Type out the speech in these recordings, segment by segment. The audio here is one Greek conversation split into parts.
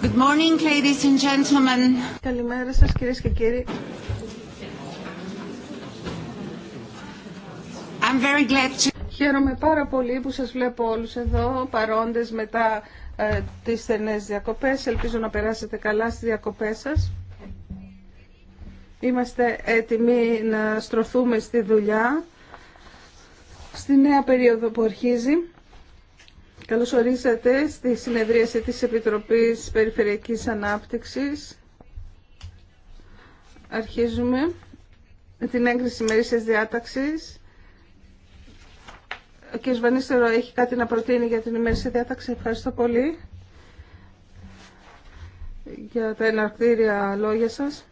Good morning, ladies and gentlemen. Καλημέρα σας κυρίες και κύριοι. I'm Χαίρομαι πάρα πολύ που σας βλέπω όλους εδώ, παρόντες μετά ε, τις στενές διακοπές. Ελπίζω να περάσετε καλά στις διακοπές σας. Είμαστε έτοιμοι να στρωθούμε στη δουλειά, στη νέα περίοδο που αρχίζει. Καλώς ορίσατε στη συνεδρίαση της Επιτροπής Περιφερειακής Ανάπτυξης. Αρχίζουμε με την έγκριση μερίσιας διάταξης. Ο κ. Βανίστερο έχει κάτι να προτείνει για την ημερήσια διάταξη. Ευχαριστώ πολύ για τα εναρκτήρια λόγια σας.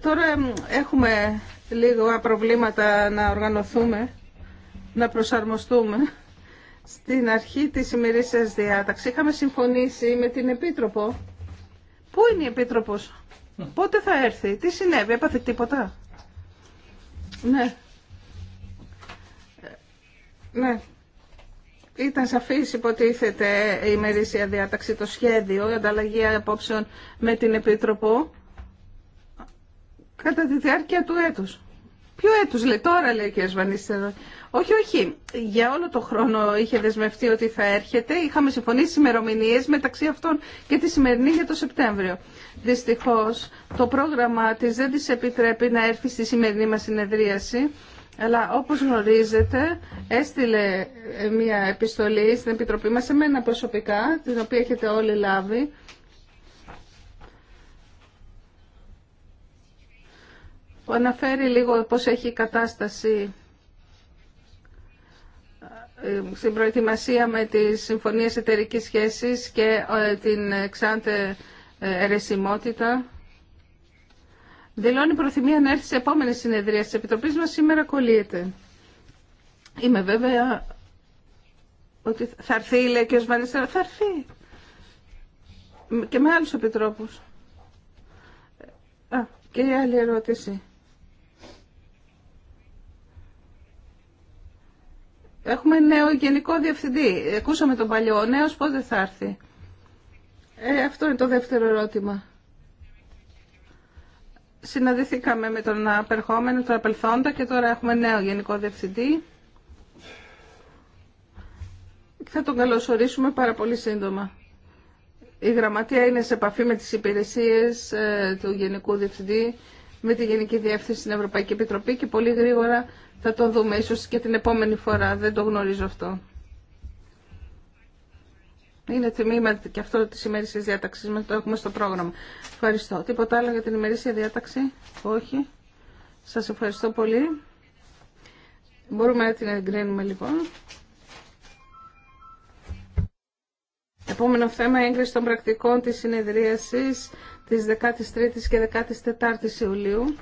Τώρα έχουμε λίγο προβλήματα να οργανωθούμε, να προσαρμοστούμε. Στην αρχή της ημερήσιας διάταξη είχαμε συμφωνήσει με την Επίτροπο. Πού είναι η Επίτροπος, πότε θα έρθει, τι συνέβη, έπαθε τίποτα. Ναι. Ναι. Ήταν σαφής υποτίθεται η ημερήσια διάταξη, το σχέδιο, η ανταλλαγή απόψεων με την Επίτροπο κατά τη διάρκεια του έτους. Ποιο έτους λέει, τώρα λέει ο κ. Βανίστερο. Όχι, όχι. Για όλο το χρόνο είχε δεσμευτεί ότι θα έρχεται. Είχαμε συμφωνήσει ημερομηνίε μεταξύ αυτών και τη σημερινή για το Σεπτέμβριο. Δυστυχώ το πρόγραμμα τη δεν τη επιτρέπει να έρθει στη σημερινή μα συνεδρίαση. Αλλά όπως γνωρίζετε έστειλε μια επιστολή στην Επιτροπή μας, εμένα προσωπικά, την οποία έχετε όλοι λάβει. αναφέρει λίγο πώς έχει η κατάσταση στην προετοιμασία με τις συμφωνίες εταιρική σχέσης και ε, την εξάντε ερεσιμότητα. Δηλώνει προθυμία να έρθει σε επόμενη συνεδρία της Επιτροπής μας. Σήμερα κολλείεται. Είμαι βέβαια ότι θα έρθει, λέει και ο Σβανίστερα, θα έρθει. Και με άλλους επιτρόπους. Α, και άλλη ερώτηση. Έχουμε νέο γενικό διευθυντή. Εκούσαμε τον παλιό. Ο νέος πότε θα έρθει. Ε, αυτό είναι το δεύτερο ερώτημα. Συναντηθήκαμε με τον απερχόμενο, τον απελθόντα και τώρα έχουμε νέο γενικό διευθυντή. Θα τον καλωσορίσουμε πάρα πολύ σύντομα. Η γραμματεία είναι σε επαφή με τις υπηρεσίες ε, του Γενικού Διευθυντή με τη Γενική Διεύθυνση στην Ευρωπαϊκή Επιτροπή και πολύ γρήγορα θα το δούμε ίσως και την επόμενη φορά. Δεν το γνωρίζω αυτό. Είναι τμήμα και αυτό τη ημερήσια διάταξη. με το έχουμε στο πρόγραμμα. Ευχαριστώ. Τίποτα άλλο για την ημερήσια διάταξη. Όχι. Σα ευχαριστώ πολύ. Μπορούμε να την εγκρίνουμε λοιπόν. Επόμενο θέμα έγκριση των πρακτικών της συνεδρίασης της 13ης και 14ης Ιουλίου.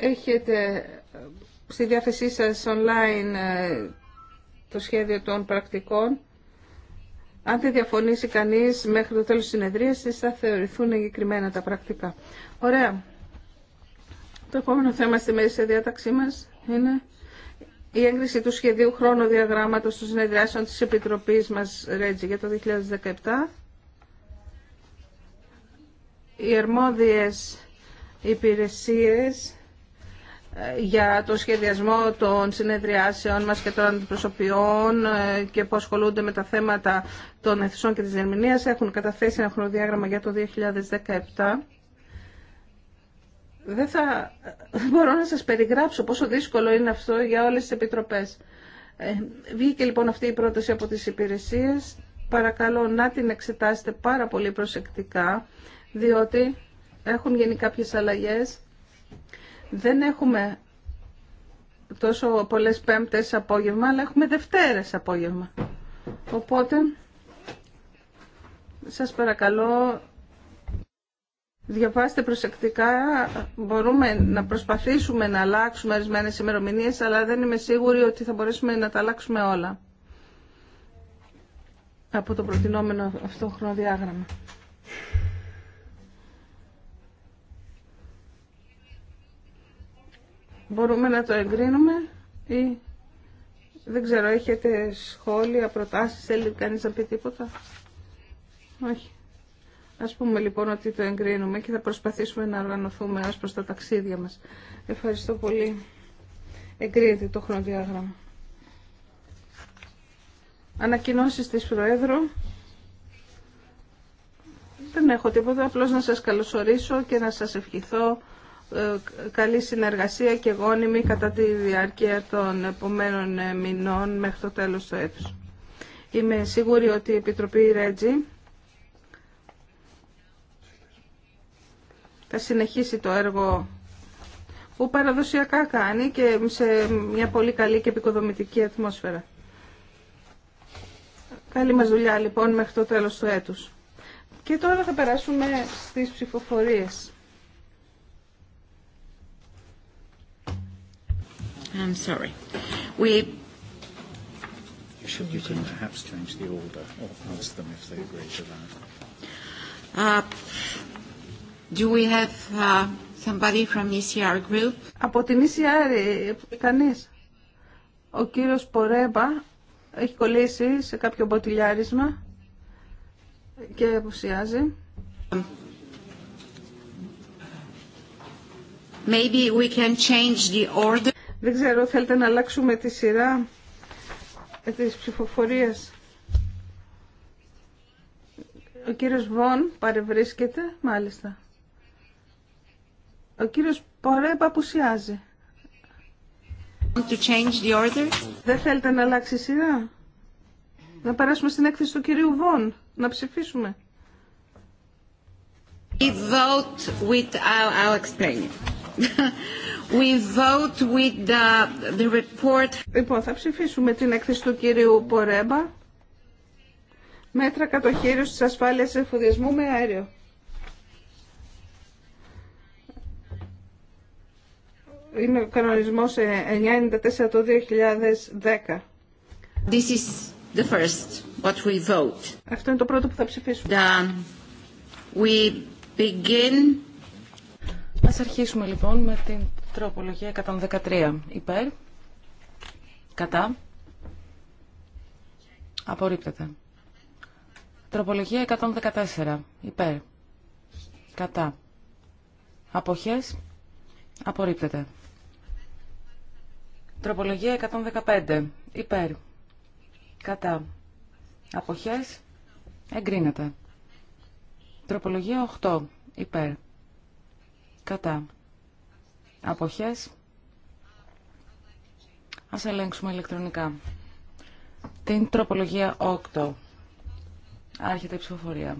Έχετε ε, στη διάθεσή σας online ε, το σχέδιο των πρακτικών. Αν τη διαφωνήσει κανείς μέχρι το τέλος της συνεδρίασης θα θεωρηθούν εγκεκριμένα τα πρακτικά. Ωραία. Το επόμενο θέμα στη μέση διάταξή μας είναι η έγκριση του σχεδίου χρόνου διαγράμματος των συνεδριάσεων της Επιτροπής μας Ρέτζη για το 2017 οι αρμόδιες υπηρεσίες ε, για το σχεδιασμό των συνεδριάσεων μας και των αντιπροσωπιών ε, και που ασχολούνται με τα θέματα των αιθουσών και της ερμηνείας έχουν καταθέσει ένα χρονοδιάγραμμα για το 2017. Δεν θα μπορώ να σας περιγράψω πόσο δύσκολο είναι αυτό για όλες τις επιτροπές. Ε, βγήκε λοιπόν αυτή η πρόταση από τις υπηρεσίες. Παρακαλώ να την εξετάσετε πάρα πολύ προσεκτικά διότι έχουν γίνει κάποιες αλλαγές. Δεν έχουμε τόσο πολλές πέμπτες απόγευμα, αλλά έχουμε Δευτέρες απόγευμα. Οπότε, σας παρακαλώ, διαβάστε προσεκτικά. Μπορούμε να προσπαθήσουμε να αλλάξουμε ορισμένε ημερομηνίε, αλλά δεν είμαι σίγουρη ότι θα μπορέσουμε να τα αλλάξουμε όλα από το προτινόμενο αυτό χρονοδιάγραμμα. Μπορούμε να το εγκρίνουμε ή δεν ξέρω, έχετε σχόλια, προτάσεις, θέλει κανείς να πει τίποτα. Όχι. Ας πούμε λοιπόν ότι το εγκρίνουμε και θα προσπαθήσουμε να οργανωθούμε ως προς τα ταξίδια μας. Ευχαριστώ πολύ. Εγκρίνεται το χρονοδιάγραμμα. Ανακοινώσεις της Προέδρου. Δεν έχω τίποτα, απλώς να σας καλωσορίσω και να σας ευχηθώ ε, καλή συνεργασία και γόνιμη κατά τη διάρκεια των επομένων ε, μηνών μέχρι το τέλος του έτους. Είμαι σίγουρη ότι η Επιτροπή Ρέτζι θα συνεχίσει το έργο που παραδοσιακά κάνει και σε μια πολύ καλή και επικοδομητική ατμόσφαιρα. Καλή μας δουλειά λοιπόν μέχρι το τέλος του έτους. Και τώρα θα περάσουμε στις ψηφοφορίες. I'm sorry. We should you can perhaps change the order or ask them if they agree to that. do we have somebody from ECR group? Από την ECR, κανείς. Ο κύριος Πορέμπα έχει κολλήσει σε κάποιο μποτιλιάρισμα και απουσιάζει. Maybe we can change the order. Δεν ξέρω, θέλετε να αλλάξουμε τη σειρά ε, της ψηφοφορίας. Ο κύριος Βον παρευρίσκεται, μάλιστα. Ο κύριος Πορέμπ απουσιάζει. To Δεν θέλετε να αλλάξει η σειρά. Να περάσουμε στην έκθεση του κυρίου Βον. Να ψηφίσουμε. with... We vote with the, the report. Λοιπόν, θα ψηφίσουμε την έκθεση του κυρίου Πορέμπα. Μέτρα κατοχήριου τη ασφάλεια εφοδιασμού με αέριο. Είναι ο κανονισμός 994 το 2010. This is the first, what we vote. Αυτό είναι το πρώτο που θα ψηφίσουμε. The, we begin... Ας αρχίσουμε λοιπόν με την Τροπολογία 113. Υπέρ. Κατά. Απορρίπτεται. Τροπολογία 114. Υπέρ. Κατά. Αποχές. Απορρίπτεται. Τροπολογία 115. Υπέρ. Κατά. Αποχές. Εγκρίνεται. Τροπολογία 8. Υπέρ. Κατά. Αποχές. Ας ελέγξουμε ηλεκτρονικά. Την τροπολογία 8. Άρχεται η ψηφοφορία.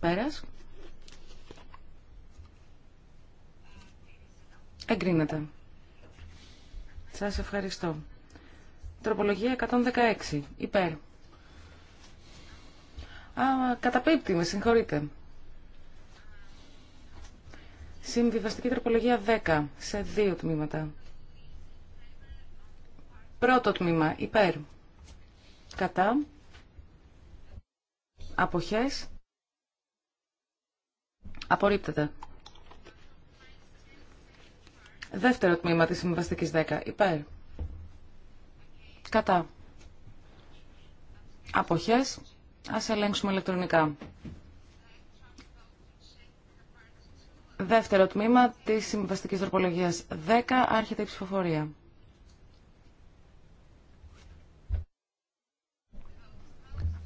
Πέρας. Εγκρίνεται. Σας ευχαριστώ. Τροπολογία 116. Υπέρ. Α, καταπίπτει, με συγχωρείτε. Συμβιβαστική τροπολογία 10, σε δύο τμήματα. Πρώτο τμήμα, υπέρ. Κατά. Αποχές. Απορρίπτεται. Δεύτερο τμήμα της συμβαστικής 10, υπέρ. Κατά. Αποχές. Ας ελέγξουμε ηλεκτρονικά. Δεύτερο τμήμα της συμβαστικής τροπολογίας 10. Άρχεται η ψηφοφορία.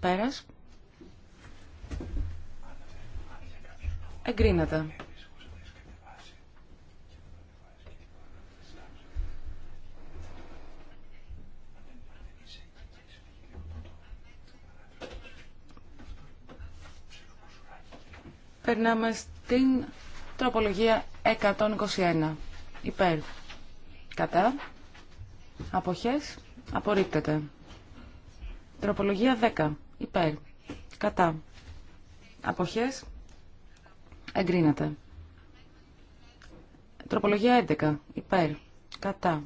Πέρας. Εγκρίνεται. περνάμε στην τροπολογία 121. Υπέρ. Κατά. Αποχές. Απορρίπτεται. Τροπολογία 10. Υπέρ. Κατά. Αποχές. Εγκρίνεται. Τροπολογία 11. Υπέρ. Κατά.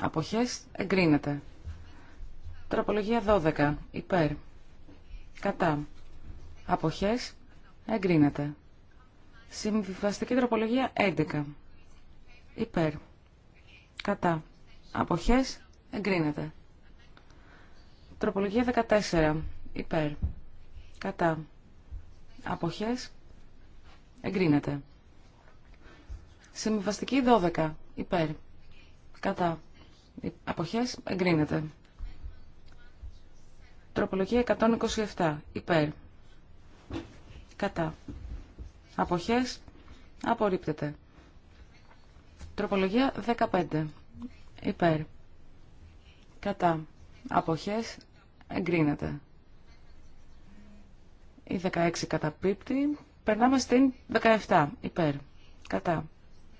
Αποχές. Εγκρίνεται. Τροπολογία 12. Υπέρ. Κατά. Αποχές. Εγκρίνεται. Συμβιβαστική τροπολογία 11. Υπέρ. Κατά. Αποχές. Εγκρίνεται. Τροπολογία 14. Υπέρ. Κατά. Αποχές. Εγκρίνεται. Συμβιβαστική 12. Υπέρ. Κατά. Αποχές. Εγκρίνεται. Τροπολογία 127. Υπέρ. Κατά. Αποχές. Απορρίπτεται. Τροπολογία 15. Υπέρ. Κατά. Αποχές. Εγκρίνεται. Η 16 καταπίπτει. Περνάμε στην 17. Υπέρ. Κατά.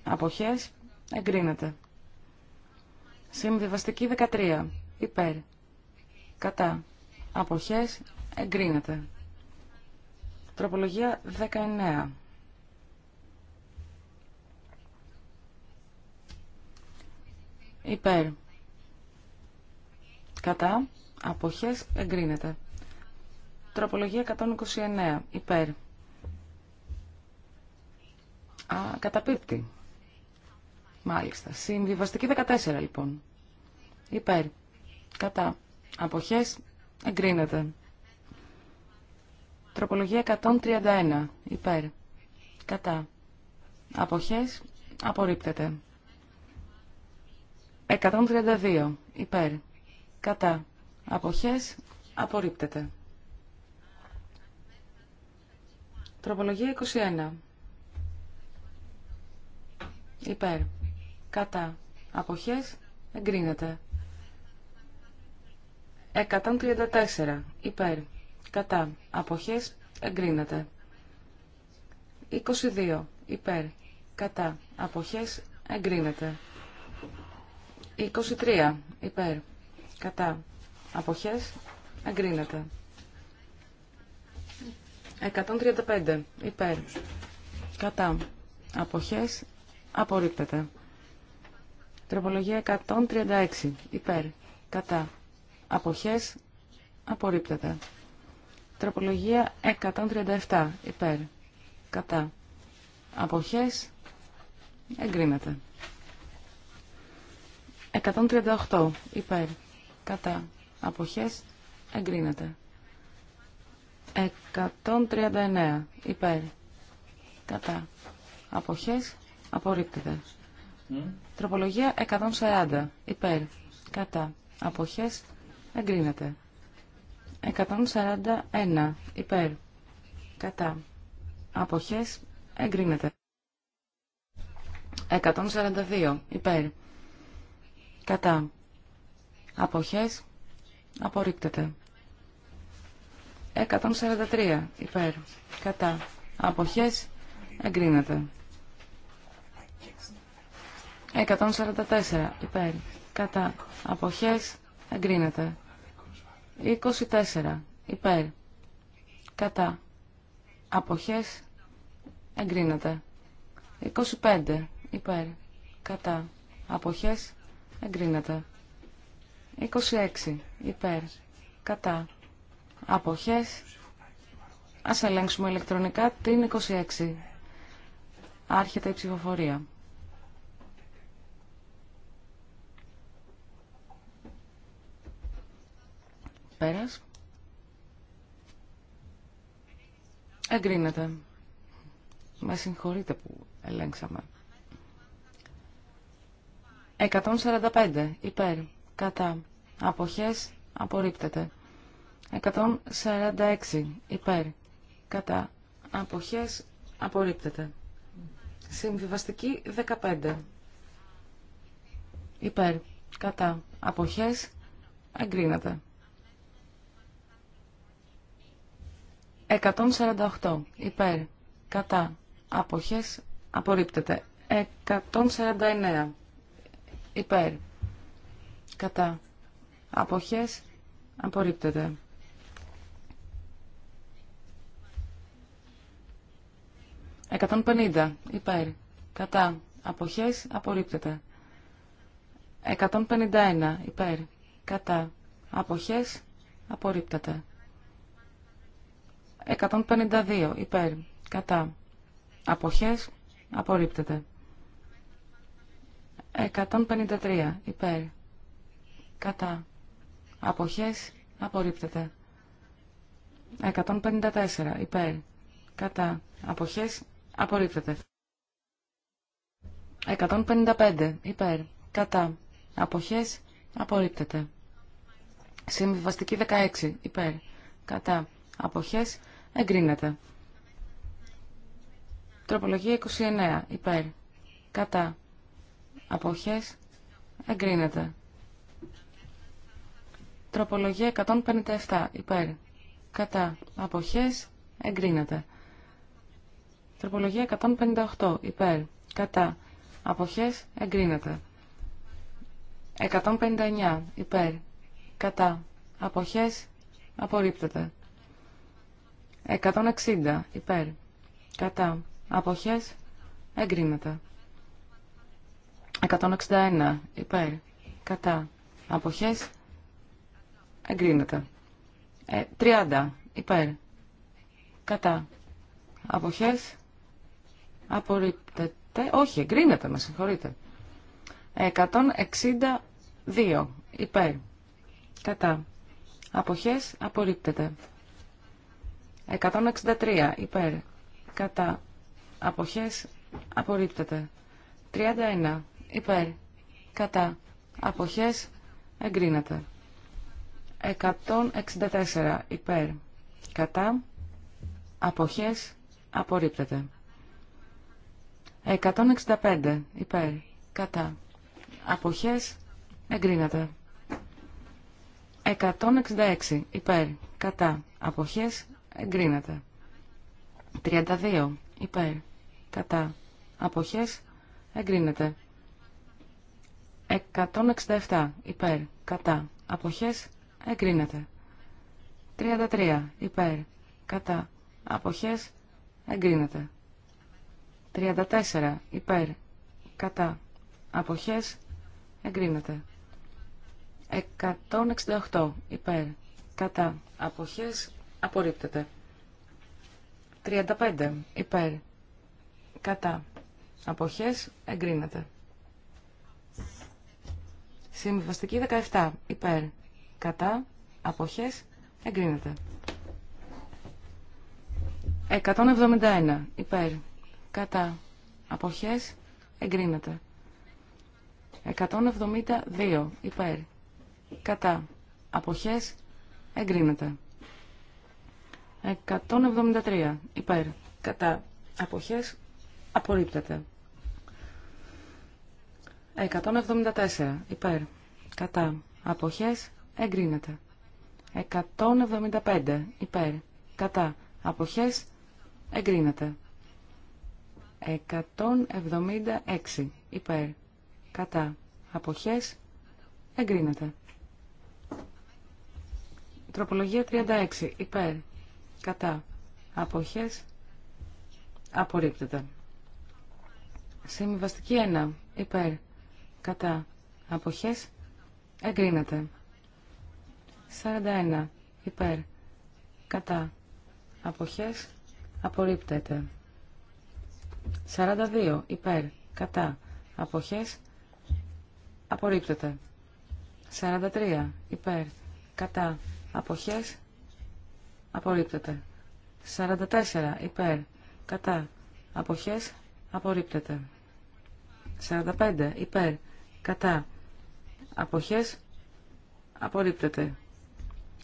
Αποχές. Εγκρίνεται. Συμβιβαστική 13. Υπέρ. Κατά. Αποχές. Εγκρίνεται. Τροπολογία 19. Υπέρ. Κατά. Αποχές εγκρίνεται. Τροπολογία 129. Υπέρ. Α, καταπίπτει. Μάλιστα. Συμβιβαστική 14 λοιπόν. Υπέρ. Κατά. Αποχές εγκρίνεται. Τροπολογία 131. Υπέρ. Κατά. Αποχές απορρίπτεται. 132. Υπέρ. Κατά. Αποχές. Απορρίπτεται. Τροπολογία 21. Υπέρ. Κατά. Αποχές. Εγκρίνεται. 134. Υπέρ. Κατά. Αποχές. Εγκρίνεται. 22. Υπέρ. Κατά. Αποχές. Εγκρίνεται. 23 υπέρ κατά αποχές εγκρίνεται. 135 υπέρ κατά αποχές απορρίπτεται. Τροπολογία 136 υπέρ κατά αποχές απορρίπτεται. Τροπολογία 137 υπέρ κατά αποχές εγκρίνεται. 138 υπέρ κατά αποχές εγκρίνεται. 139 υπέρ κατά αποχές απορρίπτεται. Τροπολογία 140 υπέρ κατά αποχές εγκρίνεται. 141 υπέρ κατά αποχές εγκρίνεται. 142 υπέρ Κατά. Αποχές. Απορρίπτεται. 143. Υπέρ. Κατά. Αποχές. Εγκρίνεται. 144. Υπέρ. Κατά. Αποχές. Εγκρίνεται. 24. Υπέρ. Κατά. Αποχές. Εγκρίνεται. 25. Υπέρ. Κατά. Αποχές. Εγκρίνεται. 26. Υπέρ. Κατά. Αποχές. Ας ελέγξουμε ηλεκτρονικά την 26. Άρχεται η ψηφοφορία. Πέρας. Εγκρίνεται. Με συγχωρείτε που ελέγξαμε. 145 υπέρ κατά αποχές απορρίπτεται. 146 υπέρ κατά αποχές απορρίπτεται. Συμβιβαστική 15 υπέρ κατά αποχές εγκρίνεται. 148 υπέρ κατά αποχές απορρίπτεται. 149 υπέρ, κατά, αποχές, απορρίπτεται. Εκατόν πενήντα, υπέρ, κατά, αποχές, απορρίπτεται. Εκατόν πενήντα υπέρ, κατά, αποχές, απορρίπτεται. 152. Υπέρ. Κατά. Αποχές. Απορρίπτεται. 153 υπέρ. Κατά. Αποχές απορρίπτεται. 154 υπέρ. Κατά. Αποχές απορρίπτεται. 155 υπέρ. Κατά. Αποχές απορρίπτεται. Συμβιβαστική 16 υπέρ. Κατά. Αποχές εγκρίνεται. Τροπολογία 29 υπέρ. Κατά. Αποχές. Εγκρίνεται. Τροπολογία 157. Υπέρ. Κατά. Αποχές. Εγκρίνεται. Τροπολογία 158. Υπέρ. Κατά. Αποχές. Εγκρίνεται. 159. Υπέρ. Κατά. Αποχές. Απορρίπτεται. 160. Υπέρ. Κατά. Αποχές. Εγκρίνεται. 161 υπέρ κατά αποχές εγκρίνεται. 30 ε, υπέρ κατά αποχές απορρίπτεται. Όχι, εγκρίνεται, με συγχωρείτε. 162 υπέρ κατά αποχές απορρίπτεται. 163 υπέρ κατά αποχές απορρίπτεται. 31 Υπέρ. Κατά. Αποχές. Εγκρίνεται. 164. Υπέρ. Κατά. Αποχές. Απορρίπτεται. 165. Υπέρ. Κατά. Αποχές. Εγκρίνεται. 166. Υπέρ. Κατά. Αποχές. Εγκρίνεται. 32. Υπέρ. Κατά. Αποχές. Εγκρίνεται. 167 υπέρ, κατά, αποχές, εγκρίνεται. 33 υπέρ, κατά, αποχές, εγκρίνεται. 34 υπέρ, κατά, αποχές, εγκρίνεται. 168 υπέρ, κατά, αποχές, απορρίπτεται. 35 υπέρ, κατά, αποχές, εγκρίνεται. Συμβιβαστική 17. Υπέρ. Κατά. Αποχές. Εγκρίνεται. 171. Υπέρ. Κατά. Αποχές. Εγκρίνεται. 172. Υπέρ. Κατά. Αποχές. Εγκρίνεται. 173. Υπέρ. Κατά. Αποχές. Απορρίπτεται. 174 υπέρ. Κατά. Αποχές εγκρίνεται. 175 υπέρ. Κατά. Αποχές εγκρίνεται. 176 υπέρ. Κατά. Αποχές εγκρίνεται. Τροπολογία 36 υπέρ. Κατά. Αποχές απορρίπτεται. Συμβιβαστική 1 υπέρ κατά αποχές εγκρίνεται. 41 υπέρ κατά αποχές απορρίπτεται. 42 υπέρ κατά αποχές απορρίπτεται. 43 υπέρ κατά αποχές απορρίπτεται. 44 υπέρ κατά αποχές απορρίπτεται. 45 υπέρ κατά αποχές απορρίπτεται.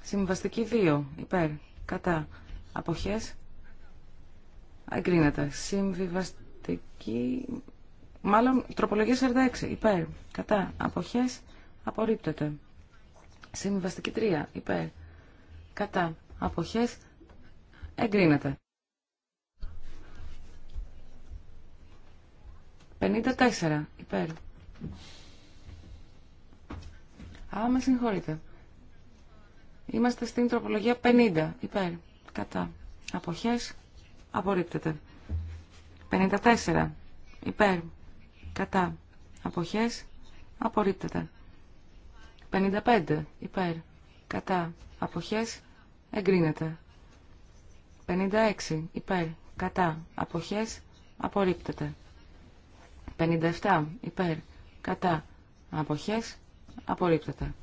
Συμβαστική 2 υπέρ κατά αποχές εγκρίνεται. Συμβιβαστική μάλλον τροπολογία 46 υπέρ κατά αποχές απορρίπτεται. Συμβαστική 3 υπέρ κατά αποχές εγκρίνεται. 54 υπέρ Α, με συγχωρείτε. Είμαστε στην τροπολογία 50. Υπέρ. Κατά. Αποχές. Απορρίπτεται. 54. Υπέρ. Κατά. Αποχές. Απορρίπτεται. 55. Υπέρ. Κατά. Αποχές. Εγκρίνεται. 56. Υπέρ. Κατά. Αποχές. Απορρίπτεται. 57. Υπέρ. Κατά. Αποχές απορρίπτεται.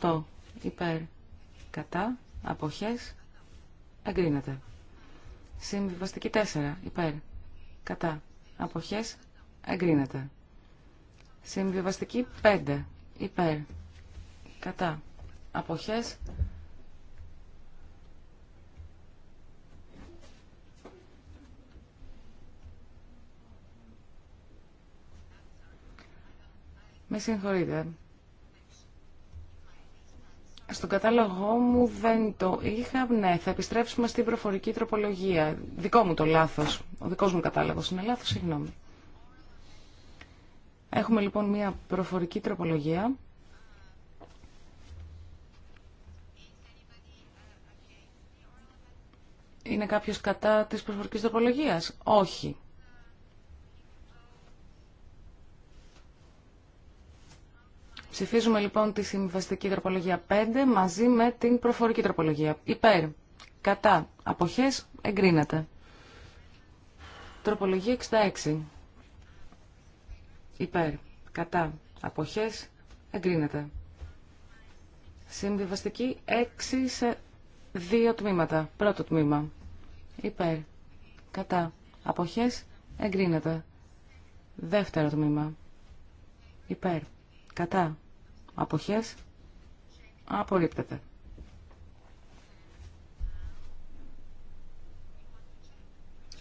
58 υπέρ κατά αποχές εγκρίνεται. Συμβιβαστική 4 υπέρ κατά αποχές εγκρίνεται. Συμβιβαστική 5 υπέρ κατά αποχές Με συγχωρείτε. Στον κατάλογό μου δεν το είχα. Ναι, θα επιστρέψουμε στην προφορική τροπολογία. Δικό μου το λάθος. Ο δικός μου κατάλογος είναι λάθος, συγγνώμη. Έχουμε λοιπόν μία προφορική τροπολογία. Είναι κάποιος κατά της προφορικής τροπολογίας. Όχι. Ψηφίζουμε λοιπόν τη συμβαστική τροπολογία 5 μαζί με την προφορική τροπολογία. Υπέρ, κατά, αποχές, εγκρίνεται. Τροπολογία 66. Υπέρ, κατά, αποχές, εγκρίνεται. Συμβιβαστική 6 σε δύο τμήματα. Πρώτο τμήμα. Υπέρ, κατά, αποχές, εγκρίνεται. Δεύτερο τμήμα. Υπέρ, κατά, Αποχές. Απορρίπτεται.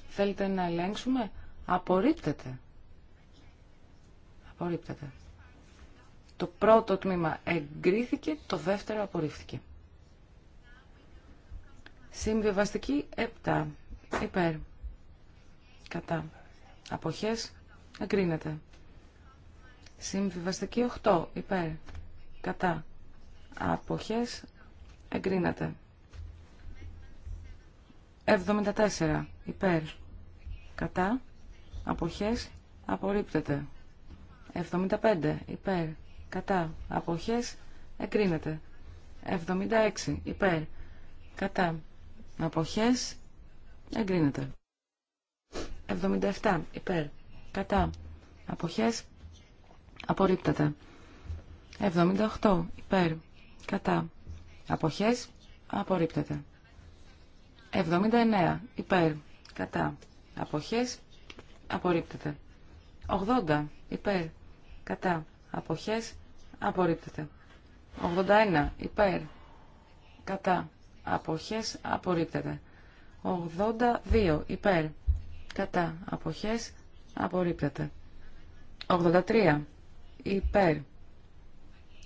Θέλετε να ελέγξουμε. Απορρίπτεται. Απορρίπτεται. Το πρώτο τμήμα εγκρίθηκε, το δεύτερο απορρίφθηκε. Συμβιβαστική 7. Υπέρ. Κατά. Αποχές. Εγκρίνεται. Συμβιβαστική 8. Υπέρ κατά αποχές εγκρίνεται. 74 υπέρ κατά αποχές απορρίπτεται. 75 υπέρ κατά αποχές εγκρίνεται. 76 υπέρ κατά αποχές εγκρίνεται. 77 υπέρ κατά αποχές απορρίπτεται. 78 υπέρ κατά αποχές απορρίπτεται. 79 υπέρ κατά αποχές απορρίπτεται. 80 υπέρ κατά αποχές απορρίπτεται. 81 υπέρ κατά αποχές απορρίπτεται. 82 υπέρ κατά αποχές απορρίπτεται. 83 υπέρ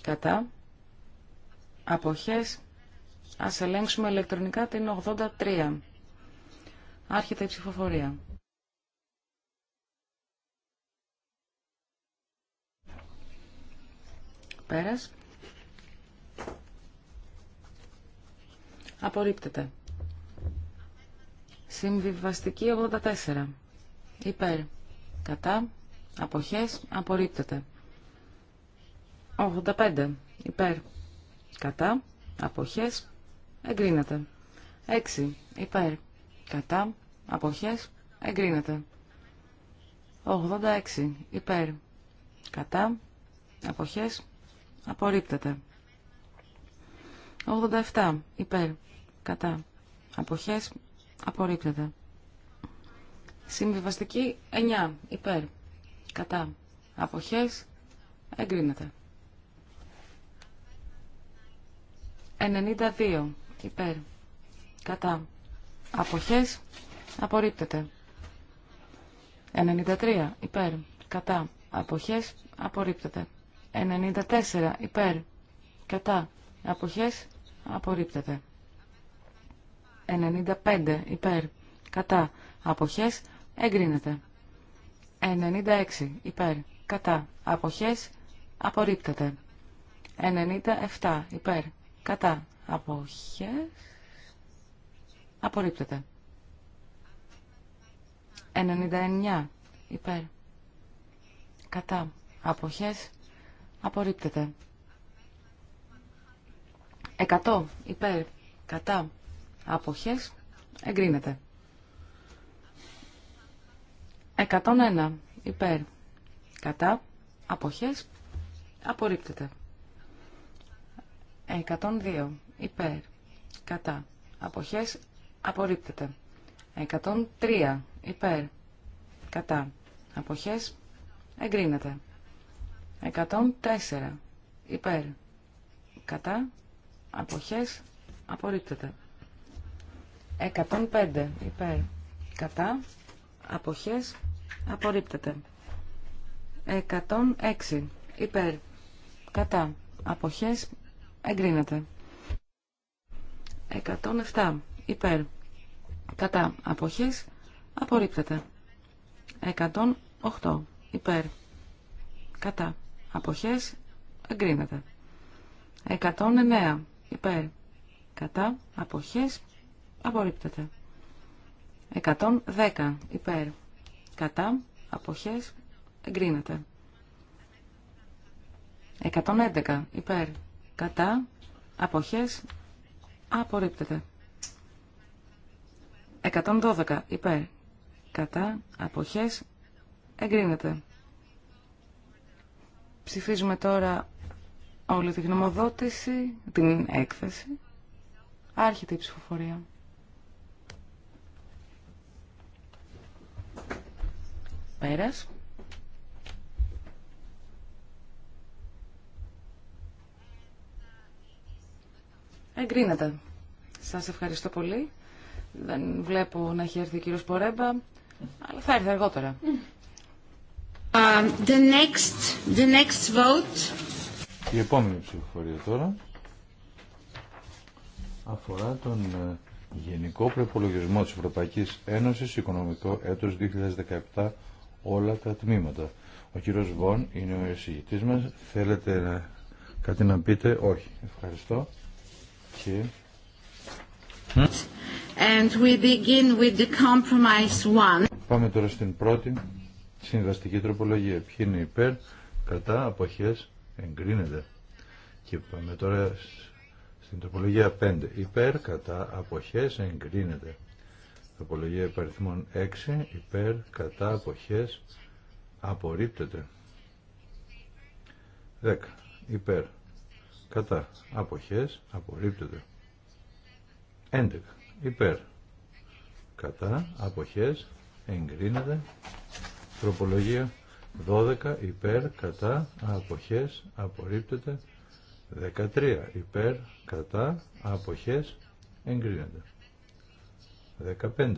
κατά, αποχές, ας ελέγξουμε ηλεκτρονικά την 83. Άρχεται η ψηφοφορία. Πέρας. Απορρίπτεται. Συμβιβαστική 84. Υπέρ. Κατά. Αποχές. Απορρίπτεται. 85 υπέρ κατά αποχές εγκρίνεται. 6 υπέρ κατά αποχές εγκρίνεται. 86 υπέρ κατά αποχές απορρίπτεται. 87 υπέρ κατά αποχές απορρίπτεται. Συμβιβαστική 9 υπέρ κατά αποχές εγκρίνεται. 92 υπέρ κατά αποχές απορρίπτεται. 93 υπέρ κατά αποχές απορρίπτεται. 94 υπέρ κατά αποχές απορρίπτεται. 95 υπέρ κατά αποχές εγκρίνεται. 96 υπέρ κατά αποχές απορρίπτεται. 97 υπέρ Κατά. Αποχές. Απορρίπτεται. 99. Υπέρ. Κατά. Αποχές. Απορρίπτεται. 100. Υπέρ. Κατά. Αποχές. Εγκρίνεται. 101. Υπέρ. Κατά. Αποχές. Απορρίπτεται. 102 υπέρ κατά αποχές απορρίπτεται. 103 υπέρ κατά αποχές εγκρίνεται. 104 υπέρ κατά αποχές απορρίπτεται. 105 υπέρ κατά αποχές απορρίπτεται. 106 υπέρ κατά αποχές Εγκρίνεται. 107. Υπέρ. Κατά. Αποχές. Απορρίπτεται. 108. Υπέρ. Κατά. Αποχές. Εγκρίνεται. 109. Υπέρ. Κατά. Αποχές. Απορρίπτεται. 110. Υπέρ. Κατά. Αποχές. Εγκρίνεται. 111. Υπέρ κατά, αποχές, απορρίπτεται. 112 υπέρ, κατά, αποχές, εγκρίνεται. Ψηφίζουμε τώρα όλη τη γνωμοδότηση, την έκθεση. Άρχεται η ψηφοφορία. Πέρας. Εγκρίνεται. Σας ευχαριστώ πολύ. Δεν βλέπω να έχει έρθει ο κύριος Πορέμπα, αλλά θα έρθει αργότερα. the next, the next vote. Η επόμενη ψηφοφορία τώρα αφορά τον ε, Γενικό Προπολογισμό της Ευρωπαϊκής Ένωσης Οικονομικό έτος 2017 όλα τα τμήματα. Ο κύριος Βον είναι ο εισηγητής μας. Θέλετε κάτι να πείτε. Όχι. Ευχαριστώ. Και... And we begin with the compromise one. Πάμε τώρα στην πρώτη συμβαστική τροπολογία. Ποιοι είναι υπέρ, κατά, αποχές, εγκρίνεται. Και πάμε τώρα στην τροπολογία 5. Υπέρ, κατά, αποχές, εγκρίνεται. Τροπολογία υπαριθμών 6. Υπέρ, κατά, αποχές, απορρίπτεται. 10. Υπέρ, κατά αποχές απορρίπτεται 11 υπέρ κατά αποχές εγκρίνεται τροπολογία 12 υπέρ κατά αποχές απορρίπτεται 13 υπέρ κατά αποχές εγκρίνεται 15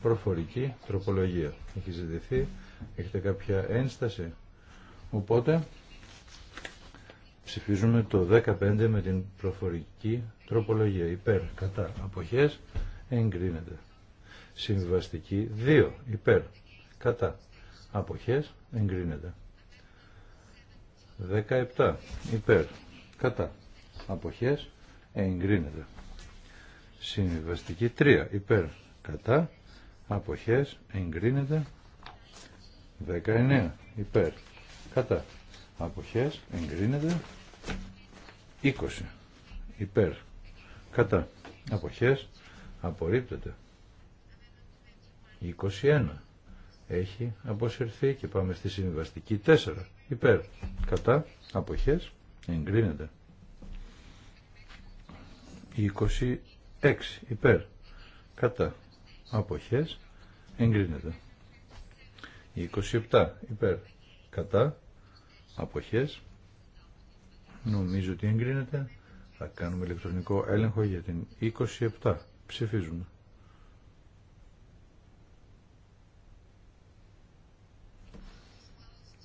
προφορική τροπολογία έχει ζητηθεί έχετε κάποια ένσταση οπότε Ψηφίζουμε το 15 με την προφορική τροπολογία. Υπέρ, κατά, αποχές, εγκρίνεται. συμβιβαστική 2. Υπέρ, κατά, αποχές, εγκρίνεται. 17. Υπέρ, κατά, αποχές, εγκρίνεται. συμβιβαστική 3. Υπέρ, κατά, αποχές, εγκρίνεται. 19. Υπέρ, κατά, αποχές, εγκρίνεται. 20 υπέρ κατά αποχές απορρίπτεται 21 έχει αποσυρθεί και πάμε στη συμβιβαστική 4 υπέρ κατά αποχές εγκρίνεται 26 υπέρ κατά αποχές εγκρίνεται 27 υπέρ κατά αποχές Νομίζω ότι εγκρίνεται. Θα κάνουμε ηλεκτρονικό έλεγχο για την 27. Ψηφίζουμε.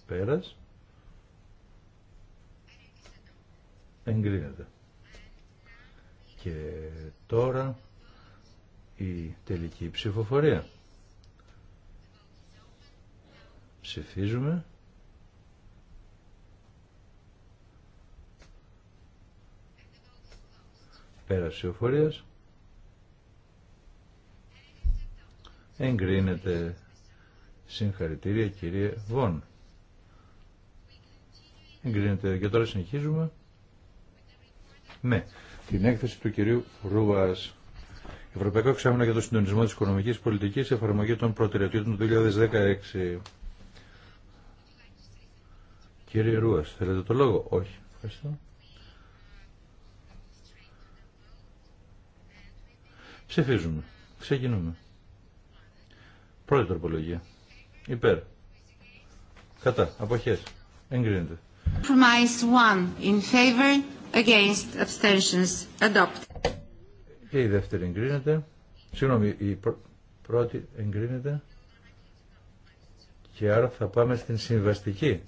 Πέρας. Εγκρίνεται. Και τώρα η τελική ψηφοφορία. Ψηφίζουμε. Πέρας Εγκρίνεται συγχαρητήρια κύριε Βον. Εγκρίνεται και τώρα συνεχίζουμε με ναι, την έκθεση του κυρίου Ρούβας. Ευρωπαϊκό Εξάμεινο για το Συντονισμό της Οικονομικής Πολιτικής, εφαρμογή των προτεραιοτήτων του 2016. Κύριε Ρούας, θέλετε το λόγο. Όχι. Ευχαριστώ. Ψηφίζουμε. Ξεκινούμε. Πρώτη τροπολογία. Υπέρ. Κατά. Αποχές. Εγκρίνεται. Compromise one In favor. Against. Abstentions. Adopted. Και η δεύτερη εγκρίνεται. Συγγνώμη, η πρώτη εγκρίνεται. Και άρα θα πάμε στην συμβαστική.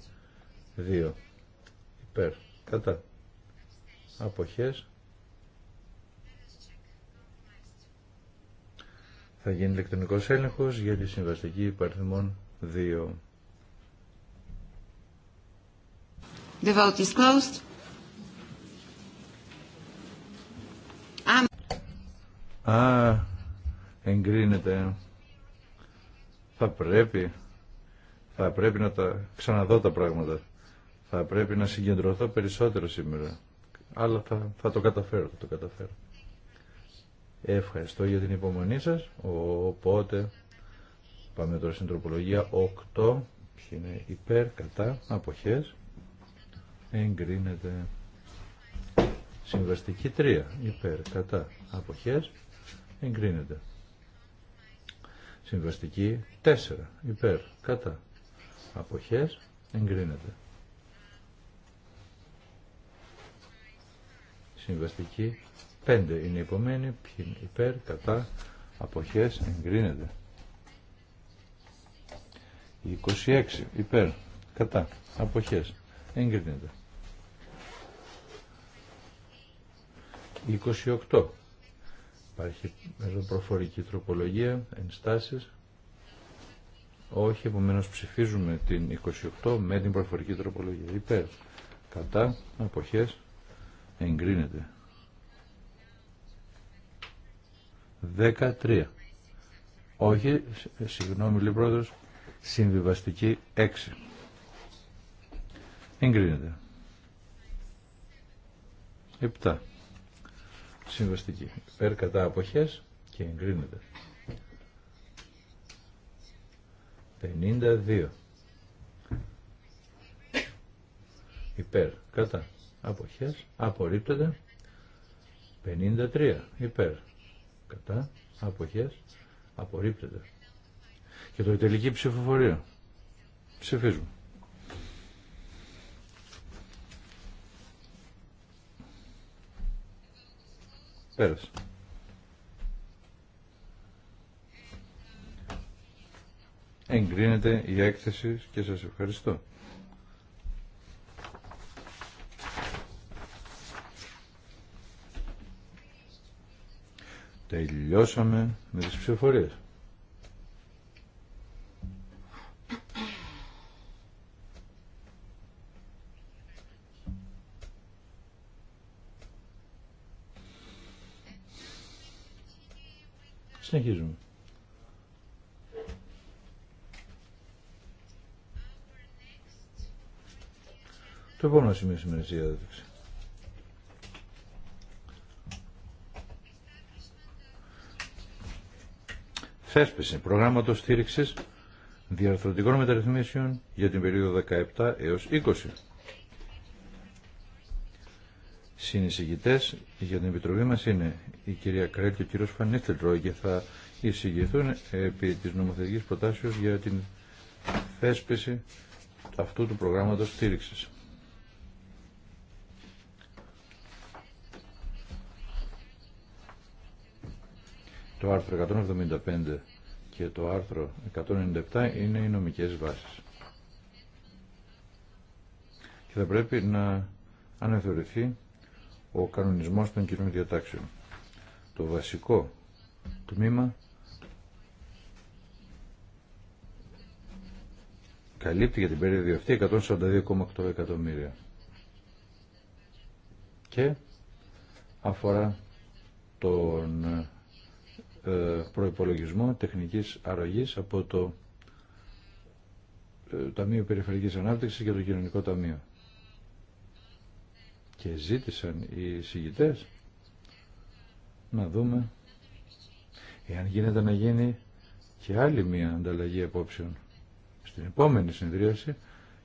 Δύο. Υπέρ. Κατά. Αποχές. Θα γίνει ηλεκτρονικός έλεγχο για τη συμβαστική υπαριθμών 2. The vote is closed. Α, εγκρίνεται. Θα πρέπει, θα πρέπει να τα ξαναδώ τα πράγματα. Θα πρέπει να συγκεντρωθώ περισσότερο σήμερα. Αλλά θα, θα το καταφέρω, θα το καταφέρω. Ευχαριστώ για την υπομονή σας. Οπότε πάμε τώρα στην τροπολογία 8. Ποιοι είναι υπέρ, κατά, αποχές. Εγκρίνεται. Συμβαστική 3. Υπέρ, κατά, αποχές. Εγκρίνεται. Συμβαστική 4. Υπέρ, κατά, αποχές. Εγκρίνεται. Συμβαστική 5 είναι υπομένη, ποιοι υπέρ, κατά, αποχές, εγκρίνεται. 26 υπέρ, κατά, αποχές, εγκρίνεται. 28. Υπάρχει μέσω προφορική τροπολογία, ενστάσεις. Όχι, επομένω ψηφίζουμε την 28 με την προφορική τροπολογία. Υπέρ, κατά, αποχές, εγκρίνεται. 13. Όχι, συγγνώμη λέει πρόεδρος, συμβιβαστική 6. Εγκρίνεται. 7. Συμβαστική. Υπέρ κατά αποχές και εγκρίνεται. 52. Υπέρ κατά αποχές απορρίπτεται. 53. Υπέρ κατά, αποχές, απορρίπτεται. Και το τελική ψηφοφορία. Ψηφίζουμε. Πέρασε. Εγκρίνεται η έκθεση και σας ευχαριστώ. Τελειώσαμε με τις ψηφοφορίες. Συνεχίζουμε. Το επόμενο σημείο σήμερα είναι η θέσπιση προγράμματος στήριξη διαρθρωτικών μεταρρυθμίσεων για την περίοδο 17 έως 20. Συνεισηγητέ για την Επιτροπή μας είναι η κυρία Κρέλ και ο κύριος Φανίστελτρο και θα εισηγηθούν επί της νομοθετική προτάσεως για την θέσπιση αυτού του προγράμματος στήριξη. Το άρθρο 175 και το άρθρο 197 είναι οι νομικές βάσεις. Και θα πρέπει να αναθεωρηθεί ο κανονισμός των κοινών διατάξεων. Το βασικό τμήμα καλύπτει για την περίοδο αυτή 142,8 εκατομμύρια. Και αφορά τον ε, προϋπολογισμό τεχνικής αρρωγής από το ε, Ταμείο Περιφερειακής Ανάπτυξης και το Κοινωνικό Ταμείο. Και ζήτησαν οι συγητές να δούμε εάν γίνεται να γίνει και άλλη μία ανταλλαγή απόψεων στην επόμενη συνεδρίαση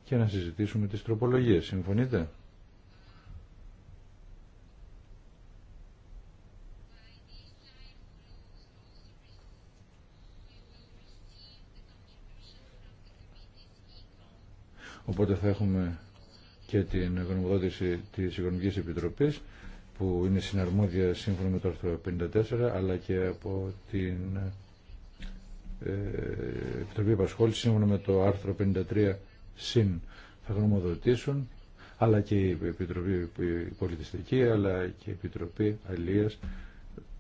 και να συζητήσουμε τις τροπολογίες. Συμφωνείτε? Οπότε θα έχουμε και την γνωμοδότηση της Οικονομικής Επιτροπής που είναι συναρμόδια σύμφωνα με το άρθρο 54 αλλά και από την ε, Επιτροπή Επασχόληση σύμφωνα με το άρθρο 53 συν θα γνωμοδοτήσουν αλλά και η Επιτροπή Πολιτιστική αλλά και η Επιτροπή Αλίας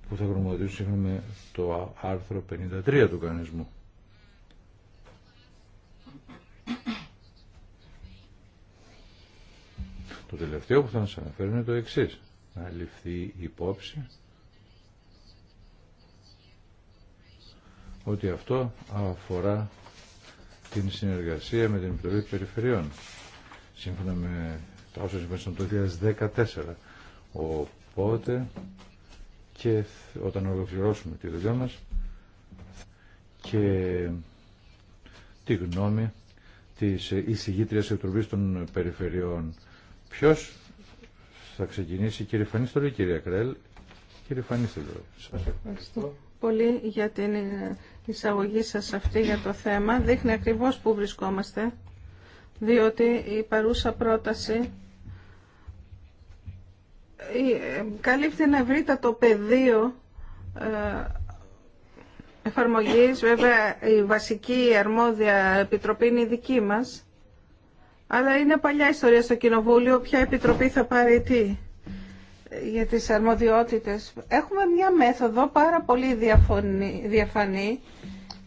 που θα γνωμοδοτήσουν σύμφωνα με το άρθρο 53 του κανονισμού. Το τελευταίο που θα σας αναφέρω είναι το εξής. Να ληφθεί υπόψη ότι αυτό αφορά την συνεργασία με την Επιτροπή Περιφερειών. Σύμφωνα με τα όσα συμβαίνουν το 2014. Οπότε και όταν ολοκληρώσουμε τη δουλειά μας και τη γνώμη της εισηγήτριας Επιτροπής των Περιφερειών Ποιος θα ξεκινήσει, κύριε Φανίστορη ή κύριε Κρέλ. Κύριε Φανίστορη. Σας ευχαριστώ πολύ για την εισαγωγή σας αυτή για το θέμα. Δείχνει ακριβώς που βρισκόμαστε, διότι η παρούσα πρόταση ε, καλύπτει ένα ευρύτατο πεδίο ε, εφαρμογής. Βέβαια, η βασική αρμόδια επιτροπή είναι η δική μας αλλά είναι παλιά ιστορία στο Κοινοβούλιο, ποια επιτροπή θα πάρει τι για τις αρμοδιότητες. Έχουμε μια μέθοδο πάρα πολύ διαφωνή, διαφανή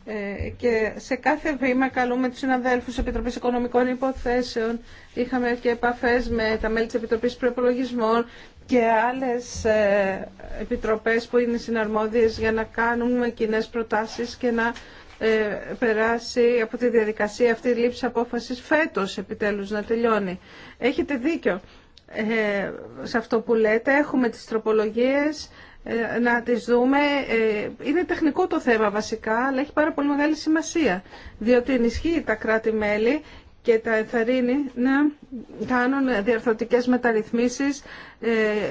ε, και σε κάθε βήμα καλούμε τους συναδέλφους Επιτροπής Οικονομικών Υποθέσεων. Είχαμε και επαφές με τα μέλη της Επιτροπής Προεπολογισμών και άλλες ε, επιτροπές που είναι συναρμόδιες για να κάνουμε κοινέ προτάσεις και να ε, περάσει από τη διαδικασία αυτή η λήψη απόφασης φέτος επιτέλους να τελειώνει. Έχετε δίκιο ε, σε αυτό που λέτε. Έχουμε τις τροπολογίες ε, να τις δούμε. είναι τεχνικό το θέμα βασικά, αλλά έχει πάρα πολύ μεγάλη σημασία, διότι ενισχύει τα κράτη-μέλη και τα ενθαρρύνει να κάνουν διαρθρωτικές μεταρρυθμίσεις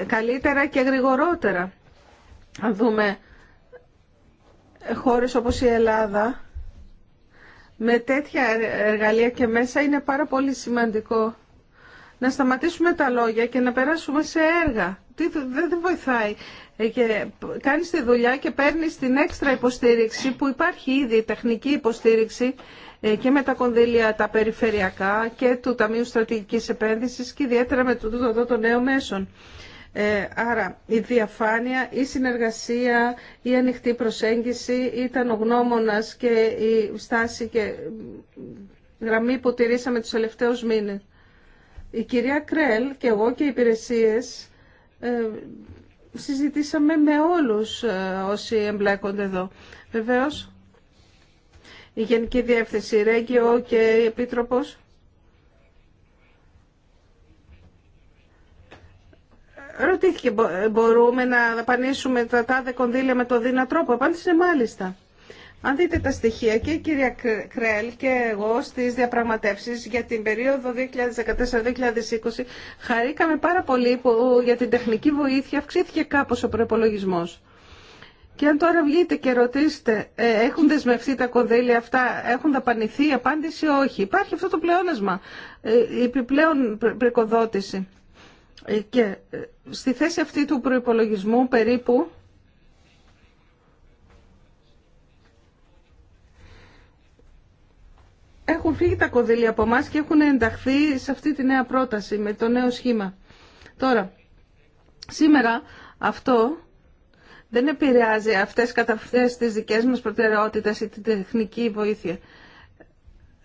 καλύτερα και γρηγορότερα. Αν δούμε χώρες όπως η Ελλάδα, με τέτοια εργαλεία και μέσα είναι πάρα πολύ σημαντικό να σταματήσουμε τα λόγια και να περάσουμε σε έργα. Τι, δεν, βοηθάει. Ε, και κάνεις τη δουλειά και παίρνεις την έξτρα υποστήριξη που υπάρχει ήδη, τεχνική υποστήριξη ε, και με τα κονδύλια τα περιφερειακά και του Ταμείου Στρατηγικής Επένδυσης και ιδιαίτερα με το, το, το, το νέο μέσον. Ε, άρα η διαφάνεια, η συνεργασία, η ανοιχτή προσέγγιση ήταν ο γνώμονας και η στάση και γραμμή που τηρήσαμε τους τελευταίους μήνες. Η κυρία Κρέλ και εγώ και οι υπηρεσίες ε, συζητήσαμε με όλους ε, όσοι εμπλέκονται εδώ. Βεβαίως, η Γενική Διεύθυνση, η Ρέγγιο και η Επίτροπος Ρωτήθηκε, μπορούμε να δαπανίσουμε τα τάδε κονδύλια με το δίνα τρόπο. απάντησε, «Ναι, μάλιστα. Αν δείτε τα στοιχεία και η κυρία Κρέλ και εγώ στις διαπραγματεύσεις για την περίοδο 2014-2020 χαρήκαμε πάρα πολύ που για την τεχνική βοήθεια αυξήθηκε κάπως ο προπολογισμό. Και αν τώρα βγείτε και ρωτήσετε, ε, έχουν δεσμευτεί τα κονδύλια αυτά, έχουν δαπανηθεί, απάντηση όχι. Υπάρχει αυτό το πλεόνασμα, ε, η επιπλέον πρικοδότηση. Ε, και ε, στη θέση αυτή του προϋπολογισμού περίπου έχουν φύγει τα κονδύλια από εμά και έχουν ενταχθεί σε αυτή τη νέα πρόταση με το νέο σχήμα. Τώρα, σήμερα αυτό δεν επηρεάζει αυτές κατά τις δικές μας προτεραιότητες ή την τεχνική βοήθεια.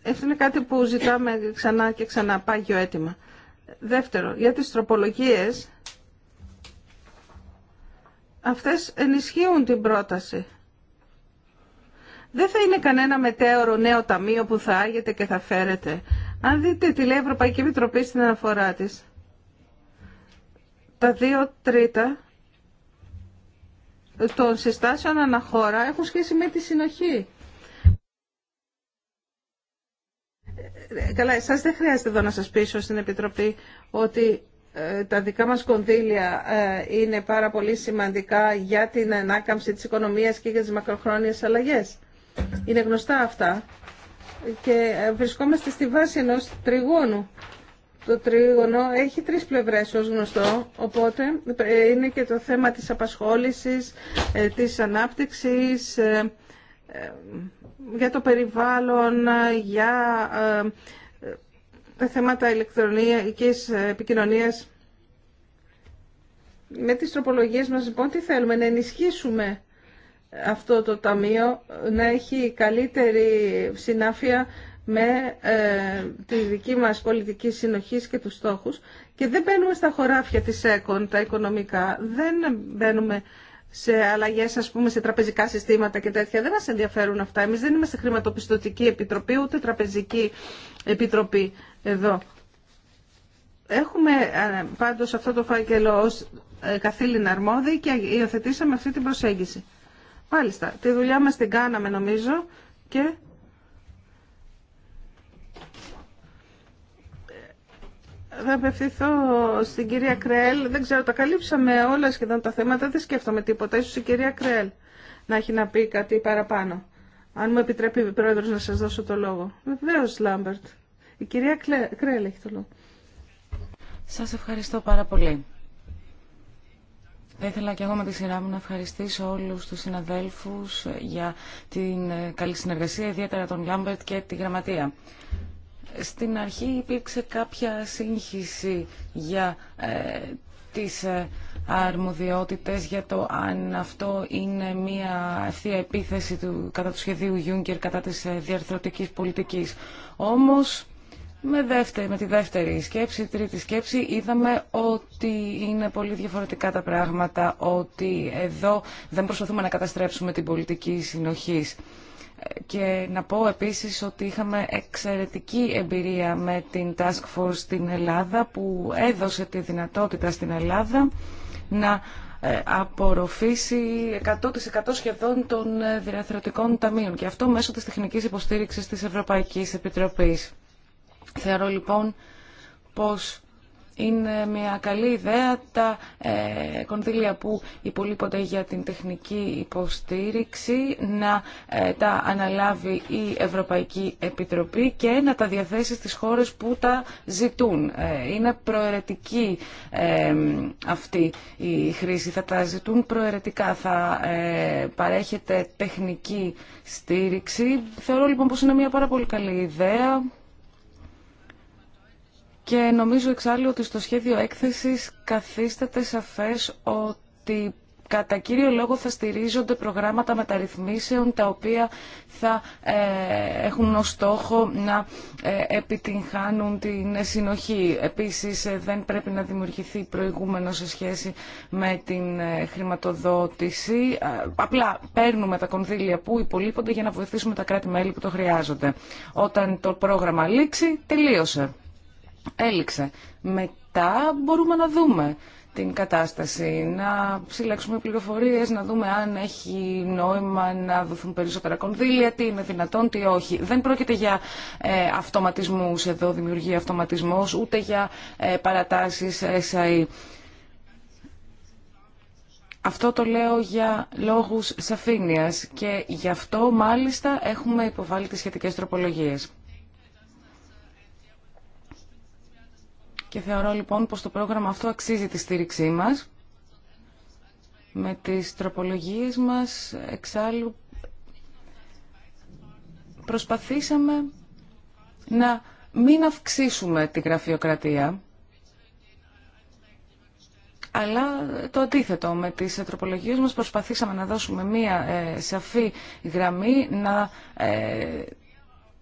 Αυτό είναι κάτι που ζητάμε ξανά και ξανά, πάγιο αίτημα. Δεύτερο, για τις τροπολογίες, αυτές ενισχύουν την πρόταση. Δεν θα είναι κανένα μετέωρο νέο ταμείο που θα άγεται και θα φέρεται. Αν δείτε τη λέει Ευρωπαϊκή Επιτροπή στην αναφορά της, τα δύο τρίτα των συστάσεων αναχώρα έχουν σχέση με τη συνοχή. Ε, ε, καλά, σας δεν χρειάζεται εδώ να σας πείσω στην Επιτροπή ότι ε, τα δικά μας κονδύλια είναι πάρα πολύ σημαντικά για την ανάκαμψη της οικονομίας και για τις μακροχρόνιες αλλαγές. Είναι γνωστά αυτά και βρισκόμαστε στη βάση ενός τριγώνου. Το τρίγωνο έχει τρεις πλευρές ως γνωστό, οπότε είναι και το θέμα της απασχόλησης, της ανάπτυξης, ε, για το περιβάλλον, για τα ε, ε, θέματα ηλεκτρονικής επικοινωνίας. Με τις τροπολογίες μας λοιπόν τι θέλουμε, να ενισχύσουμε αυτό το ταμείο, να έχει καλύτερη συνάφεια με τη δική μας πολιτική συνοχή και τους στόχους και δεν μπαίνουμε στα χωράφια της ΕΚΟΝ τα οικονομικά, δεν μπαίνουμε σε αλλαγέ, α πούμε, σε τραπεζικά συστήματα και τέτοια. Δεν μα ενδιαφέρουν αυτά. Εμεί δεν είμαστε χρηματοπιστωτική επιτροπή, ούτε τραπεζική επιτροπή εδώ. Έχουμε ε, πάντως αυτό το φάκελο ω ε, καθήλυνα και υιοθετήσαμε αυτή την προσέγγιση. Μάλιστα, τη δουλειά μας την κάναμε νομίζω και θα απευθυνθώ στην κυρία Κρέλ. Δεν ξέρω, τα καλύψαμε όλα σχεδόν τα θέματα, δεν σκέφτομαι τίποτα. Ίσως η κυρία Κρέλ να έχει να πει κάτι παραπάνω. Αν μου επιτρέπει η πρόεδρο να σα δώσω το λόγο. Βεβαίω, Λάμπερτ. Η κυρία Κρέλ έχει το λόγο. Σα ευχαριστώ πάρα πολύ. Θα ήθελα και εγώ με τη σειρά μου να ευχαριστήσω όλους τους συναδέλφους για την ε, καλή συνεργασία, ιδιαίτερα τον Λάμπερτ και τη Γραμματεία. Στην αρχή υπήρξε κάποια σύγχυση για ε, τις ε, αρμοδιότητες, για το αν αυτό είναι μια ευθεία επίθεση του, κατά του σχεδίου Γιούγκερ, κατά της ε, διαρθρωτικής πολιτικής. Όμως, με, δεύτερη, με τη δεύτερη σκέψη, τρίτη σκέψη, είδαμε ότι είναι πολύ διαφορετικά τα πράγματα, ότι εδώ δεν προσπαθούμε να καταστρέψουμε την πολιτική συνοχής. Και να πω επίσης ότι είχαμε εξαιρετική εμπειρία με την Task Force στην Ελλάδα που έδωσε τη δυνατότητα στην Ελλάδα να ε, απορροφήσει 100% σχεδόν των ε, διαθερωτικών ταμείων και αυτό μέσω της τεχνικής υποστήριξης της Ευρωπαϊκής Επιτροπής. Θεωρώ λοιπόν πως είναι μια καλή ιδέα τα ε, κονδύλια που υπολείπονται για την τεχνική υποστήριξη να ε, τα αναλάβει η Ευρωπαϊκή Επιτροπή και να τα διαθέσει στις χώρες που τα ζητούν. Ε, είναι προαιρετική ε, αυτή η χρήση. Θα τα ζητούν προαιρετικά. Θα παρέχεται τεχνική στήριξη. Θεωρώ λοιπόν πως είναι μια πάρα πολύ καλή ιδέα και νομίζω εξάλλου ότι στο σχέδιο έκθεσης καθίσταται σαφές ότι κατά κύριο λόγο θα στηρίζονται προγράμματα μεταρρυθμίσεων τα οποία θα ε, έχουν ως στόχο να ε, επιτυγχάνουν την συνοχή. Επίσης ε, δεν πρέπει να δημιουργηθεί προηγούμενο σε σχέση με την ε, χρηματοδότηση. Απλά παίρνουμε τα κονδύλια που υπολείπονται για να βοηθήσουμε τα κράτη-μέλη που το χρειάζονται. Όταν το πρόγραμμα λήξει, τελείωσε έληξε. Μετά μπορούμε να δούμε την κατάσταση, να συλλέξουμε πληροφορίες, να δούμε αν έχει νόημα να δοθούν περισσότερα κονδύλια, τι είναι δυνατόν, τι όχι. Δεν πρόκειται για ε, αυτοματισμούς εδώ, δημιουργεί αυτοματισμός, ούτε για ε, παρατάσεις ε, SAE. Αυτό το λέω για λόγους σαφήνειας και γι' αυτό μάλιστα έχουμε υποβάλει τις σχετικές τροπολογίες. Και θεωρώ λοιπόν πως το πρόγραμμα αυτό αξίζει τη στήριξή μας. Με τις τροπολογίες μας εξάλλου προσπαθήσαμε να μην αυξήσουμε τη γραφειοκρατία, αλλά το αντίθετο, με τις τροπολογίες μας προσπαθήσαμε να δώσουμε μία ε, σαφή γραμμή, να ε,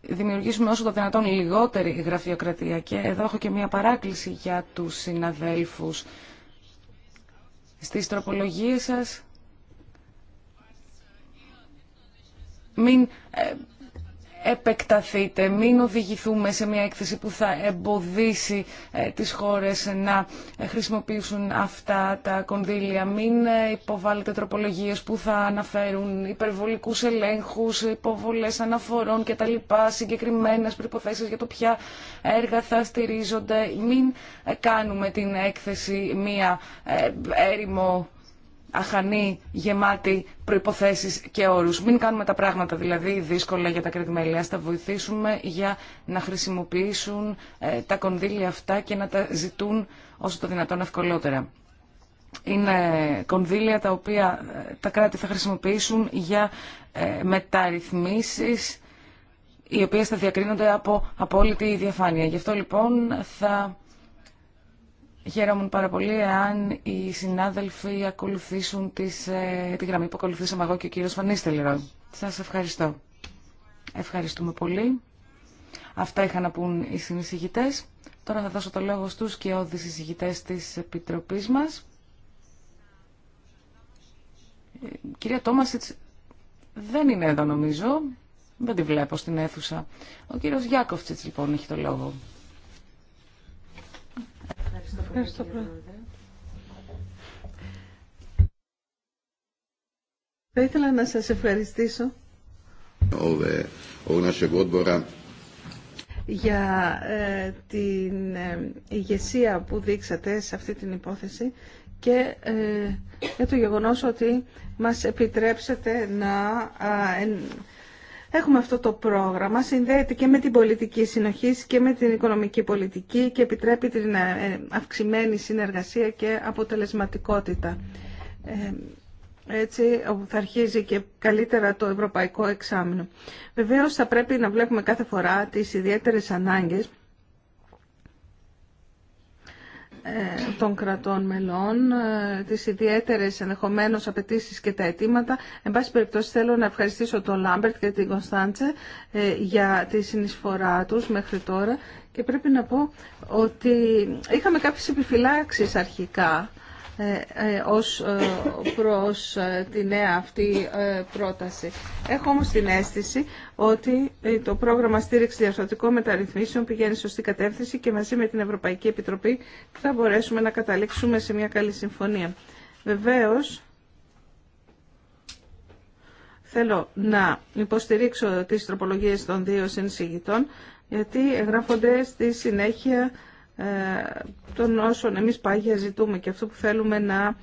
δημιουργήσουμε όσο το δυνατόν λιγότερη γραφειοκρατία. Και εδώ έχω και μία παράκληση για τους συναδέλφους. Στις τροπολογίες σας μην ε, επεκταθείτε, μην οδηγηθούμε σε μια έκθεση που θα εμποδίσει ε, τις χώρες να χρησιμοποιήσουν αυτά τα κονδύλια, μην ε, υποβάλλετε τροπολογίες που θα αναφέρουν υπερβολικούς ελέγχους, υποβολές αναφορών κτλ, συγκεκριμένες προϋποθέσεις για το ποια έργα θα στηρίζονται, μην ε, κάνουμε την έκθεση μια έρημο αχανή, γεμάτη προϋποθέσεις και όρους. Μην κάνουμε τα πράγματα δηλαδή δύσκολα για τα κρατημέλη. Ας τα βοηθήσουμε για να χρησιμοποιήσουν ε, τα κονδύλια αυτά και να τα ζητούν όσο το δυνατόν ευκολότερα. Είναι κονδύλια τα οποία ε, τα κράτη θα χρησιμοποιήσουν για ε, μεταρρυθμίσεις οι οποίες θα διακρίνονται από απόλυτη διαφάνεια. Γι' αυτό λοιπόν θα Χαίρομαι πάρα πολύ αν οι συνάδελφοι ακολουθήσουν τις, ε, τη γραμμή που ακολουθήσαμε εγώ και ο κύριος Φανίστελρο. Σας ευχαριστώ. Ευχαριστούμε πολύ. Αυτά είχαν να πούν οι συνεισηγητές. Τώρα θα δώσω το λόγο στους και όδης εισηγητές της Επιτροπής μας. Ε, κυρία Τόμασιτς δεν είναι εδώ νομίζω. Δεν τη βλέπω στην αίθουσα. Ο κύριος Γιάκοφτσιτς λοιπόν έχει το λόγο. Ευχαριστώ Θα ήθελα να σας ευχαριστήσω για ε, την ε, ηγεσία που δείξατε σε αυτή την υπόθεση και ε, για το γεγονός ότι μας επιτρέψετε να Έχουμε αυτό το πρόγραμμα, συνδέεται και με την πολιτική συνοχή και με την οικονομική πολιτική και επιτρέπει την ε, αυξημένη συνεργασία και αποτελεσματικότητα. Ε, έτσι θα αρχίζει και καλύτερα το ευρωπαϊκό εξάμεινο. Βεβαίως θα πρέπει να βλέπουμε κάθε φορά τις ιδιαίτερες ανάγκες Ε, των κρατών μελών, ε, τις ιδιαίτερες ενδεχομένω απαιτήσει και τα αιτήματα. Εν πάση περιπτώσει θέλω να ευχαριστήσω τον Λάμπερτ και την Κωνσταντσε ε, για τη συνεισφορά τους μέχρι τώρα και πρέπει να πω ότι είχαμε κάποιες επιφυλάξεις αρχικά ε, ε, ως ε, προς τη νέα αυτή πρόταση. Έχω όμως την αίσθηση ότι το πρόγραμμα στήριξη διαρθρωτικών μεταρρυθμίσεων πηγαίνει σωστή κατεύθυνση και μαζί με την Ευρωπαϊκή Επιτροπή θα μπορέσουμε να καταλήξουμε σε μια καλή συμφωνία. Βεβαίως, θέλω να υποστηρίξω τις τροπολογίες των δύο συνσηγητών γιατί εγγράφονται στη συνέχεια των όσων εμείς πάγια ζητούμε και αυτό που θέλουμε να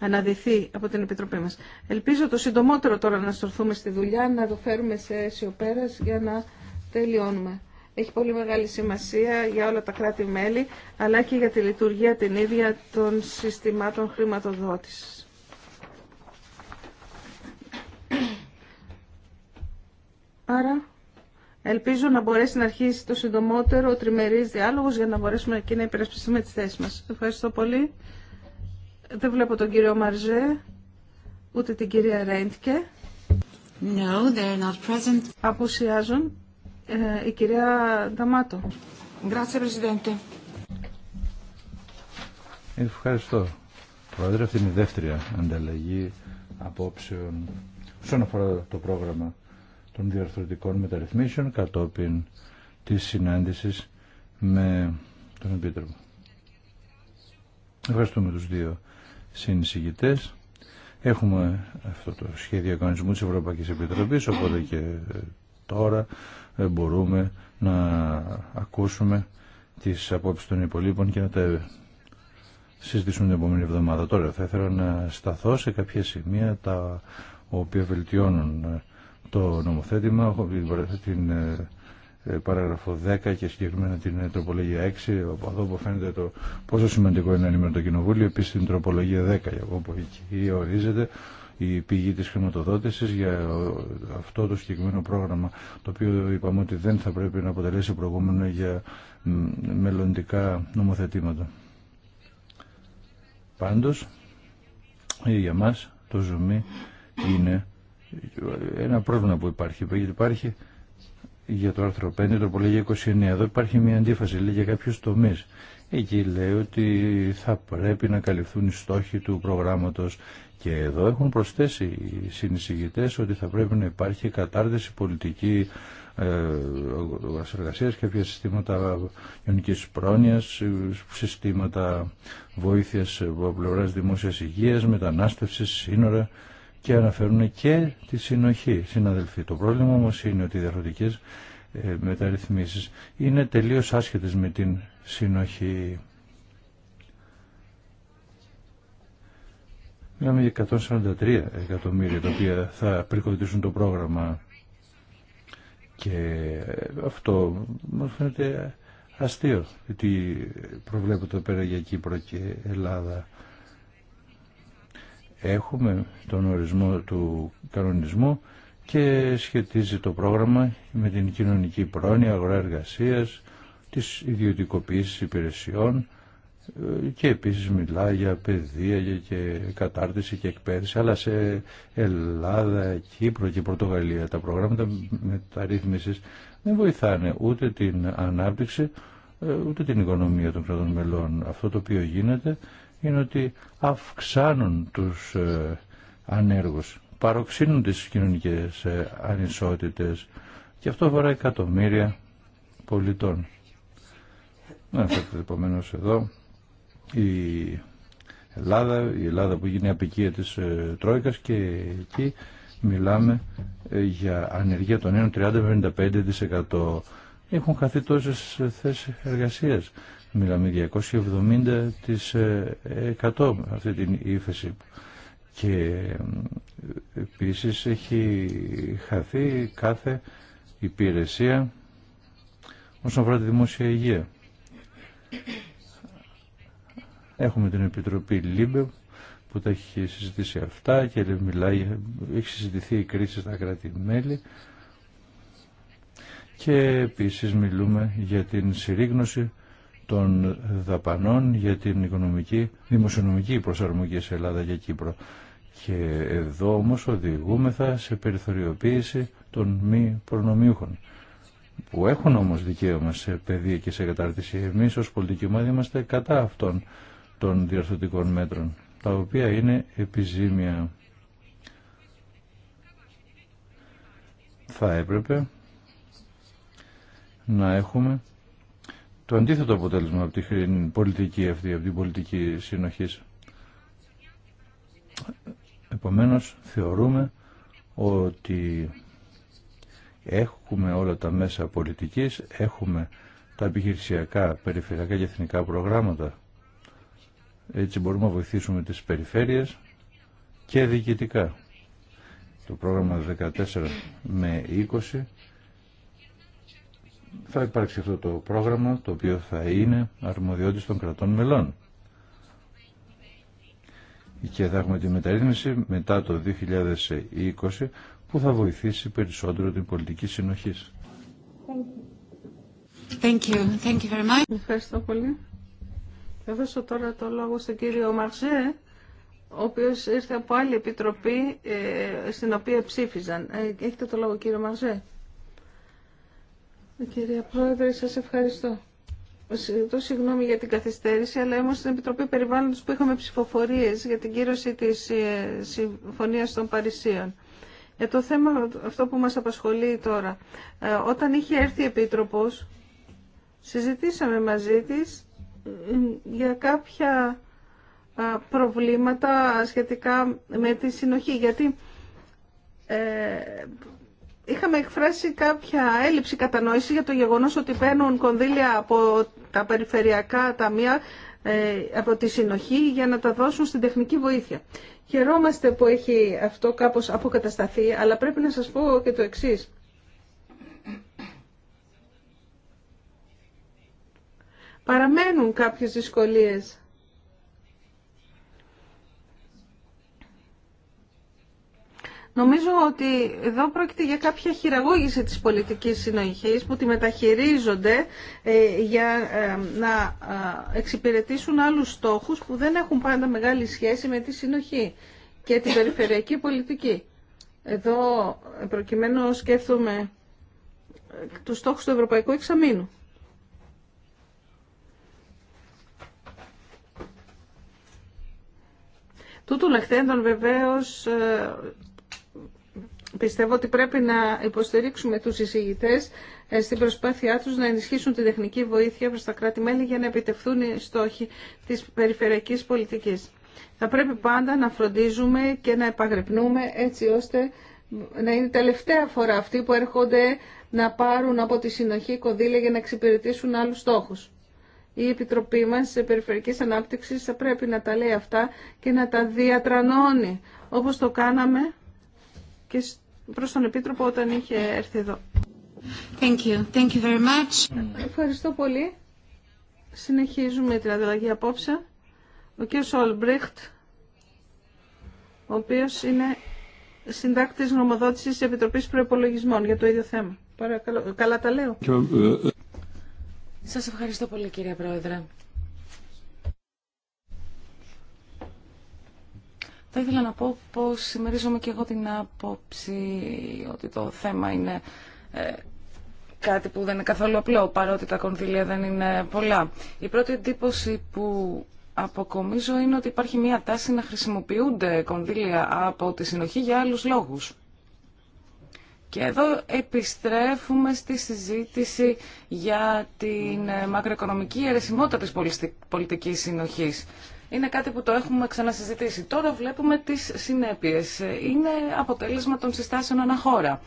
αναδυθεί από την Επιτροπή μας. Ελπίζω το συντομότερο τώρα να στορθούμε στη δουλειά, να το φέρουμε σε αίσιο για να τελειώνουμε. Έχει πολύ μεγάλη σημασία για όλα τα κράτη-μέλη, αλλά και για τη λειτουργία την ίδια των συστημάτων χρηματοδότησης. Άρα Ελπίζω να μπορέσει να αρχίσει το συντομότερο τριμερής διάλογος για να μπορέσουμε εκεί να υπερασπιστούμε τις θέσεις μας. Ευχαριστώ πολύ. Δεν βλέπω τον κύριο Μαρζέ, ούτε την κυρία Ρέντκε. No, they're not present. Απουσιάζουν ε, η κυρία Νταμάτο. Grazie, Ευχαριστώ. Πρόεδρε, αυτή είναι η δεύτερη ανταλλαγή απόψεων όσον αφορά το πρόγραμμα των διαρθρωτικών μεταρρυθμίσεων κατόπιν της συνάντησης με τον Επίτροπο. Ευχαριστούμε τους δύο συνεισηγητές. Έχουμε αυτό το σχέδιο κανονισμού της Ευρωπαϊκής Επιτροπής, οπότε και τώρα ε, μπορούμε να ακούσουμε τις απόψεις των υπολείπων και να τα συζητήσουμε την επόμενη εβδομάδα. Τώρα θα ήθελα να σταθώ σε κάποια σημεία τα οποία βελτιώνουν ε, το νομοθέτημα, την ε, ε, παράγραφο 10 και συγκεκριμένα την ε, τροπολογία 6, από εδώ που φαίνεται το πόσο σημαντικό είναι να ενημερώνει το Κοινοβούλιο, επίση την τροπολογία 10, όπου εκεί ορίζεται η πηγή της χρηματοδότησης για αυτό το συγκεκριμένο πρόγραμμα το οποίο είπαμε ότι δεν θα πρέπει να αποτελέσει προηγούμενο για μελλοντικά νομοθετήματα. Πάντως, για μας το ζουμί είναι ένα πρόβλημα που υπάρχει, γιατί υπάρχει για το άρθρο 5, το που λέγει 29. Εδώ υπάρχει μια αντίφαση, λέει για κάποιου τομεί. Εκεί λέει ότι θα πρέπει να καλυφθούν οι στόχοι του εργασία και εδώ έχουν προσθέσει οι συνεισηγητέ ότι θα πρέπει να υπάρχει κατάρτιση πολιτική ε, εργασίας, κάποια συστήματα γενικη προνοια συστήματα βοήθεια από πλευρά δημόσια υγεία, μετανάστευση σύνορα και αναφέρουν και τη συνοχή, συναδελφοί. Το πρόβλημα όμως είναι ότι οι διαφορετικές ε, μεταρρυθμίσεις είναι τελείως άσχετες με την συνοχή. Μιλάμε για 143 εκατομμύρια τα οποία θα πρικοδοτήσουν το πρόγραμμα και αυτό μου φαίνεται αστείο γιατί προβλέπεται πέρα για Κύπρο και Ελλάδα έχουμε τον ορισμό του κανονισμού και σχετίζει το πρόγραμμα με την κοινωνική πρόνοια, αγορά εργασίας, της ιδιωτικοποίησης υπηρεσιών ε, και επίσης μιλά για παιδεία και κατάρτιση και εκπαίδευση αλλά σε Ελλάδα, Κύπρο και Πορτογαλία τα προγράμματα μεταρρύθμισης δεν βοηθάνε ούτε την ανάπτυξη ε, ούτε την οικονομία των κρατών μελών. Αυτό το οποίο γίνεται είναι ότι αυξάνουν τους ε, ανέργους, παροξύνουν τις κοινωνικές ε, ανισότητες και αυτό αφορά εκατομμύρια πολιτών. Να επομένως εδώ η Ελλάδα, η Ελλάδα που γίνει απικία της ε, Τρόικας και εκεί μιλάμε για ανεργία των νέων 30-55%. Έχουν χαθεί τόσες θέσεις εργασίας. Μιλάμε 270% ε, αυτή την ύφεση και ε, επίσης έχει χαθεί κάθε υπηρεσία όσον αφορά τη δημόσια υγεία. Έχουμε την Επιτροπή ΛΥΜΠΕ που τα έχει συζητήσει αυτά και μιλάει, έχει συζητηθεί η κρίση στα κράτη-μέλη και επίσης μιλούμε για την συρρήγνωση των δαπανών για την οικονομική, δημοσιονομική προσαρμογή σε Ελλάδα και Κύπρο. Και εδώ όμως οδηγούμεθα σε περιθωριοποίηση των μη προνομιούχων που έχουν όμως δικαίωμα σε παιδεία και σε κατάρτιση. Εμείς ως πολιτική ομάδα είμαστε κατά αυτών των διαρθωτικών μέτρων, τα οποία είναι επιζήμια. Θα έπρεπε να έχουμε το αντίθετο αποτέλεσμα από την πολιτική αυτή, από την πολιτική συνοχή. Επομένως θεωρούμε ότι έχουμε όλα τα μέσα πολιτικής, έχουμε τα επιχειρησιακά, περιφερειακά και εθνικά προγράμματα. Έτσι μπορούμε να βοηθήσουμε τις περιφέρειες και διοικητικά. Το πρόγραμμα 14 με 20 θα υπάρξει αυτό το πρόγραμμα το οποίο θα είναι αρμοδιότητα των κρατών μελών. Και θα έχουμε τη μεταρρύθμιση μετά το 2020 που θα βοηθήσει περισσότερο την πολιτική συνοχή. Thank you. Thank you very much. Ευχαριστώ πολύ. Θα δώσω τώρα το λόγο στον κύριο Μαρζέ, ο οποίος ήρθε από άλλη επιτροπή ε, στην οποία ψήφιζαν. Ε, έχετε το λόγο κύριο Μαρζέ. Κυρία Πρόεδρε, σας ευχαριστώ. Το συγγνώμη για την καθυστέρηση, αλλά είμαστε στην Επιτροπή Περιβάλλοντος που είχαμε ψηφοφορίες για την κύρωση της ε, Συμφωνίας των Παρισίων. Για ε, το θέμα αυτό που μας απασχολεί τώρα. Ε, όταν είχε έρθει η Επίτροπος, συζητήσαμε μαζί της για κάποια προβλήματα σχετικά με τη συνοχή. Γιατί είχαμε εκφράσει κάποια έλλειψη κατανόηση για το γεγονός ότι παίρνουν κονδύλια από τα περιφερειακά ταμεία ε, από τη συνοχή για να τα δώσουν στην τεχνική βοήθεια. Χαιρόμαστε που έχει αυτό κάπως αποκατασταθεί, αλλά πρέπει να σας πω και το εξής. Παραμένουν κάποιες δυσκολίες Νομίζω ότι εδώ πρόκειται για κάποια χειραγώγηση της πολιτικής συνοχής που τη μεταχειρίζονται ε, για ε, να ε, εξυπηρετήσουν άλλους στόχους που δεν έχουν πάντα μεγάλη σχέση με τη συνοχή και την περιφερειακή πολιτική. Εδώ προκειμένου σκέφτομαι τους στόχους του Ευρωπαϊκού Εξαμήνου. Τούτου λεχθέντων βεβαίως Πιστεύω ότι πρέπει να υποστηρίξουμε τους εισηγητές ε, στην προσπάθειά τους να ενισχύσουν τη τεχνική βοήθεια προς τα κράτη-μέλη για να επιτευχθούν οι στόχοι της περιφερειακής πολιτικής. Θα πρέπει πάντα να φροντίζουμε και να επαγρυπνούμε έτσι ώστε να είναι η τελευταία φορά αυτοί που έρχονται να πάρουν από τη συνοχή κονδύλια για να εξυπηρετήσουν άλλους στόχους. Η Επιτροπή μας σε Περιφερειακής Ανάπτυξης θα πρέπει να τα λέει αυτά και να τα διατρανώνει, όπως το κάναμε και προς τον Επίτροπο όταν είχε έρθει εδώ. Thank you. Thank you very much. Ευχαριστώ πολύ. Συνεχίζουμε την ανταλλαγή απόψε. Ο κ. Ολμπρίχτ, ο οποίος είναι συντάκτης νομοδότησης της Επιτροπής Προϋπολογισμών για το ίδιο θέμα. Παρακαλώ. Καλά τα λέω. Ε, ε, Σας ευχαριστώ πολύ κύριε Πρόεδρε. Θα ήθελα να πω πως συμμερίζομαι και εγώ την άποψη ότι το θέμα είναι ε, κάτι που δεν είναι καθόλου απλό, παρότι τα κονδύλια δεν είναι πολλά. Η πρώτη εντύπωση που αποκομίζω είναι ότι υπάρχει μια τάση να χρησιμοποιούνται κονδύλια από τη συνοχή για άλλους λόγους. Και εδώ επιστρέφουμε στη συζήτηση για την μακροοικονομική αιρεσιμότητα της πολιτικής συνοχής είναι κάτι που το έχουμε ξανασυζητήσει. Τώρα βλέπουμε τις συνέπειες. Είναι αποτέλεσμα των συστάσεων αναχώρα.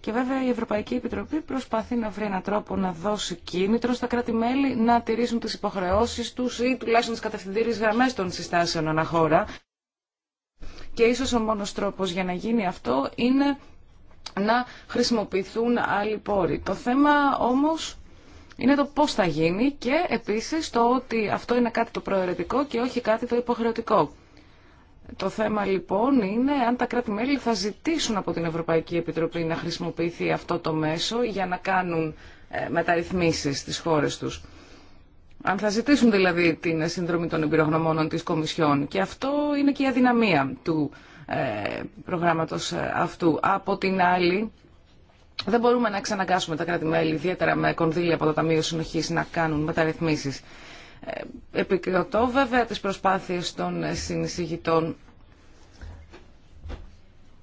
Και βέβαια η Ευρωπαϊκή Επιτροπή προσπαθεί να βρει έναν τρόπο να δώσει κίνητρο στα κράτη-μέλη να τηρήσουν τις υποχρεώσεις τους ή τουλάχιστον τις κατευθυντήριες γραμμές των συστάσεων αναχώρα. Και ίσως ο μόνος τρόπος για να γίνει αυτό είναι να χρησιμοποιηθούν άλλοι πόροι. Το θέμα όμως είναι το πώς θα γίνει και επίσης το ότι αυτό είναι κάτι το προαιρετικό και όχι κάτι το υποχρεωτικό. Το θέμα λοιπόν είναι αν τα κράτη-μέλη θα ζητήσουν από την Ευρωπαϊκή Επιτροπή να χρησιμοποιηθεί αυτό το μέσο για να κάνουν ε, μεταρρυθμίσεις στις χώρες τους. Αν θα ζητήσουν δηλαδή την συνδρομή των εμπειρογνωμόνων της Κομισιόν. Και αυτό είναι και η αδυναμία του ε, προγράμματος ε, αυτού. Από την άλλη, δεν μπορούμε να ξαναγκάσουμε τα κράτη-μέλη, ιδιαίτερα με κονδύλια από το Ταμείο Συνοχή, να κάνουν μεταρρυθμίσει. Ε, επικροτώ βέβαια τι προσπάθειε των συνεισηγητών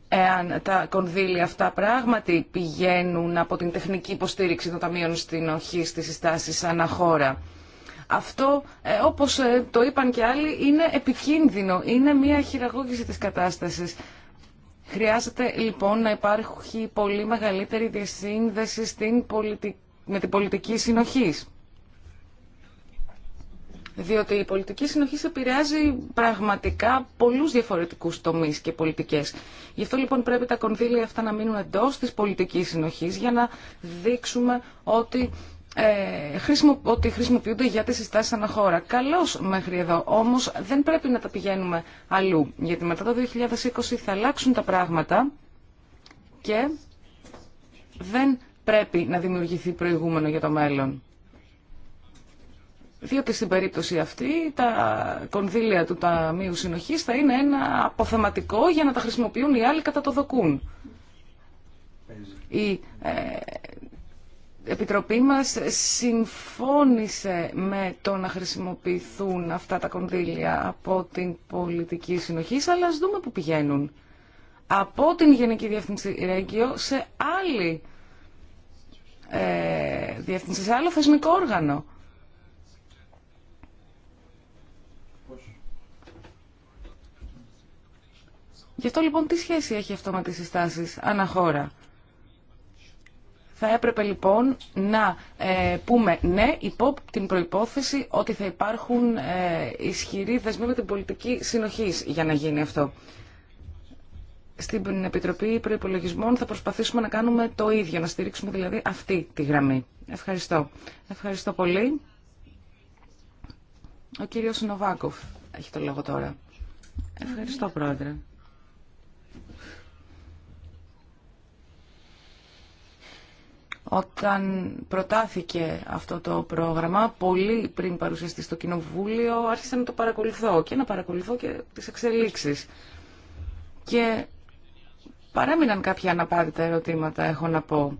εάν τα κονδύλια αυτά πράγματι πηγαίνουν από την τεχνική υποστήριξη των ταμείων στην οχή συστάσει συστάσεις αναχώρα. Αυτό, ε, όπως ε, το είπαν και άλλοι, είναι επικίνδυνο. Είναι μια χειραγώγηση της κατάστασης. Χρειάζεται λοιπόν να υπάρχει πολύ μεγαλύτερη διασύνδεση στην με την πολιτική συνοχής. Διότι η πολιτική συνοχή επηρεάζει πραγματικά πολλούς διαφορετικούς τομείς και πολιτικές. Γι' αυτό λοιπόν πρέπει τα κονδύλια αυτά να μείνουν εντός της πολιτικής συνοχής για να δείξουμε ότι ε, ότι χρησιμοποιούνται για τις συστάσεις αναχώρα. Καλώς μέχρι εδώ, όμως δεν πρέπει να τα πηγαίνουμε αλλού, γιατί μετά το 2020 θα αλλάξουν τα πράγματα και δεν πρέπει να δημιουργηθεί προηγούμενο για το μέλλον. Διότι στην περίπτωση αυτή τα κονδύλια του Ταμείου Συνοχής θα είναι ένα αποθεματικό για να τα χρησιμοποιούν οι άλλοι κατά το δοκούν. Επιτροπή μας συμφώνησε με το να χρησιμοποιηθούν αυτά τα κονδύλια από την πολιτική συνοχή, αλλά ας δούμε που πηγαίνουν. Από την Γενική Διεύθυνση Ρέγγιο σε άλλη ε, σε άλλο θεσμικό όργανο. Γι' αυτό λοιπόν τι σχέση έχει αυτό με τις συστάσεις αναχώρα. Θα έπρεπε λοιπόν να ε, πούμε ναι υπό την προϋπόθεση ότι θα υπάρχουν ε, ισχυροί δεσμοί με την πολιτική συνοχής για να γίνει αυτό. Στην Επιτροπή Προϋπολογισμών θα προσπαθήσουμε να κάνουμε το ίδιο, να στηρίξουμε δηλαδή αυτή τη γραμμή. Ευχαριστώ. Ευχαριστώ πολύ. Ο κύριος Νοβάκοφ έχει το λόγο τώρα. Ευχαριστώ, Πρόεδρε. Όταν προτάθηκε αυτό το πρόγραμμα, πολύ πριν παρουσιαστεί στο Κοινοβούλιο, άρχισα να το παρακολουθώ και να παρακολουθώ και τις εξελίξεις. Και παρέμειναν κάποια αναπάντητα ερωτήματα, έχω να πω.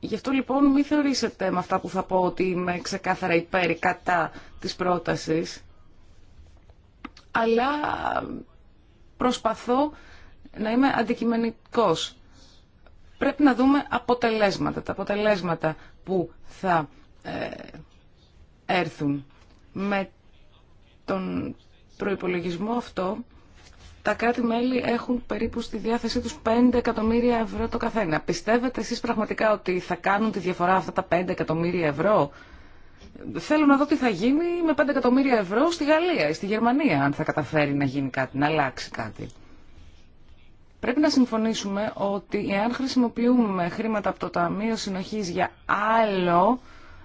Γι' αυτό λοιπόν μην θεωρήσετε με αυτά που θα πω ότι είμαι ξεκάθαρα υπέρ ή κατά της πρότασης, αλλά προσπαθώ να είμαι αντικειμενικός πρέπει να δούμε αποτελέσματα, τα αποτελέσματα που θα ε, έρθουν. Με τον προϋπολογισμό αυτό, τα κράτη-μέλη έχουν περίπου στη διάθεσή τους 5 εκατομμύρια ευρώ το καθένα. Πιστεύετε εσείς πραγματικά ότι θα κάνουν τη διαφορά αυτά τα 5 εκατομμύρια ευρώ θέλω να δω τι θα γίνει με 5 εκατομμύρια ευρώ στη Γαλλία ή στη Γερμανία, αν θα καταφέρει να γίνει κάτι, να αλλάξει κάτι. Πρέπει να συμφωνήσουμε ότι εάν χρησιμοποιούμε χρήματα από το Ταμείο Συνοχής για άλλο,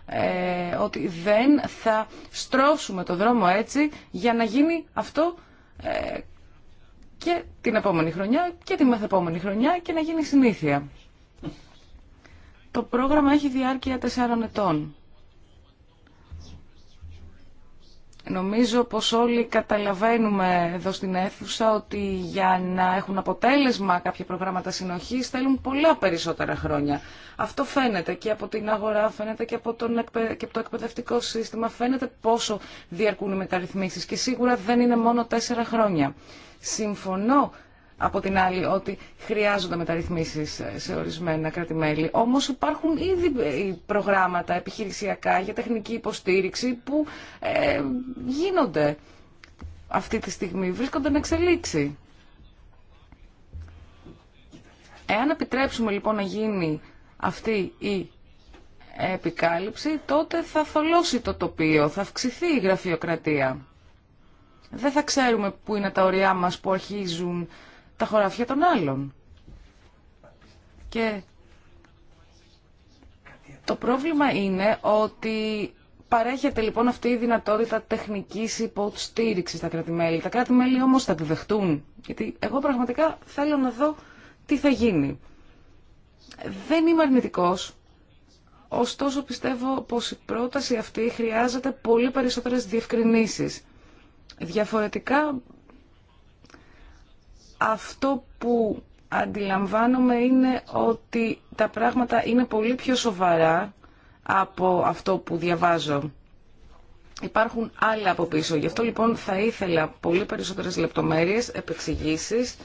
ε, ότι δεν θα στρώσουμε το δρόμο έτσι για να γίνει αυτό ε, και την επόμενη χρονιά και την μεθεπόμενη χρονιά και να γίνει συνήθεια. Το πρόγραμμα έχει διάρκεια 4 ετών. Νομίζω πως όλοι καταλαβαίνουμε εδώ στην αίθουσα ότι για να έχουν αποτέλεσμα κάποια προγράμματα συνοχής θέλουν πολλά περισσότερα χρόνια. Αυτό φαίνεται και από την αγορά, φαίνεται και από, τον, το εκπαιδευτικό σύστημα, φαίνεται πόσο διαρκούν οι μεταρρυθμίσεις και σίγουρα δεν είναι μόνο τέσσερα χρόνια. Συμφωνώ από την άλλη ότι χρειάζονται μεταρρυθμίσεις ε, σε ορισμένα κράτη-μέλη. Όμως υπάρχουν ήδη ε, προγράμματα επιχειρησιακά για τεχνική υποστήριξη που ε, γίνονται αυτή τη στιγμή, βρίσκονται να εξελίξει. Εάν επιτρέψουμε λοιπόν να γίνει αυτή η επικάλυψη, τότε θα θολώσει το τοπίο, θα αυξηθεί η γραφειοκρατία. Δεν θα ξέρουμε πού είναι τα ωριά μας που αρχίζουν τα χωράφια των άλλων. Και το πρόβλημα είναι ότι παρέχεται λοιπόν αυτή η δυνατότητα τεχνικής υποστήριξης στα κράτη-μέλη. Τα κράτη-μέλη όμως θα τη γιατί εγώ πραγματικά θέλω να δω τι θα γίνει. Δεν είμαι αρνητικός, ωστόσο πιστεύω πως η πρόταση αυτή χρειάζεται πολύ περισσότερες διευκρινήσεις. Διαφορετικά αυτό που αντιλαμβάνομαι είναι ότι τα πράγματα είναι πολύ πιο σοβαρά από αυτό που διαβάζω. Υπάρχουν άλλα από πίσω. Γι' αυτό λοιπόν θα ήθελα πολύ περισσότερες λεπτομέρειες, επεξηγήσεις,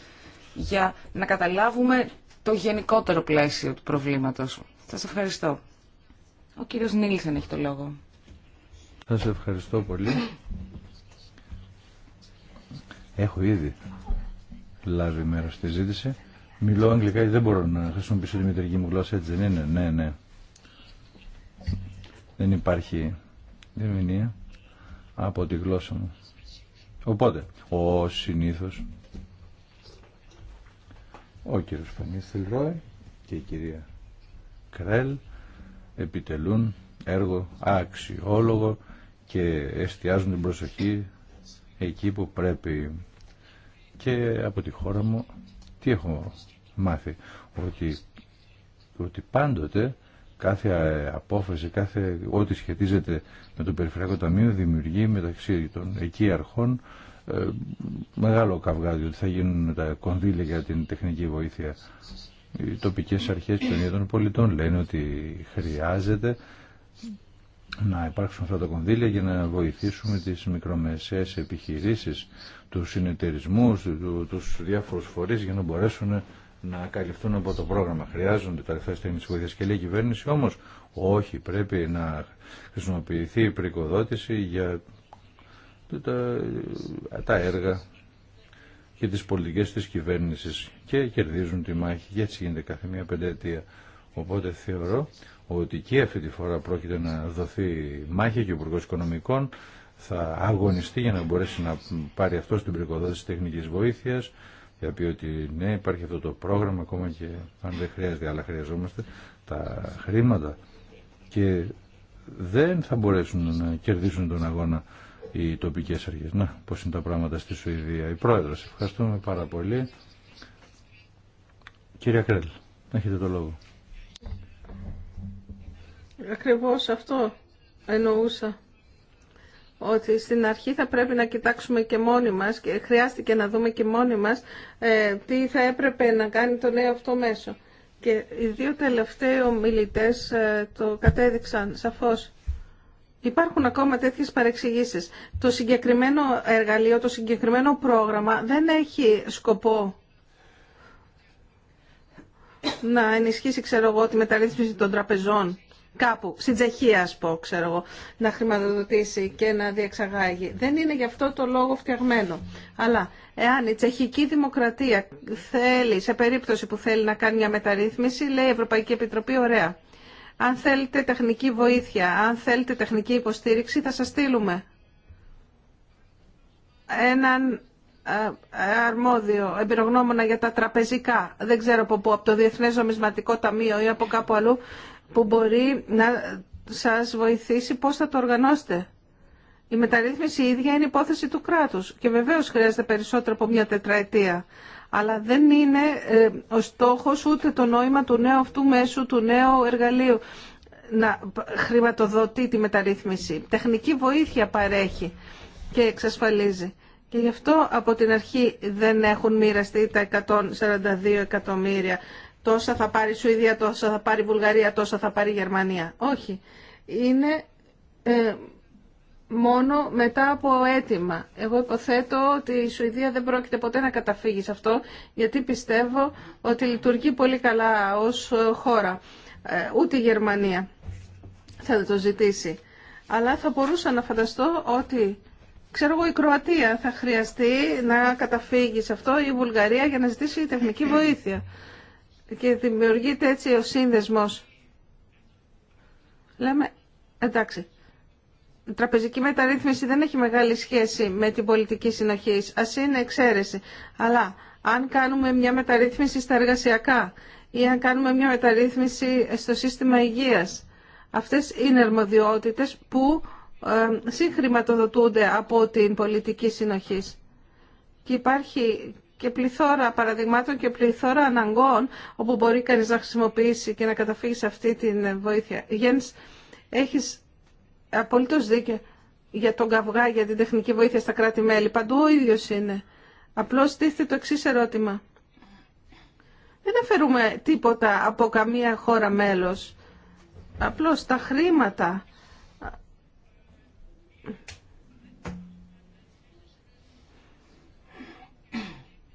για να καταλάβουμε το γενικότερο πλαίσιο του προβλήματος. Σας ευχαριστώ. Ο κύριος Νίλσεν έχει το λόγο. Σας ευχαριστώ πολύ. Έχω ήδη λάβει μέρο στη ζήτηση. Μιλώ αγγλικά γιατί δεν μπορώ να χρησιμοποιήσω τη μητρική μου γλώσσα, έτσι δεν είναι. Ναι, ναι. Δεν υπάρχει διερμηνία από τη γλώσσα μου. Οπότε, ο συνήθως ο κύριος Φανίστηλ Ρόε και η κυρία Κρέλ επιτελούν έργο αξιόλογο και εστιάζουν την προσοχή εκεί που πρέπει και από τη χώρα μου τι έχω μάθει. Ότι, ότι πάντοτε κάθε απόφαση, κάθε ό,τι σχετίζεται με το Περιφερειακό Ταμείο δημιουργεί μεταξύ των εκεί αρχών ε, μεγάλο καυγάδι ότι θα γίνουν τα κονδύλια για την τεχνική βοήθεια. Οι τοπικές αρχές των ίδιων πολιτών λένε ότι χρειάζεται να υπάρξουν αυτά τα κονδύλια για να βοηθήσουμε τις μικρομεσαίες επιχειρήσεις, τους συνεταιρισμούς, τους διάφορους φορείς για να μπορέσουν να καλυφθούν από το πρόγραμμα. Χρειάζονται τα στιγμή τη βοήθεια και λέει η κυβέρνηση όμω όχι, πρέπει να χρησιμοποιηθεί η πρικοδότηση για τα, τα έργα και τις πολιτικές της κυβέρνησης και κερδίζουν τη μάχη και έτσι γίνεται κάθε μία πενταετία. Οπότε θεωρώ ότι και αυτή τη φορά πρόκειται να δοθεί μάχη και ο Υπουργό Οικονομικών θα αγωνιστεί για να μπορέσει να πάρει αυτό την πρικοδότηση τεχνική βοήθεια. για πει ότι ναι υπάρχει αυτό το πρόγραμμα ακόμα και αν δεν χρειάζεται αλλά χρειαζόμαστε τα χρήματα και δεν θα μπορέσουν να κερδίσουν τον αγώνα οι τοπικέ αρχέ Να, πώ είναι τα πράγματα στη Σουηδία. Η πρόεδρο, ευχαριστούμε πάρα πολύ. Κύριε Κρέλ, έχετε το λόγο. Ακριβώς αυτό εννοούσα. Ότι στην αρχή θα πρέπει να κοιτάξουμε και μόνοι μας και χρειάστηκε να δούμε και μόνοι μας ε, τι θα έπρεπε να κάνει το νέο αυτό μέσο. Και οι δύο τελευταίοι ομιλητές ε, το κατέδειξαν σαφώς. Υπάρχουν ακόμα τέτοιες παρεξηγήσεις. Το συγκεκριμένο εργαλείο, το συγκεκριμένο πρόγραμμα δεν έχει σκοπό να ενισχύσει, ξέρω εγώ, τη μεταρρύθμιση των τραπεζών κάπου, στην Τσεχία ας πω, ξέρω εγώ, να χρηματοδοτήσει και να διεξαγάγει. Δεν είναι γι' αυτό το λόγο φτιαγμένο. Αλλά εάν η τσεχική δημοκρατία θέλει, σε περίπτωση που θέλει να κάνει μια μεταρρύθμιση, λέει η Ευρωπαϊκή Επιτροπή, ωραία. Αν θέλετε τεχνική βοήθεια, αν θέλετε τεχνική υποστήριξη, θα σας στείλουμε έναν ε, αρμόδιο εμπειρογνώμονα για τα τραπεζικά, δεν ξέρω από πού, από το Διεθνές Νομισματικό Ταμείο ή από κάπου αλλού, που μπορεί να σας βοηθήσει πώς θα το οργανώσετε. Η μεταρρύθμιση ίδια είναι υπόθεση του κράτους και βεβαίως χρειάζεται περισσότερο από μια τετραετία. Αλλά δεν είναι ε, ο στόχος ούτε το νόημα του νέου αυτού μέσου, του νέου εργαλείου να χρηματοδοτεί τη μεταρρύθμιση. Τεχνική βοήθεια παρέχει και εξασφαλίζει. Και γι' αυτό από την αρχή δεν έχουν μοιραστεί τα 142 εκατομμύρια τόσα θα πάρει Σουηδία, τόσα θα πάρει Βουλγαρία, τόσα θα πάρει Γερμανία. Όχι. Είναι ε, μόνο μετά από αίτημα. Εγώ υποθέτω ότι η Σουηδία δεν πρόκειται ποτέ να καταφύγει σε αυτό, γιατί πιστεύω ότι λειτουργεί πολύ καλά ως χώρα. Ε, ούτε η Γερμανία θα το ζητήσει. Αλλά θα μπορούσα να φανταστώ ότι ξέρω εγώ, η Κροατία θα χρειαστεί να καταφύγει σε αυτό ή η Βουλγαρία για να ζητήσει τεχνική βοήθεια και δημιουργείται έτσι ο σύνδεσμος. Λέμε, εντάξει, η τραπεζική μεταρρύθμιση δεν έχει μεγάλη σχέση με την πολιτική συνοχή. Ας είναι εξαίρεση. Αλλά αν κάνουμε μια μεταρρύθμιση στα εργασιακά ή αν κάνουμε μια μεταρρύθμιση στο σύστημα υγείας, αυτές είναι αρμοδιότητες που ε, συγχρηματοδοτούνται από την πολιτική συνοχή. Και υπάρχει και πληθώρα παραδειγμάτων και πληθώρα αναγκών όπου μπορεί κανείς να χρησιμοποιήσει και να καταφύγει σε αυτή την βοήθεια. Γιάννης, έχεις απολύτως δίκιο για τον καυγά, για την τεχνική βοήθεια στα κράτη-μέλη. Παντού ο ίδιος είναι. Απλώς τίθεται το εξή ερώτημα. Δεν αφαιρούμε τίποτα από καμία χώρα μέλος. Απλώς τα χρήματα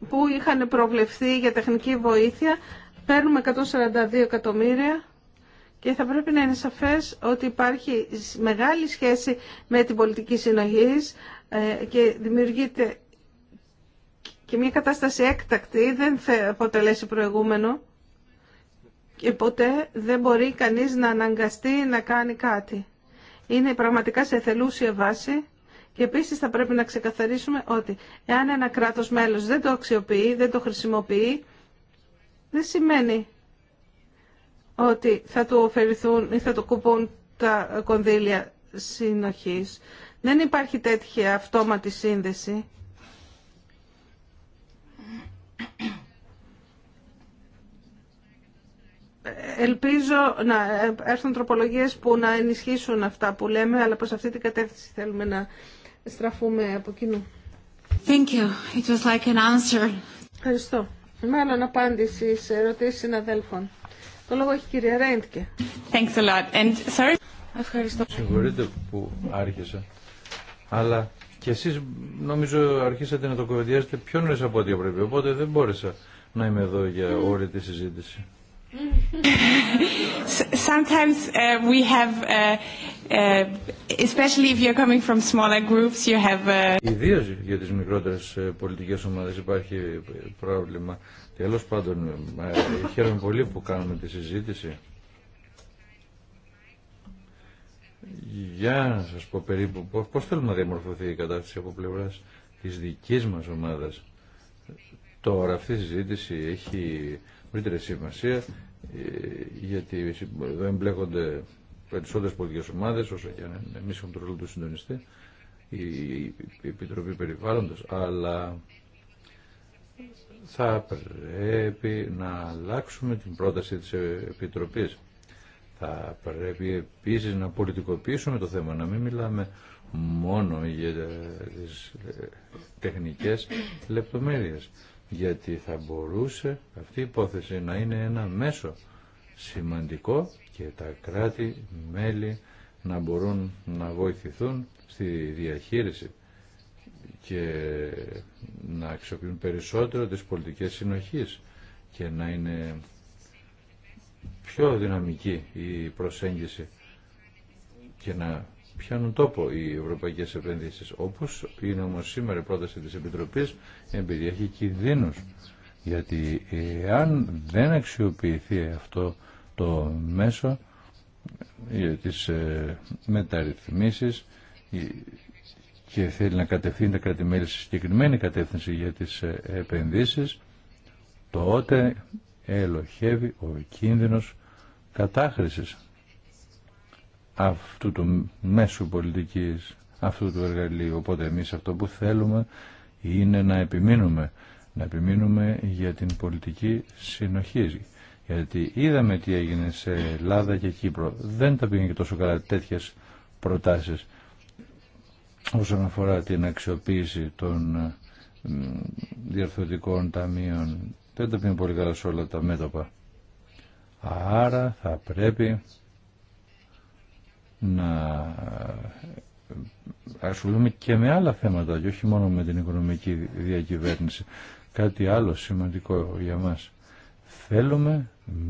που είχαν προβλεφθεί για τεχνική βοήθεια. Παίρνουμε 142 εκατομμύρια και θα πρέπει να είναι σαφές ότι υπάρχει μεγάλη σχέση με την πολιτική συνοχή ε, και δημιουργείται και μια κατάσταση έκτακτη δεν θα αποτελέσει προηγούμενο και ποτέ δεν μπορεί κανείς να αναγκαστεί να κάνει κάτι. Είναι πραγματικά σε θελούσια βάση και επίση θα πρέπει να ξεκαθαρίσουμε ότι εάν ένα κράτο μέλος δεν το αξιοποιεί, δεν το χρησιμοποιεί, δεν σημαίνει ότι θα του ωφεληθούν ή θα του κουπούν τα κονδύλια συνοχή. Δεν υπάρχει τέτοια αυτόματη σύνδεση. Ελπίζω να έρθουν τροπολογίες που να ενισχύσουν αυτά που λέμε, αλλά προς αυτή την κατεύθυνση θέλουμε να στραφούμε από κοινού. Thank you. It was like an answer. Ευχαριστώ. Μάλλον απάντηση σε ερωτήσεις συναδέλφων. Το λόγο έχει η κυρία Ρέντκε. Thanks a lot. And sorry. Ευχαριστώ. Συγχωρείτε που άρχισα, αλλά και εσείς νομίζω αρχίσατε να το κοβεντιάσετε πιο νωρίς από ό,τι έπρεπε, οπότε δεν μπόρεσα να είμαι εδώ για mm. όλη τη συζήτηση. Sometimes uh, we have uh, Uh, especially if coming from smaller groups, you have. Uh, για τις μικρότερες ε, πολιτικές ομάδες υπάρχει πρόβλημα. Τέλος πάντων, ε, χαίρομαι πολύ που κάνουμε τη συζήτηση. Για να σας πω περίπου πώς θέλουμε να διαμορφωθεί η κατάσταση από πλευράς της δικής μας ομάδας. Τώρα αυτή η συζήτηση έχει ευρύτερη σημασία ε, γιατί εδώ εμπλέκονται περισσότερε πολιτικέ ομάδε, όσο και αν εμεί έχουμε το ρόλο του συντονιστή, η Επιτροπή Περιβάλλοντο, αλλά θα πρέπει να αλλάξουμε την πρόταση της Επιτροπής. Θα πρέπει επίσης να πολιτικοποιήσουμε το θέμα, να μην μιλάμε μόνο για τι ε, τεχνικές λεπτομέρειες, γιατί θα μπορούσε αυτή η υπόθεση να είναι ένα μέσο σημαντικό και τα κράτη-μέλη να μπορούν να βοηθηθούν στη διαχείριση και να αξιοποιούν περισσότερο τις πολιτικές συνοχής και να είναι πιο δυναμική η προσέγγιση και να πιάνουν τόπο οι ευρωπαϊκές επενδύσεις. Όπως είναι όμως σήμερα η πρόταση της Επιτροπής, επειδή έχει κινδύνους. Γιατί αν δεν αξιοποιηθεί αυτό το μέσο ε, τις ε, μεταρρυθμίσεις ε, και θέλει να κατευθύνει τα κρατημέλη σε συγκεκριμένη κατεύθυνση για τις επενδύσεις, τότε ελοχεύει ο κίνδυνος κατάχρησης αυτού του μέσου πολιτικής, αυτού του εργαλείου. Οπότε εμείς αυτό που θέλουμε είναι να επιμείνουμε, να επιμείνουμε για την πολιτική συνοχή γιατί είδαμε τι έγινε σε Ελλάδα και Κύπρο. Δεν τα πήγαν και τόσο καλά τέτοιε προτάσεις όσον αφορά την αξιοποίηση των ε, διαρθωτικών ταμείων. Δεν τα πήγαν πολύ καλά σε όλα τα μέτωπα. Άρα θα πρέπει να ε, ασχολούμαι και με άλλα θέματα και όχι μόνο με την οικονομική διακυβέρνηση. Κάτι άλλο σημαντικό για μας Θέλουμε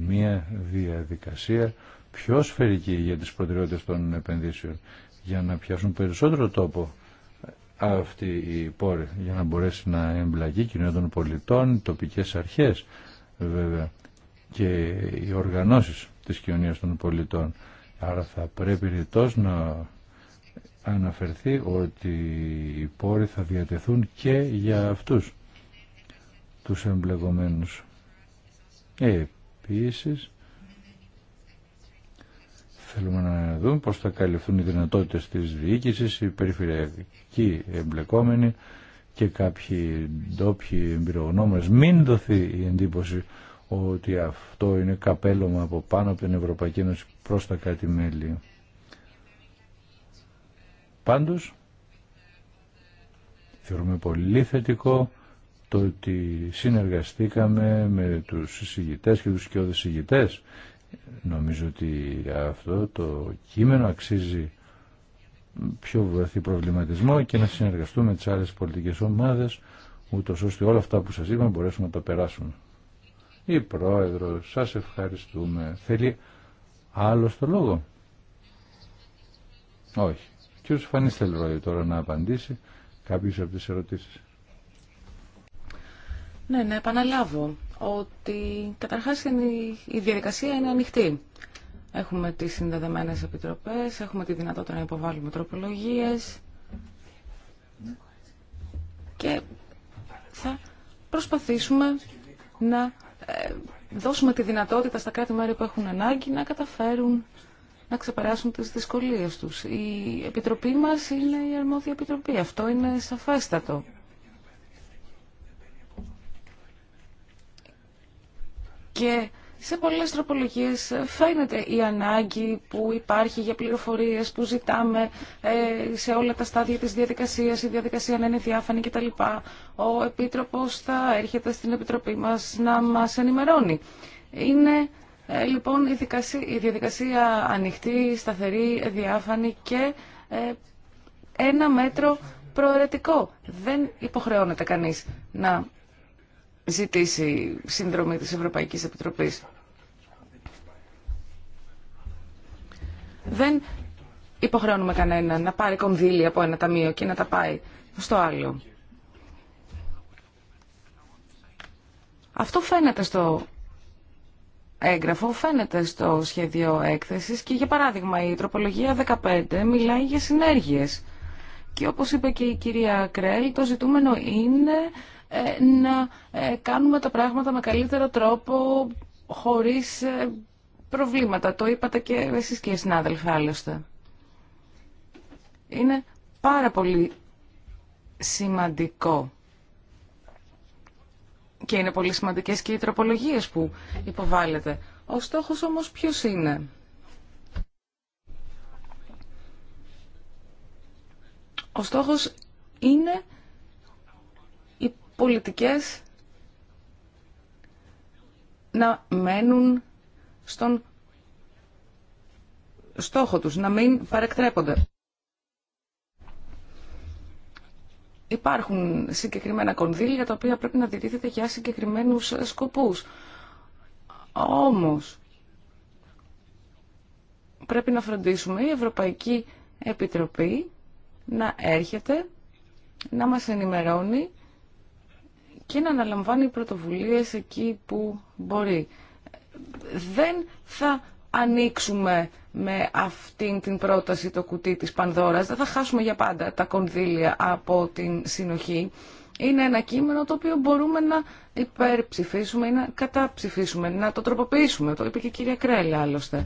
μία διαδικασία πιο σφαιρική για τις προτεραιότητες των επενδύσεων για να πιάσουν περισσότερο τόπο αυτή η πόρη για να μπορέσει να εμπλακεί κοινωνία των πολιτών, τοπικές αρχές βέβαια και οι οργανώσεις της κοινωνίας των πολιτών. Άρα θα πρέπει ρητός να αναφερθεί ότι οι πόροι θα διατεθούν και για αυτούς τους εμπλεγωμένους. Επίσης, θέλουμε να δούμε πώς θα καλυφθούν οι δυνατότητες της διοίκησης, οι περιφερειακοί εμπλεκόμενοι και κάποιοι ντόπιοι εμπειρογνώμες. Μην δοθεί η εντύπωση ότι αυτό είναι καπέλωμα από πάνω από την Ευρωπαϊκή Ένωση προς τα κάτι μέλη. Πάντως, θεωρούμε πολύ θετικό το ότι συνεργαστήκαμε με τους συζητητές και τους σκιώδες συζητητές. Νομίζω ότι αυτό το κείμενο αξίζει πιο βαθύ προβληματισμό και να συνεργαστούμε με τις άλλες πολιτικές ομάδες ούτως ώστε όλα αυτά που σας είπαμε μπορέσουμε να τα περάσουμε. Η Πρόεδρο, σας ευχαριστούμε. Θέλει άλλο το λόγο. Όχι. Κύριος Φανίστελ θέλει τώρα να απαντήσει κάποιες από τις ερωτήσεις. Ναι, να επαναλάβω ότι καταρχάς η διαδικασία είναι ανοιχτή. Έχουμε τις συνδεδεμένες επιτροπές, έχουμε τη δυνατότητα να υποβάλουμε τροπολογίες και θα προσπαθήσουμε να ε, δώσουμε τη δυνατότητα στα κράτη-μέρη που έχουν ανάγκη να καταφέρουν να ξεπεράσουν τις δυσκολίες τους. Η Επιτροπή μας είναι η αρμόδια Επιτροπή. Αυτό είναι σαφέστατο. Και σε πολλές τροπολογίες φαίνεται η ανάγκη που υπάρχει για πληροφορίες που ζητάμε ε, σε όλα τα στάδια της διαδικασίας, η διαδικασία να είναι διάφανη κτλ. Ο Επίτροπος θα έρχεται στην Επιτροπή μας να μας ενημερώνει. Είναι ε, λοιπόν η διαδικασία ανοιχτή, σταθερή, διάφανη και ε, ένα μέτρο προαιρετικό. Δεν υποχρεώνεται κανείς να ζητήσει σύνδρομη της Ευρωπαϊκής Επιτροπής. Δεν υποχρεώνουμε κανέναν να πάρει κονδύλι από ένα ταμείο και να τα πάει στο άλλο. Αυτό φαίνεται στο έγγραφο, φαίνεται στο σχέδιο έκθεσης και για παράδειγμα η τροπολογία 15 μιλάει για συνέργειες. Και όπως είπε και η κυρία Κρέλ, το ζητούμενο είναι ε, να ε, κάνουμε τα πράγματα με καλύτερο τρόπο χωρίς ε, προβλήματα. Το είπατε και εσείς και οι συνάδελφοι άλλωστε. Είναι πάρα πολύ σημαντικό. Και είναι πολύ σημαντικές και οι τροπολογίες που υποβάλλεται. Ο στόχος όμως ποιος είναι. Ο στόχος είναι πολιτικές να μένουν στον στόχο τους, να μην παρεκτρέπονται. Υπάρχουν συγκεκριμένα κονδύλια τα οποία πρέπει να διτίθεται για συγκεκριμένους σκοπούς. Όμως, πρέπει να φροντίσουμε η Ευρωπαϊκή Επιτροπή να έρχεται, να μας ενημερώνει και να αναλαμβάνει πρωτοβουλίες εκεί που μπορεί. Δεν θα ανοίξουμε με αυτήν την πρόταση το κουτί της Πανδώρας, δεν θα χάσουμε για πάντα τα κονδύλια από την συνοχή. Είναι ένα κείμενο το οποίο μπορούμε να υπερψηφίσουμε ή να καταψηφίσουμε, να το τροποποιήσουμε. Το είπε και η κυρία Κρέλλα άλλωστε.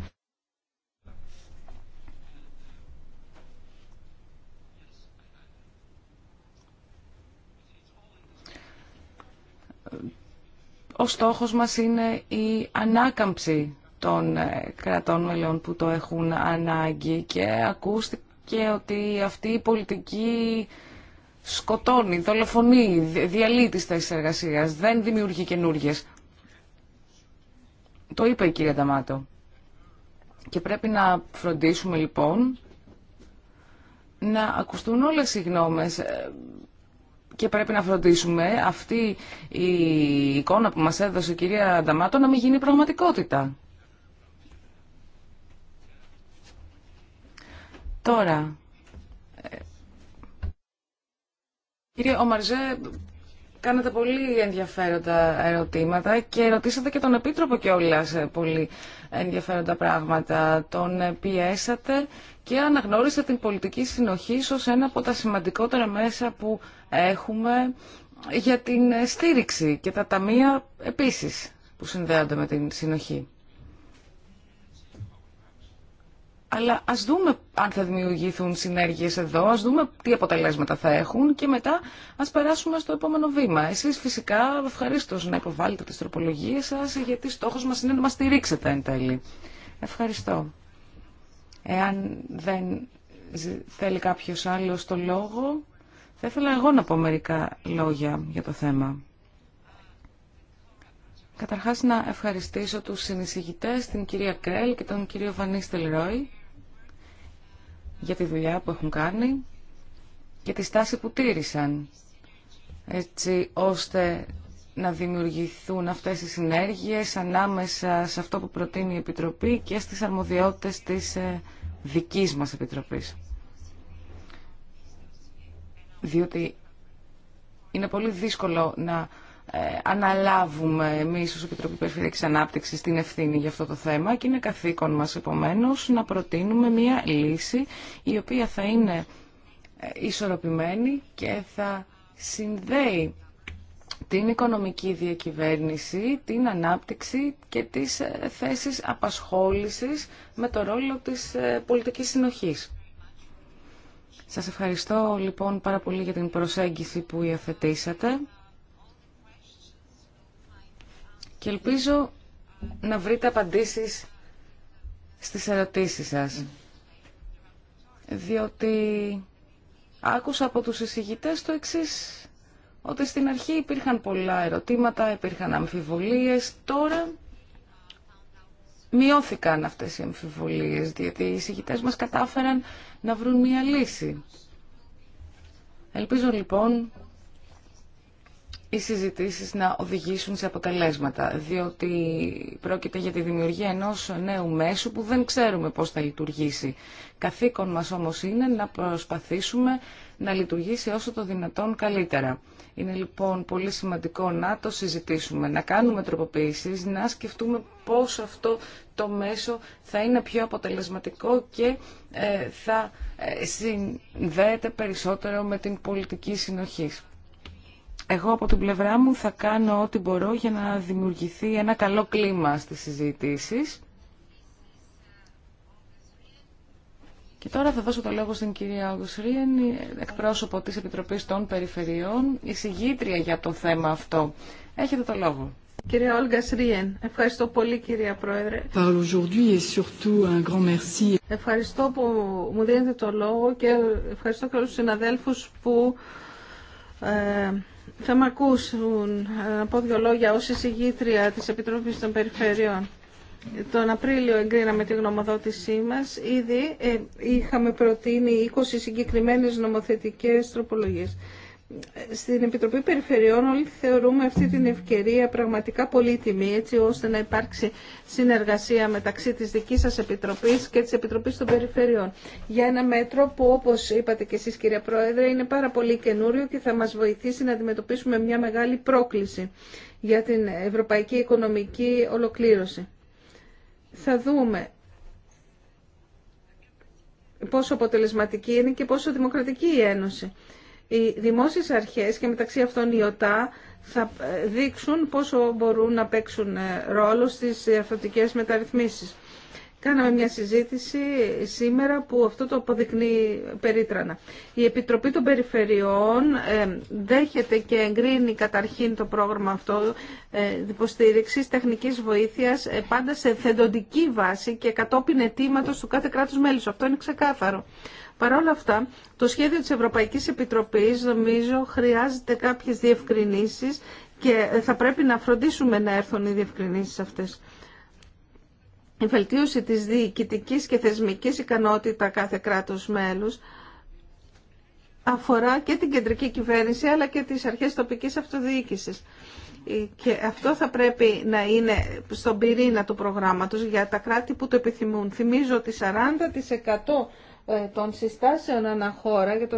ο στόχος μας είναι η ανάκαμψη των ε, κρατών μελών που το έχουν ανάγκη και ακούστηκε ότι αυτή η πολιτική σκοτώνει, δολοφονεί, διαλύει τις θέσεις εργασίας, δεν δημιουργεί καινούργιες. Το είπε η κυρία Νταμάτο. Και πρέπει να φροντίσουμε λοιπόν να ακουστούν όλες οι γνώμες ε, και πρέπει να φροντίσουμε αυτή η εικόνα που μας έδωσε η κυρία Ανταμάτο να μην γίνει πραγματικότητα. Τώρα, ε, κύριε Ομαρζέ, κάνατε πολύ ενδιαφέροντα ερωτήματα και ρωτήσατε και τον Επίτροπο κιόλα ε, πολύ ενδιαφέροντα πράγματα. Τον πιέσατε και αναγνώρισα την πολιτική συνοχή ως ένα από τα σημαντικότερα μέσα που έχουμε για την στήριξη και τα ταμεία επίσης που συνδέονται με την συνοχή. Αλλά ας δούμε αν θα δημιουργηθούν συνέργειες εδώ, ας δούμε τι αποτελέσματα θα έχουν και μετά ας περάσουμε στο επόμενο βήμα. Εσείς φυσικά ευχαρίστω να υποβάλλετε τις τροπολογίες σας γιατί στόχος μας είναι να μας στηρίξετε εν τέλει. Ευχαριστώ. Εάν δεν θέλει κάποιος άλλος το λόγο, θα ήθελα εγώ να πω μερικά λόγια για το θέμα. Καταρχάς να ευχαριστήσω τους συνεισηγητές, την κυρία Κρέλ και τον κύριο Βανίστελ Ρόι για τη δουλειά που έχουν κάνει και τη στάση που τήρησαν, έτσι ώστε να δημιουργηθούν αυτές οι συνέργειες ανάμεσα σε αυτό που προτείνει η Επιτροπή και στις αρμοδιότητες της ε, δικής μας Επιτροπής. Διότι είναι πολύ δύσκολο να ε, αναλάβουμε εμεί ω Επιτροπή Περιφερειακή Ανάπτυξης την ευθύνη για αυτό το θέμα και είναι καθήκον μα επομένως να προτείνουμε μια λύση η οποία θα είναι ε, ισορροπημένη και θα συνδέει την οικονομική διακυβέρνηση, την ανάπτυξη και τις ε, θέσεις απασχόλησης με το ρόλο της πολιτικής συνοχής. Σας ευχαριστώ λοιπόν πάρα πολύ για την προσέγγιση που υιοθετήσατε και ελπίζω να βρείτε απαντήσεις στις ερωτήσεις σας. Διότι άκουσα από τους εισηγητές το εξής, ότι στην αρχή υπήρχαν πολλά ερωτήματα, υπήρχαν αμφιβολίες, τώρα μειώθηκαν αυτές οι αμφιβολίες, διότι οι εισηγητές μας κατάφεραν να βρουν μια λύση. Ελπίζω λοιπόν οι συζητήσει να οδηγήσουν σε αποτελέσματα, διότι πρόκειται για τη δημιουργία ενός νέου μέσου που δεν ξέρουμε πώς θα λειτουργήσει. Καθήκον μας όμως είναι να προσπαθήσουμε να λειτουργήσει όσο το δυνατόν καλύτερα. Είναι λοιπόν πολύ σημαντικό να το συζητήσουμε, να κάνουμε τροποποιήσεις, να σκεφτούμε πώ αυτό το μέσο θα είναι πιο αποτελεσματικό και ε, θα ε, συνδέεται περισσότερο με την πολιτική συνοχή. Εγώ από την πλευρά μου θα κάνω ό,τι μπορώ για να δημιουργηθεί ένα καλό κλίμα στις συζητήσεις. Και τώρα θα δώσω το λόγο στην κυρία Ρίεν, εκπρόσωπο της Επιτροπής των Περιφερειών, η συγγήτρια για το θέμα αυτό. Έχετε το λόγο. Κυρία Όλγα Σρίεν, ευχαριστώ πολύ κυρία Πρόεδρε. Ευχαριστώ που μου δίνετε το λόγο και ευχαριστώ και όλους τους συναδέλφους που ε, θα με ακούσουν ε, να πω δύο λόγια ως εισηγήτρια της Επιτροπής των Περιφερειών. Τον Απρίλιο εγκρίναμε τη γνωμοδότησή μας. Ήδη ε, είχαμε προτείνει 20 συγκεκριμένες νομοθετικές τροπολογίες στην Επιτροπή Περιφερειών όλοι θεωρούμε αυτή την ευκαιρία πραγματικά πολύτιμη έτσι ώστε να υπάρξει συνεργασία μεταξύ της δικής σας Επιτροπής και της Επιτροπής των Περιφερειών για ένα μέτρο που όπως είπατε και εσείς κύριε Πρόεδρε είναι πάρα πολύ καινούριο και θα μας βοηθήσει να αντιμετωπίσουμε μια μεγάλη πρόκληση για την ευρωπαϊκή οικονομική ολοκλήρωση. Θα δούμε πόσο αποτελεσματική είναι και πόσο δημοκρατική η Ένωση οι δημόσιες αρχές και μεταξύ αυτών η ΟΤΑ θα ε, δείξουν πόσο μπορούν να παίξουν ε, ρόλο στις αυτοτικές μεταρρυθμίσεις. Κάναμε μια συζήτηση σήμερα που αυτό το αποδεικνύει περίτρανα. Η Επιτροπή των Περιφερειών ε, δέχεται και εγκρίνει καταρχήν το πρόγραμμα αυτό υποστήριξης τεχνικής βοήθειας πάντα σε θεντοντική βάση και κατόπιν αιτήματος του κάθε κράτους μέλους. Αυτό είναι ξεκάθαρο. Παρ' όλα αυτά, το σχέδιο της Ευρωπαϊκής Επιτροπής νομίζω χρειάζεται κάποιες διευκρινήσεις και θα πρέπει να φροντίσουμε να έρθουν οι διευκρινήσεις αυτές. Η βελτίωση της διοικητικής και θεσμικής ικανότητα κάθε κράτος μέλους αφορά και την κεντρική κυβέρνηση αλλά και τις αρχές τοπικής αυτοδιοίκησης. Και αυτό θα πρέπει να είναι στον πυρήνα του προγράμματος για τα κράτη που το επιθυμούν. Θυμίζω ότι 40% ε, των συστάσεων αναχώρα για το 2016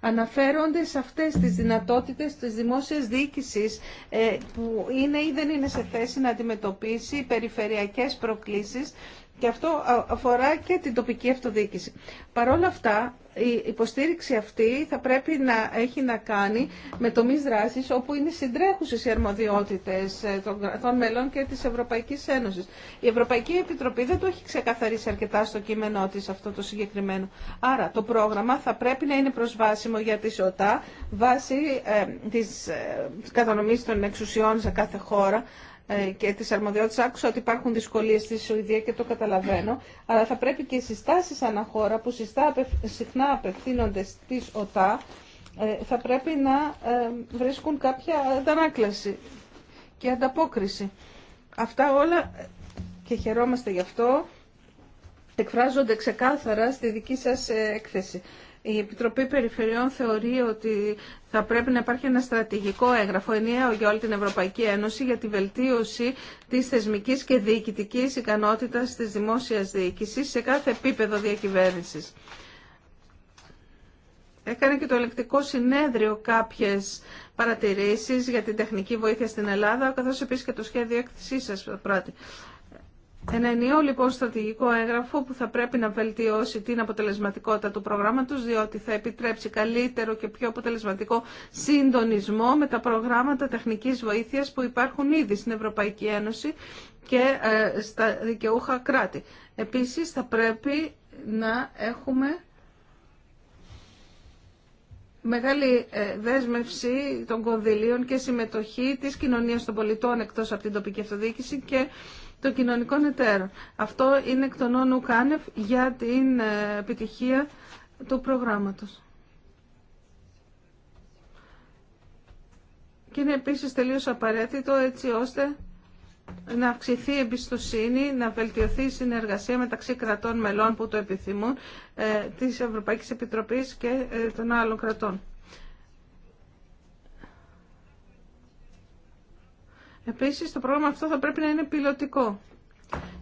αναφέρονται σε αυτές τις δυνατότητες της δημόσιας διοίκησης ε, που είναι ή δεν είναι σε θέση να αντιμετωπίσει περιφερειακές προκλήσεις και αυτό αφορά και την τοπική αυτοδιοίκηση. Παρ' όλα αυτά, η υποστήριξη αυτή θα πρέπει να έχει να κάνει με τομεί δράση όπου είναι συντρέχουσε οι αρμοδιότητε ε, των κρατών μελών και τη Ευρωπαϊκή Ένωση. Η Ευρωπαϊκή Επιτροπή δεν το έχει ξεκαθαρίσει αρκετά στο κείμενό τη αυτό το συγκεκριμένο. Άρα το πρόγραμμα θα πρέπει να είναι προσβάσιμο για τη ΣΟΤΑ βάσει ε, τη ε, κατανομή των εξουσιών σε κάθε χώρα ε, και τις αρμοδιότητες. Άκουσα ότι υπάρχουν δυσκολίες στη Σουηδία και το καταλαβαίνω, αλλά θα πρέπει και οι συστάσεις αναχώρα που συχνά απευθύνονται στις ΟΤΑ ε, θα πρέπει να ε, βρίσκουν κάποια αντανάκλαση και ανταπόκριση. Αυτά όλα και χαιρόμαστε γι' αυτό εκφράζονται ξεκάθαρα στη δική σας έκθεση. Η Επιτροπή Περιφερειών θεωρεί ότι θα πρέπει να υπάρχει ένα στρατηγικό έγγραφο ενιαίο για όλη την Ευρωπαϊκή Ένωση για τη βελτίωση της θεσμικής και διοικητικής ικανότητας της δημόσιας διοίκησης σε κάθε επίπεδο διακυβέρνησης. Έκανε και το ελεκτικό συνέδριο κάποιες παρατηρήσεις για την τεχνική βοήθεια στην Ελλάδα, καθώς επίσης και το σχέδιο έκθεσή σας, ένα ενιαίο λοιπόν στρατηγικό έγγραφο που θα πρέπει να βελτιώσει την αποτελεσματικότητα του προγράμματος διότι θα επιτρέψει καλύτερο και πιο αποτελεσματικό συντονισμό με τα προγράμματα τεχνικής βοήθειας που υπάρχουν ήδη στην Ευρωπαϊκή Ένωση και ε, στα δικαιούχα κράτη. Επίσης θα πρέπει να έχουμε μεγάλη ε, δέσμευση των κονδυλίων και συμμετοχή της κοινωνίας των πολιτών εκτός από την τοπική αυτοδιοίκηση και των κοινωνικών εταίρων. Αυτό είναι εκ των όνων Κάνευ για την ε, επιτυχία του προγράμματος. Και είναι επίσης τελείως απαραίτητο έτσι ώστε να αυξηθεί η εμπιστοσύνη, να βελτιωθεί η συνεργασία μεταξύ κρατών μελών που το επιθυμούν, ε, της Ευρωπαϊκής Επιτροπής και ε, των άλλων κρατών. Επίση, το πρόγραμμα αυτό θα πρέπει να είναι πιλωτικό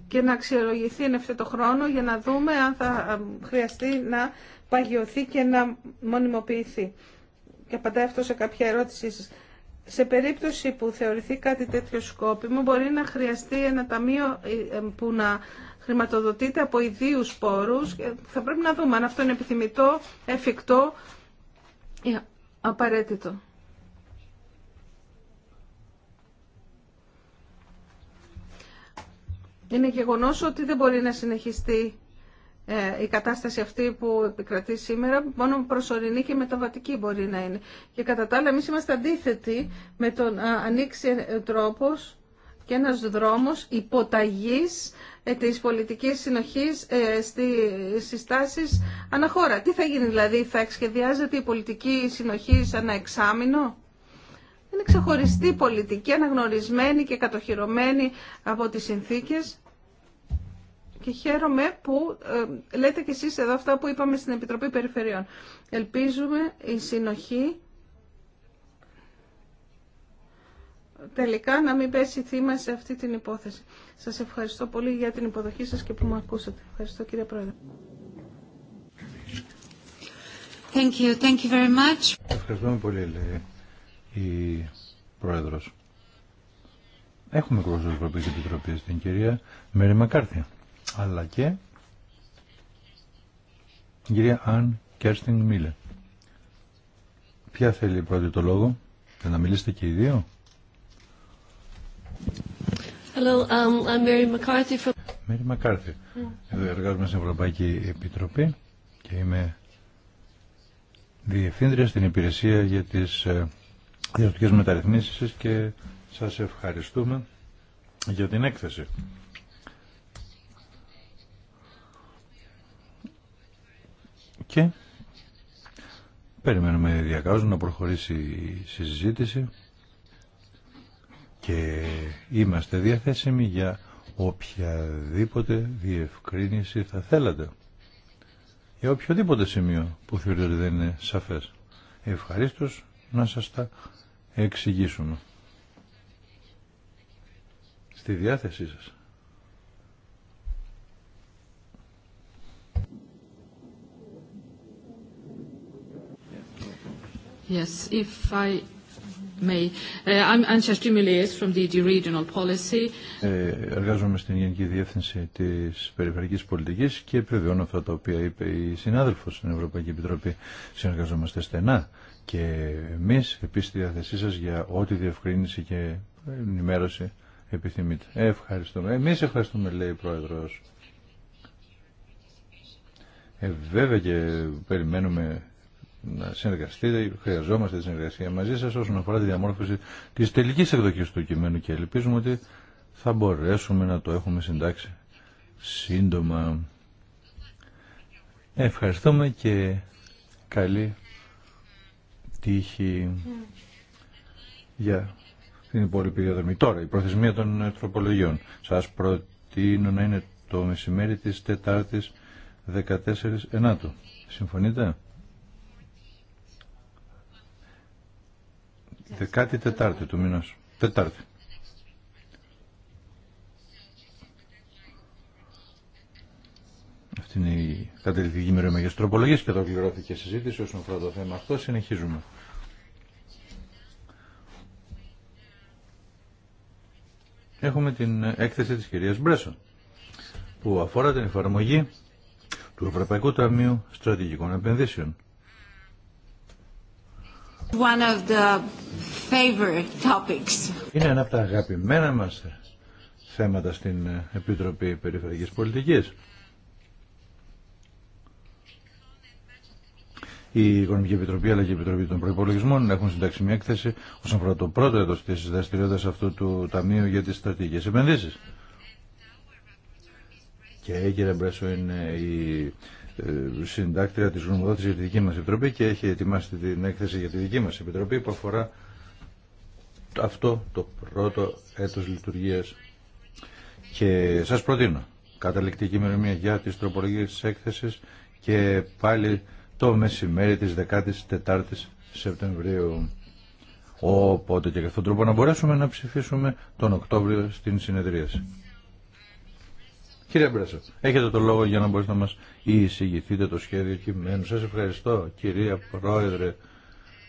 και να αξιολογηθεί εν ευθέτω χρόνο για να δούμε αν θα ε, χρειαστεί να παγιωθεί και να μονιμοποιηθεί. Και απαντάει αυτό σε κάποια ερώτησή Σε περίπτωση που θεωρηθεί κάτι τέτοιο σκόπιμο, μπορεί να χρειαστεί ένα ταμείο ε, ε, που να χρηματοδοτείται από ιδίου πόρου. Θα πρέπει να δούμε αν αυτό είναι επιθυμητό, εφικτό ή απαραίτητο. Είναι γεγονό ότι δεν μπορεί να συνεχιστεί ε, η κατάσταση αυτή που επικρατεί σήμερα μόνο προσωρινή και μεταβατική μπορεί να είναι. Και κατά τα άλλα είμαστε αντίθετοι με τον να ανοίξει τρόπο και ένας δρόμος υποταγής ε, της πολιτικής συνοχής ε, στι συστάσεις αναχώρα. Τι θα γίνει δηλαδή, θα εξχεδιάζεται η πολιτική συνοχή σαν ένα εξάμεινο είναι ξεχωριστή πολιτική, αναγνωρισμένη και κατοχυρωμένη από τις συνθήκες και χαίρομαι που ε, λέτε κι εσείς εδώ αυτά που είπαμε στην Επιτροπή Περιφερειών. Ελπίζουμε η συνοχή τελικά να μην πέσει θύμα σε αυτή την υπόθεση. Σας ευχαριστώ πολύ για την υποδοχή σας και που με ακούσατε. Ευχαριστώ κύριε Πρόεδρε. Thank you. Thank you very much. Ευχαριστώ πολύ, η Πρόεδρος. Έχουμε της Ευρωπαϊκή Επιτροπή στην κυρία Μέρη Μακάρθια, αλλά και την κυρία Αν Κέρστινγκ Μίλε. Ποια θέλει πρώτη το λόγο, για να μιλήσετε και οι δύο. Hello, um, I'm Mary McCarthy from... Εδώ εργάζομαι στην Ευρωπαϊκή Επιτροπή και είμαι διευθύντρια στην υπηρεσία για τις ε, διευθυντικές μεταρρυθμίσεις και σας ευχαριστούμε για την έκθεση. Και περιμένουμε διακάζω να προχωρήσει η συζήτηση και είμαστε διαθέσιμοι για οποιαδήποτε διευκρίνηση θα θέλατε για οποιοδήποτε σημείο που θεωρείτε δεν είναι σαφές. Ευχαρίστως να σας τα εξηγήσουμε. Στη διάθεσή σας. Yes, if I may. Uh, I'm from the Regional Policy. Ε, εργάζομαι στην Γενική Διεύθυνση της Περιφερειακής Πολιτικής και επιβεβαιώνω αυτά τα οποία είπε η συνάδελφος στην Ευρωπαϊκή Επιτροπή. Συνεργαζόμαστε στενά και εμεί επίσης στη διάθεσή σας για ό,τι διευκρίνηση και ενημέρωση επιθυμείτε. Ευχαριστούμε. Εμεί ευχαριστούμε λέει ο Πρόεδρος. Ε, βέβαια και περιμένουμε να συνεργαστείτε, χρειαζόμαστε τη συνεργασία μαζί σας όσον αφορά τη διαμόρφωση τη τελική εκδοχή του κειμένου και ελπίζουμε ότι θα μπορέσουμε να το έχουμε συντάξει σύντομα. Ευχαριστούμε και καλή τύχη για την υπόλοιπη διαδρομή. Τώρα, η προθεσμία των τροπολογιών. Σας προτείνω να είναι το μεσημέρι της Τετάρτης 14 Ενάτου. Συμφωνείτε? Δεκάτη Τετάρτη του μήνας. Τετάρτη. Αυτή είναι η καταληκτική ημερομηνία για και εδώ κληρώθηκε η συζήτηση όσον αφορά το θέμα αυτό. Συνεχίζουμε. Έχουμε την έκθεση της κυρίας Μπρέσον που αφορά την εφαρμογή του Ευρωπαϊκού Ταμείου Στρατηγικών Επενδύσεων. One of the Είναι ένα από τα αγαπημένα μας θέματα στην Επιτροπή Περιφερειακής Πολιτικής. η Οικονομική Επιτροπή αλλά και η Επιτροπή των Προπολογισμών έχουν συντάξει μια έκθεση όσον αφορά το πρώτο έτο τη δραστηριότητα αυτού του Ταμείου για τι Στρατηγικέ Επενδύσει. Και η κυρία Μπρέσο είναι η ε, συντάκτρια τη γνωμοδότηση για τη δική μα Επιτροπή και έχει ετοιμάσει την έκθεση για τη δική μα Επιτροπή που αφορά αυτό το πρώτο έτο λειτουργία. και σα προτείνω καταληκτική ημερομηνία για τι τροπολογίε τη έκθεση και πάλι το μεσημέρι της 14ης Σεπτεμβρίου. Οπότε και για αυτόν τρόπο να μπορέσουμε να ψηφίσουμε τον Οκτώβριο στην συνεδρίαση. Κύριε Μπρέσο, έχετε το λόγο για να μπορείτε να μας εισηγηθείτε το σχέδιο κειμένου. Σας ευχαριστώ κυρία Πρόεδρε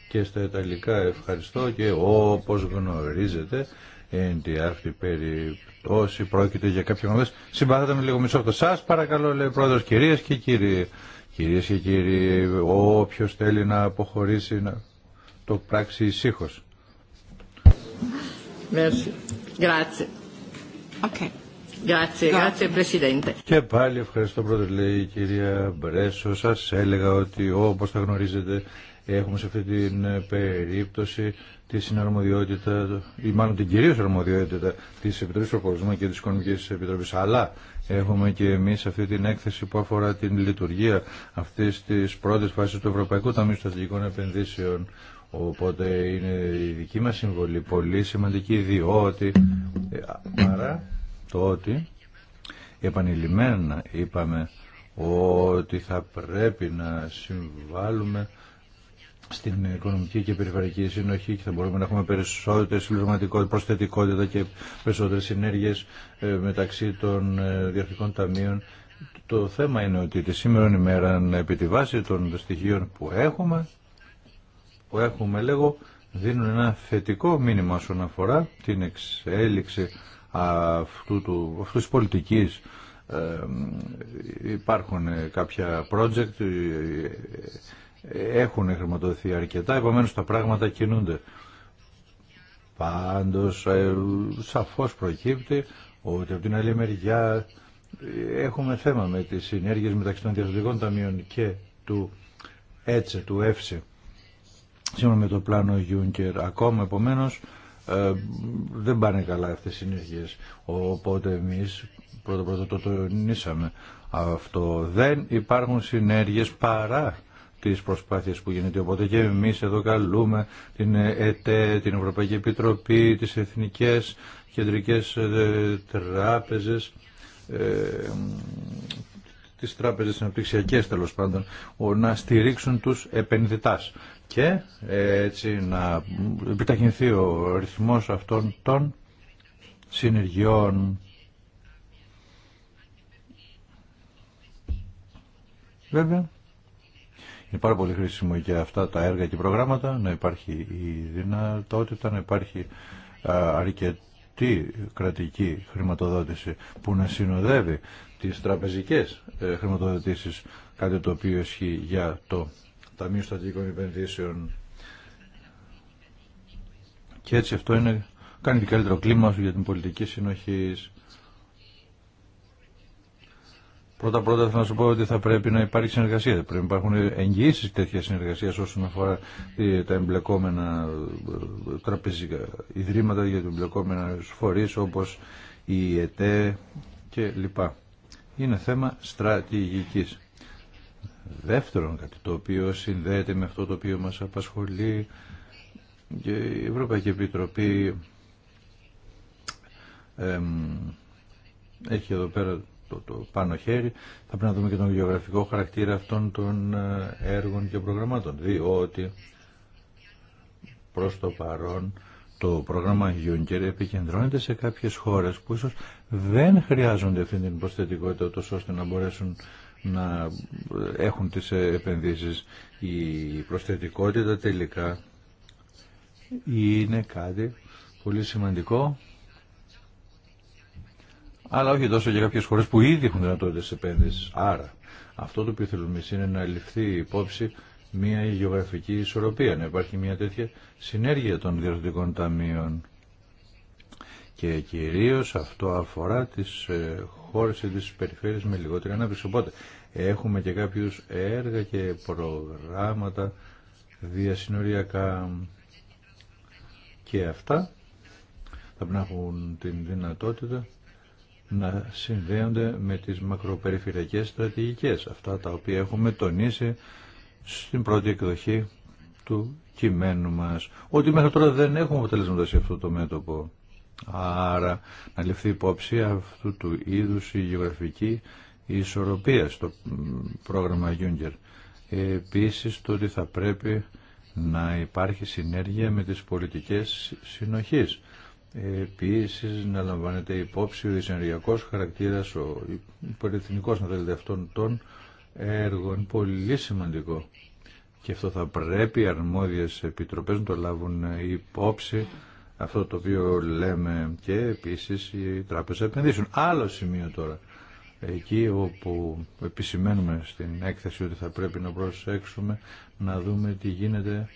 και στα Ιταλικά ευχαριστώ και όπως γνωρίζετε εν τη αυτή περιπτώση πρόκειται για κάποια γνωμές. Συμπάθατε με λίγο μισό αυτό. Σας παρακαλώ λέει πρόεδρος κυρίες και κύριοι. Κυρίες και κύριοι, όποιος θέλει να αποχωρήσει να το πράξει ησύχως. Και πάλι ευχαριστώ πρώτα λέει η κυρία Μπρέσο. Σας έλεγα ότι όπως θα γνωρίζετε έχουμε σε αυτή την ε, περίπτωση τη συναρμοδιότητα, ή μάλλον την κυρίω αρμοδιότητα τη Επιτροπή Προπολισμού και τη Οικονομική Επιτροπή. Αλλά έχουμε και εμεί αυτή την έκθεση που αφορά την λειτουργία αυτή τη πρώτη φάση του Ευρωπαϊκού Ταμείου Στρατηγικών Επενδύσεων. Οπότε είναι η δική μα συμβολή πολύ σημαντική, διότι ε, παρά το ότι επανειλημμένα είπαμε ότι θα πρέπει να συμβάλλουμε στην οικονομική και περιφερειακή συνοχή και θα μπορούμε να έχουμε περισσότερη προσθετικότητα και περισσότερες συνέργειες ε, μεταξύ των ε, διαρκικών ταμείων. Το θέμα είναι ότι τη σήμερα ημέρα επί τη βάση των στοιχείων που έχουμε, που έχουμε λέγω, δίνουν ένα θετικό μήνυμα όσον αφορά την εξέλιξη αυτού του, αυτούς της πολιτικής. Ε, υπάρχουν κάποια project, έχουν χρηματοδοθεί αρκετά, επομένως τα πράγματα κινούνται. Πάντως, ε, σαφώς προκύπτει ότι από την άλλη μεριά ε, έχουμε θέμα με τις συνέργειες μεταξύ των διαδοτικών ταμείων και του ΕΤΣΕ, του ΕΦΣΕ, σύμφωνα με το πλάνο Γιούνκερ. Ακόμα, επομένως, ε, δεν πάνε καλά αυτές οι συνέργειες. Οπότε εμείς πρώτα πρώτα το τονίσαμε αυτό. Δεν υπάρχουν συνέργειες παρά τις προσπάθειες που γίνεται. Οπότε και εμείς εδώ καλούμε την ΕΤΕ, την Ευρωπαϊκή Επιτροπή, τις εθνικέ, Κεντρικές ε, Τράπεζες, ε, τις τράπεζες αναπτυξιακές τέλο πάντων, να στηρίξουν τους επενδυτές και έτσι να επιταχυνθεί ο ρυθμός αυτών των συνεργειών. Βέβαια, είναι πάρα πολύ χρήσιμο για αυτά τα έργα και προγράμματα να υπάρχει η δυνατότητα, να υπάρχει αρκετή κρατική χρηματοδότηση που να συνοδεύει τις τραπεζικές ε, χρηματοδοτήσεις, κάτι το οποίο ισχύει για το Ταμείο Στατικών Επενδύσεων. Και έτσι αυτό είναι, κάνει και καλύτερο κλίμα για την πολιτική συνοχή. Πρώτα πρώτα θέλω να σου πω ότι θα πρέπει να υπάρχει συνεργασία. Πρέπει να υπάρχουν εγγυήσει τέτοια συνεργασία όσον αφορά τα εμπλεκόμενα ε, τραπεζικά ιδρύματα για του εμπλεκόμενα φορεί όπω η ΕΤΕ κλπ. Είναι θέμα στρατηγική. Δεύτερον, κάτι το οποίο συνδέεται με αυτό το οποίο μας απασχολεί και η Ευρωπαϊκή Επιτροπή έχει εδώ πέρα το, το πάνω χέρι, θα πρέπει να δούμε και τον γεωγραφικό χαρακτήρα αυτών των ε, έργων και προγραμμάτων. Διότι προς το παρόν το πρόγραμμα Juncker επικεντρώνεται σε κάποιες χώρες που ίσως δεν χρειάζονται αυτή την προσθετικότητα τόσο ώστε να μπορέσουν να έχουν τις επενδύσεις. Η προσθετικότητα τελικά είναι κάτι πολύ σημαντικό αλλά όχι τόσο για κάποιε χώρε που ήδη έχουν δυνατότητε επένδυση. Άρα, αυτό το οποίο θέλουμε εμεί είναι να ληφθεί υπόψη μια γεωγραφική ισορροπία, να υπάρχει μια τέτοια συνέργεια των διευθυντικών ταμείων. Και κυρίω αυτό αφορά τις ε, χώρε ή τι περιφέρειες με λιγότερη ανάπτυξη. Οπότε, έχουμε και κάποιου έργα και προγράμματα διασυνοριακά και αυτά θα πρέπει να έχουν την δυνατότητα να συνδέονται με τις μακροπεριφερειακές στρατηγικές, αυτά τα οποία έχουμε τονίσει στην πρώτη εκδοχή του κειμένου μας, ότι μέχρι τώρα δεν έχουμε αποτελέσματα σε αυτό το μέτωπο. Άρα να ληφθεί υπόψη αυτού του είδους η γεωγραφική ισορροπία στο πρόγραμμα Juncker Επίσης το ότι θα πρέπει να υπάρχει συνέργεια με τις πολιτικές συνοχής Επίση να λαμβάνεται υπόψη ο ισενεργειακό χαρακτήρα, ο υπερεθνικό, να θέλετε, αυτών των έργων. Πολύ σημαντικό. Και αυτό θα πρέπει οι αρμόδιε επιτροπέ να το λάβουν υπόψη. Αυτό το οποίο λέμε και επίση οι Τράπεζα επενδύσουν Άλλο σημείο τώρα. Εκεί όπου επισημαίνουμε στην έκθεση ότι θα πρέπει να προσέξουμε να δούμε τι γίνεται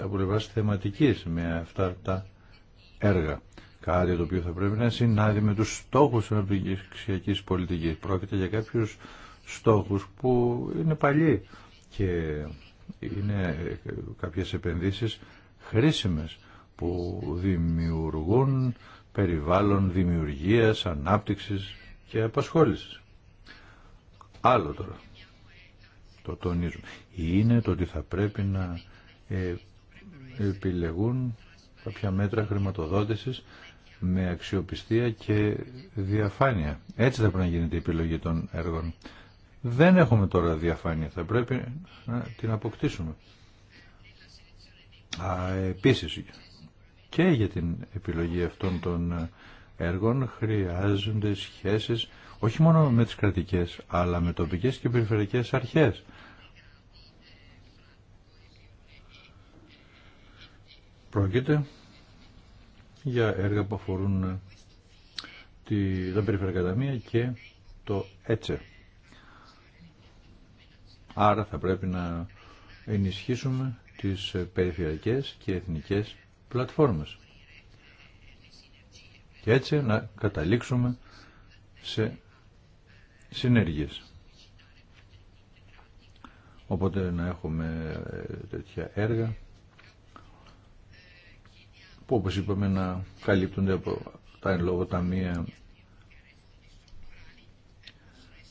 από πλευρά θεματική με αυτά τα έργα. Κάτι το οποίο θα πρέπει να συνάδει με τους στόχους της αναπτυξιακής πολιτικής. Πρόκειται για κάποιους στόχους που είναι παλιοί και είναι κάποιες επενδύσεις χρήσιμες που δημιουργούν περιβάλλον δημιουργίας, ανάπτυξης και απασχόλησης. Άλλο τώρα, το τονίζουμε, είναι το ότι θα πρέπει να ε, επιλεγούν κάποια μέτρα χρηματοδότησης με αξιοπιστία και διαφάνεια. Έτσι θα πρέπει να γίνεται η επιλογή των έργων. Δεν έχουμε τώρα διαφάνεια, θα πρέπει να την αποκτήσουμε. Α, επίσης, και για την επιλογή αυτών των έργων χρειάζονται σχέσεις όχι μόνο με τις κρατικές, αλλά με τοπικές και περιφερειακές αρχές Πρόκειται για έργα που αφορούν ε, τη, τα περιφερειακά και το έτσε. Άρα θα πρέπει να ενισχύσουμε τις ε, περιφερειακές και εθνικές πλατφόρμες. Και έτσι να καταλήξουμε σε συνέργειες. Οπότε να έχουμε ε, τέτοια έργα που όπως είπαμε να καλύπτονται από τα εν λόγω ταμεία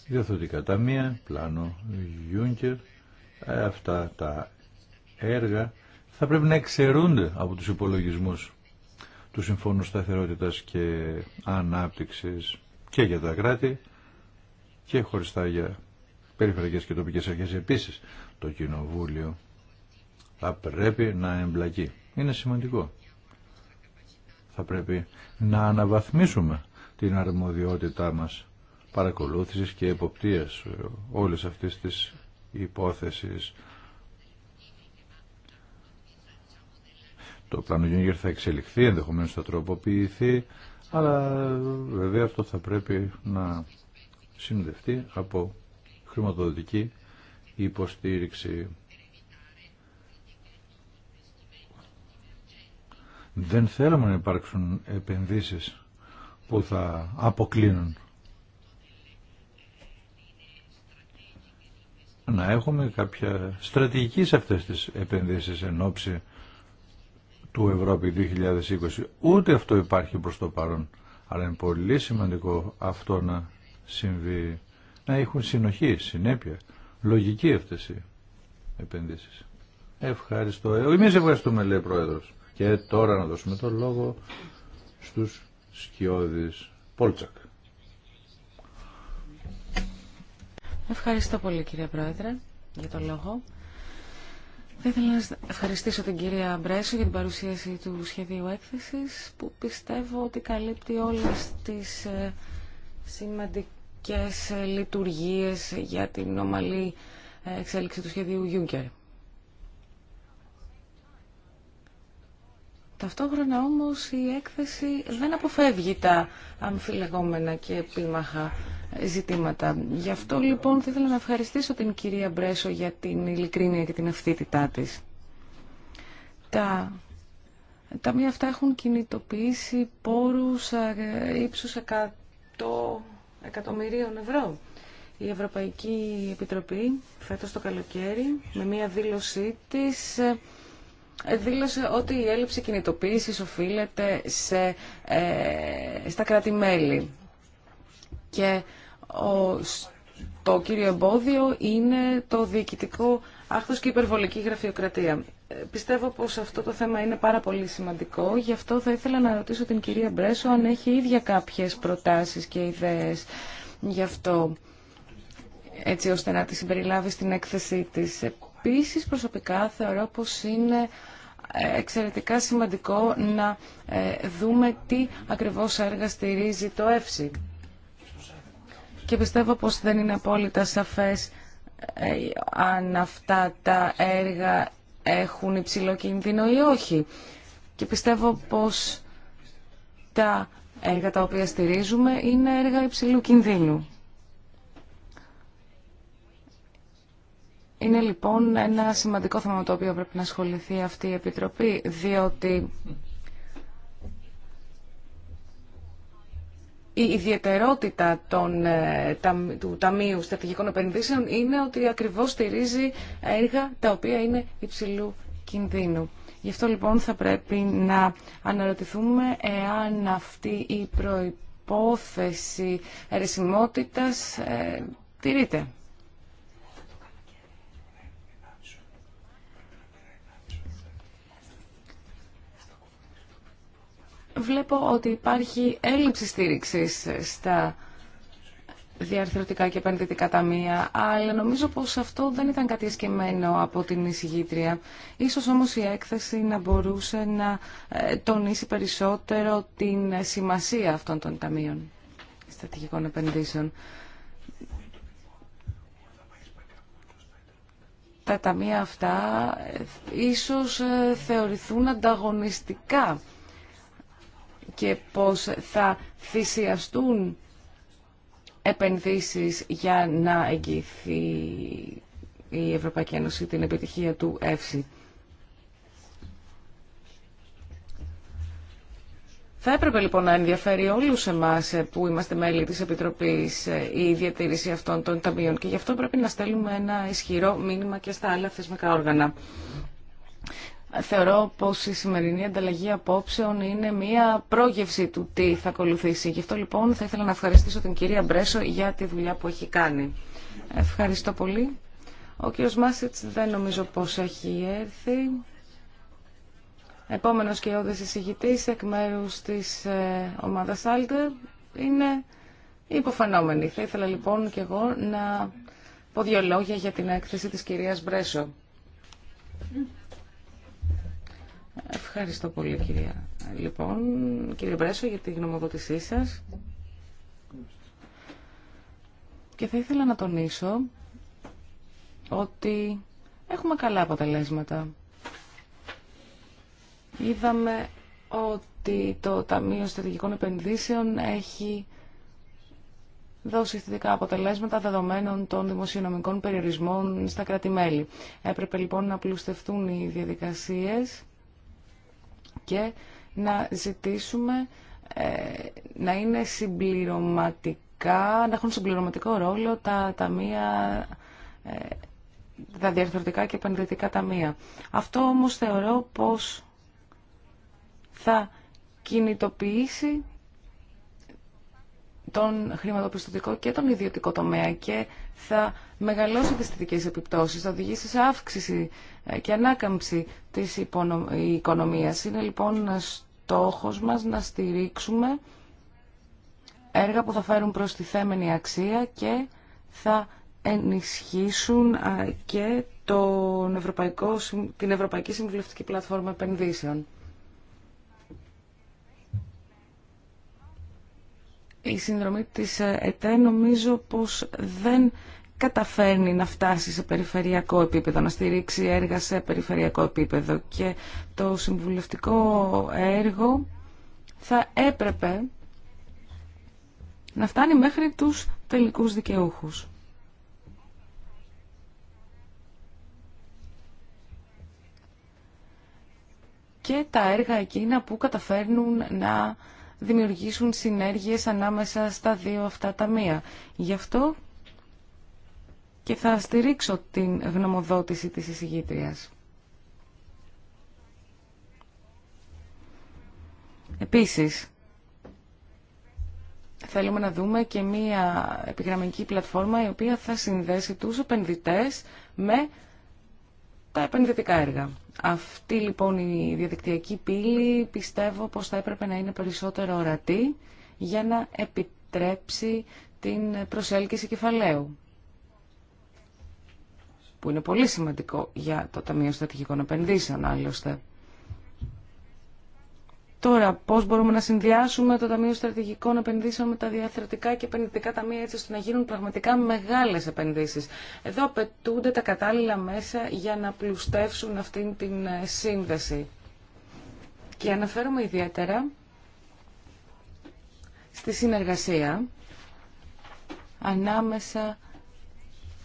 διαθωτικά ταμεία, πλάνο Juncker, ε, αυτά τα έργα θα πρέπει να εξαιρούνται από τους υπολογισμούς του Συμφώνου Σταθερότητας και Ανάπτυξης και για τα κράτη και χωριστά για περιφερειακές και τοπικές αρχές. Επίσης, το Κοινοβούλιο θα πρέπει να εμπλακεί. Είναι σημαντικό θα πρέπει να αναβαθμίσουμε την αρμοδιότητά μας παρακολούθησης και εποπτείας ε, όλες αυτές τις υποθέσεις. Το πλάνο Γιούγκερ θα εξελιχθεί, ενδεχομένως θα τροποποιηθεί, αλλά ε, βέβαια αυτό θα πρέπει να συνδευτεί από χρηματοδοτική υποστήριξη. Δεν θέλουμε να υπάρξουν επενδύσεις που θα αποκλίνουν. Να έχουμε κάποια στρατηγική σε αυτές τις επενδύσεις εν ώψη του Ευρώπη 2020. Ούτε αυτό υπάρχει προς το παρόν. Αλλά είναι πολύ σημαντικό αυτό να συμβεί. Να έχουν συνοχή, συνέπεια, λογική αυτές οι επενδύσεις. Ευχαριστώ. Εμείς ευχαριστούμε λέει ο Πρόεδρος. Και τώρα να δώσουμε το λόγο στους σκιώδεις Πόλτσακ. Ευχαριστώ πολύ κύριε Πρόεδρε για το λόγο. Θα ήθελα να ευχαριστήσω την κυρία Μπρέσο για την παρουσίαση του σχεδίου έκθεσης που πιστεύω ότι καλύπτει όλες τις ε, σημαντικές ε, λειτουργίες για την ομαλή ε, εξέλιξη του σχεδίου Juncker. Ταυτόχρονα όμως η έκθεση δεν αποφεύγει τα αμφιλεγόμενα και επίμαχα ζητήματα. Γι' αυτό λοιπόν θα ήθελα να ευχαριστήσω την κυρία Μπρέσο για την ειλικρίνεια και την αυθύτητά της. Τα μία αυτά έχουν κινητοποιήσει πόρους ύψους 100 εκατομμυρίων ευρώ. Η Ευρωπαϊκή Επιτροπή φέτος το καλοκαίρι με μία δήλωσή της δήλωσε ότι η έλλειψη κινητοποίησης οφείλεται σε, ε, στα κράτη-μέλη. Και ο, το κύριο εμπόδιο είναι το διοικητικό άχθος και υπερβολική γραφειοκρατία. Ε, πιστεύω πως αυτό το θέμα είναι πάρα πολύ σημαντικό, γι' αυτό θα ήθελα να ρωτήσω την κυρία Μπρέσο αν έχει ίδια κάποιες προτάσεις και ιδέες γι' αυτό, έτσι ώστε να τη συμπεριλάβει στην έκθεσή της. Επίσης προσωπικά θεωρώ πως είναι ε, εξαιρετικά σημαντικό να ε, δούμε τι ακριβώς έργα στηρίζει το ΕΦΣΥ. Και πιστεύω πως δεν είναι απόλυτα σαφές ε, αν αυτά τα έργα έχουν υψηλό κίνδυνο ή όχι. Και πιστεύω πως τα έργα τα οποία στηρίζουμε είναι έργα υψηλού κινδύνου. Είναι λοιπόν ένα σημαντικό θέμα το οποίο πρέπει να ασχοληθεί αυτή η Επιτροπή, διότι η ιδιαιτερότητα των, ε, του Ταμείου Στρατηγικών Επενδύσεων είναι ότι ακριβώς στηρίζει έργα τα οποία είναι υψηλού κινδύνου. Γι' αυτό λοιπόν θα πρέπει να αναρωτηθούμε εάν αυτή η προϋπόθεση ερεσιμότητας ε, τηρείται. βλέπω ότι υπάρχει έλλειψη στήριξης στα διαρθρωτικά και επενδυτικά ταμεία, αλλά νομίζω πως αυτό δεν ήταν κάτι εσκεμμένο από την εισηγήτρια. Ίσως όμως η έκθεση να μπορούσε να ε, τονίσει περισσότερο την σημασία αυτών των ταμείων στρατηγικών επενδύσεων. Τα ταμεία αυτά ε, ίσως ε, θεωρηθούν ανταγωνιστικά και πως θα θυσιαστούν επενδύσεις για να εγγυηθεί η Ευρωπαϊκή Ένωση την επιτυχία του ΕΦΣΥ. Θα έπρεπε λοιπόν να ενδιαφέρει όλους εμάς που είμαστε μέλη της Επιτροπής η διατήρηση αυτών των ταμείων και γι' αυτό πρέπει να στέλνουμε ένα ισχυρό μήνυμα και στα άλλα θεσμικά όργανα θεωρώ πως η σημερινή ανταλλαγή απόψεων είναι μία πρόγευση του τι θα ακολουθήσει. Γι' αυτό λοιπόν θα ήθελα να ευχαριστήσω την κυρία Μπρέσο για τη δουλειά που έχει κάνει. Ευχαριστώ πολύ. Ο κύριος Μάσιτς δεν νομίζω πως έχει έρθει. Επόμενος και ο εισηγητής εκ μέρους της ε, ομάδας Άλτερ είναι υποφανόμενη. Θα ήθελα λοιπόν και εγώ να πω δύο λόγια για την έκθεση της κυρίας Μπρέσο. Ευχαριστώ πολύ κυρία. Λοιπόν, κύριε Μπρέσο για τη γνωμοδότησή σας. Και θα ήθελα να τονίσω ότι έχουμε καλά αποτελέσματα. Είδαμε ότι το Ταμείο Στρατηγικών Επενδύσεων έχει δώσει θετικά αποτελέσματα δεδομένων των δημοσιονομικών περιορισμών στα κράτη-μέλη. Έπρεπε λοιπόν να πλουστευτούν οι διαδικασίες και να ζητήσουμε ε, να είναι συμπληρωματικά, να έχουν συμπληρωματικό ρόλο τα ταμεία, ε, τα διαρθρωτικά και επενδυτικά ταμεία. Αυτό όμως θεωρώ πως θα κινητοποιήσει τον χρηματοπιστωτικό και τον ιδιωτικό τομέα και θα μεγαλώσει τις θετικές επιπτώσεις, θα οδηγήσει σε αύξηση ε, και ανάκαμψη της οικονομίας. Είναι λοιπόν στόχος μας να στηρίξουμε έργα που θα φέρουν προς τη θέμενη αξία και θα ενισχύσουν και τον Ευρωπαϊκό, την Ευρωπαϊκή Συμβουλευτική Πλατφόρμα Επενδύσεων. η συνδρομή της ε, ΕΤΕ νομίζω πως δεν καταφέρνει να φτάσει σε περιφερειακό επίπεδο, να στηρίξει έργα σε περιφερειακό επίπεδο και το συμβουλευτικό έργο θα έπρεπε να φτάνει μέχρι τους τελικούς δικαιούχους. Και τα έργα εκείνα που καταφέρνουν να δημιουργήσουν συνέργειες ανάμεσα στα δύο αυτά ταμεία. Γι' αυτό και θα στηρίξω την γνωμοδότηση της εισηγήτριας. Επίσης, θέλουμε να δούμε και μία επιγραμμική πλατφόρμα η οποία θα συνδέσει τους επενδυτές με τα επενδυτικά έργα. Αυτή λοιπόν η διαδικτυακή πύλη πιστεύω πως θα έπρεπε να είναι περισσότερο ορατή για να επιτρέψει την προσέλκυση κεφαλαίου που είναι πολύ σημαντικό για το Ταμείο στρατηγικών Επενδύσεων άλλωστε. Τώρα, πώ μπορούμε να συνδυάσουμε το Ταμείο Στρατηγικών Επενδύσεων με τα διαθερωτικά και επενδυτικά ταμεία, έτσι ώστε να γίνουν πραγματικά μεγάλε επενδύσει. Εδώ απαιτούνται τα κατάλληλα μέσα για να πλουστεύσουν αυτήν την ε, σύνδεση. Και αναφέρομαι ιδιαίτερα στη συνεργασία ανάμεσα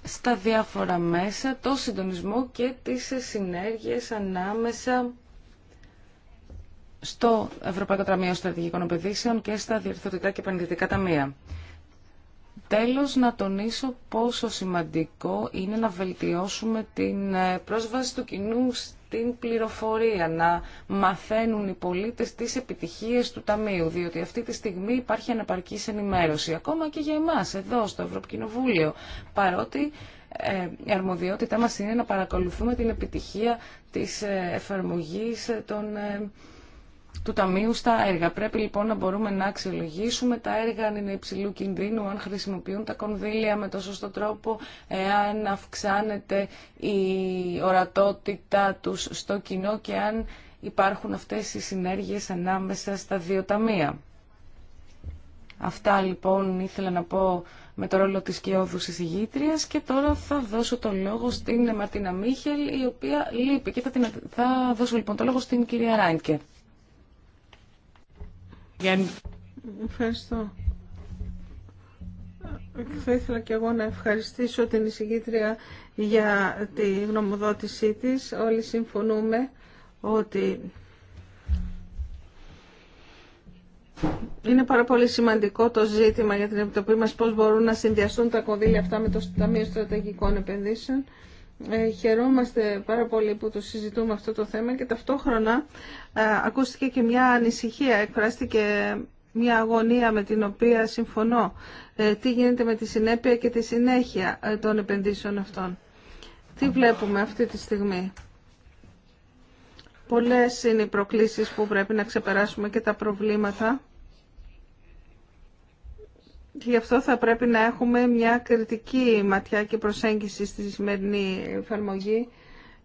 στα διάφορα μέσα, το συντονισμό και τις συνέργειες ανάμεσα στο Ευρωπαϊκό Ταμείο Στρατηγικών Επενδύσεων και στα Διευθυντικά και Επενδυτικά Ταμεία. Τέλος, να τονίσω πόσο σημαντικό είναι να βελτιώσουμε την ε, πρόσβαση του κοινού στην πληροφορία, να μαθαίνουν οι πολίτες τις επιτυχίες του Ταμείου, διότι αυτή τη στιγμή υπάρχει αναπαρκής ενημέρωση, ακόμα και για εμάς, εδώ στο Ευρωκοινοβούλιο, παρότι ε, η αρμοδιότητά μας είναι να παρακολουθούμε την επιτυχία της ε, εφαρμογής των του Ταμείου στα έργα. Πρέπει λοιπόν να μπορούμε να αξιολογήσουμε τα έργα αν είναι υψηλού κινδύνου, αν χρησιμοποιούν τα κονδύλια με το σωστό τρόπο, εάν αυξάνεται η ορατότητά τους στο κοινό και αν υπάρχουν αυτές οι συνέργειες ανάμεσα στα δύο ταμεία. Αυτά λοιπόν ήθελα να πω με το ρόλο της καιόδου εισηγήτριας και τώρα θα δώσω το λόγο στην Μαρτίνα Μίχελ η οποία λείπει και θα, θα δώσω λοιπόν το λόγο στην κυρία Ράινκε. Ευχαριστώ. Θα ήθελα και εγώ να ευχαριστήσω την εισηγήτρια για τη γνωμοδότησή της. Όλοι συμφωνούμε ότι είναι πάρα πολύ σημαντικό το ζήτημα για την Επιτροπή μας πώς μπορούν να συνδυαστούν τα κονδύλια αυτά με το Ταμείο Στρατηγικών Επενδύσεων ε, χαιρόμαστε πάρα πολύ που το συζητούμε αυτό το θέμα και ταυτόχρονα ε, ακούστηκε και μια ανησυχία, εκφράστηκε μια αγωνία με την οποία συμφωνώ. Ε, τι γίνεται με τη συνέπεια και τη συνέχεια των επενδύσεων αυτών. Τι βλέπουμε αυτή τη στιγμή. Πολλές είναι οι προκλήσεις που πρέπει να ξεπεράσουμε και τα προβλήματα Γι' αυτό θα πρέπει να έχουμε μια κριτική ματιά και προσέγγιση στη σημερινή εφαρμογή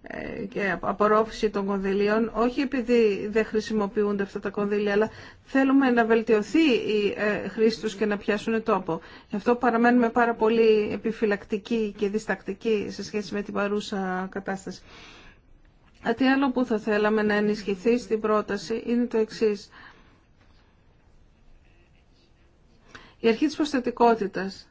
ε, και απορρόφηση των κονδυλίων, όχι επειδή δεν χρησιμοποιούνται αυτά τα κονδύλια, αλλά θέλουμε να βελτιωθεί η ε, χρήση τους και να πιάσουν τόπο. Γι' αυτό παραμένουμε πάρα πολύ επιφυλακτικοί και διστακτικοί σε σχέση με την παρούσα κατάσταση. Τι άλλο που θα θέλαμε να ενισχυθεί στην πρόταση είναι το εξής. Η αρχή της προσθετικότητας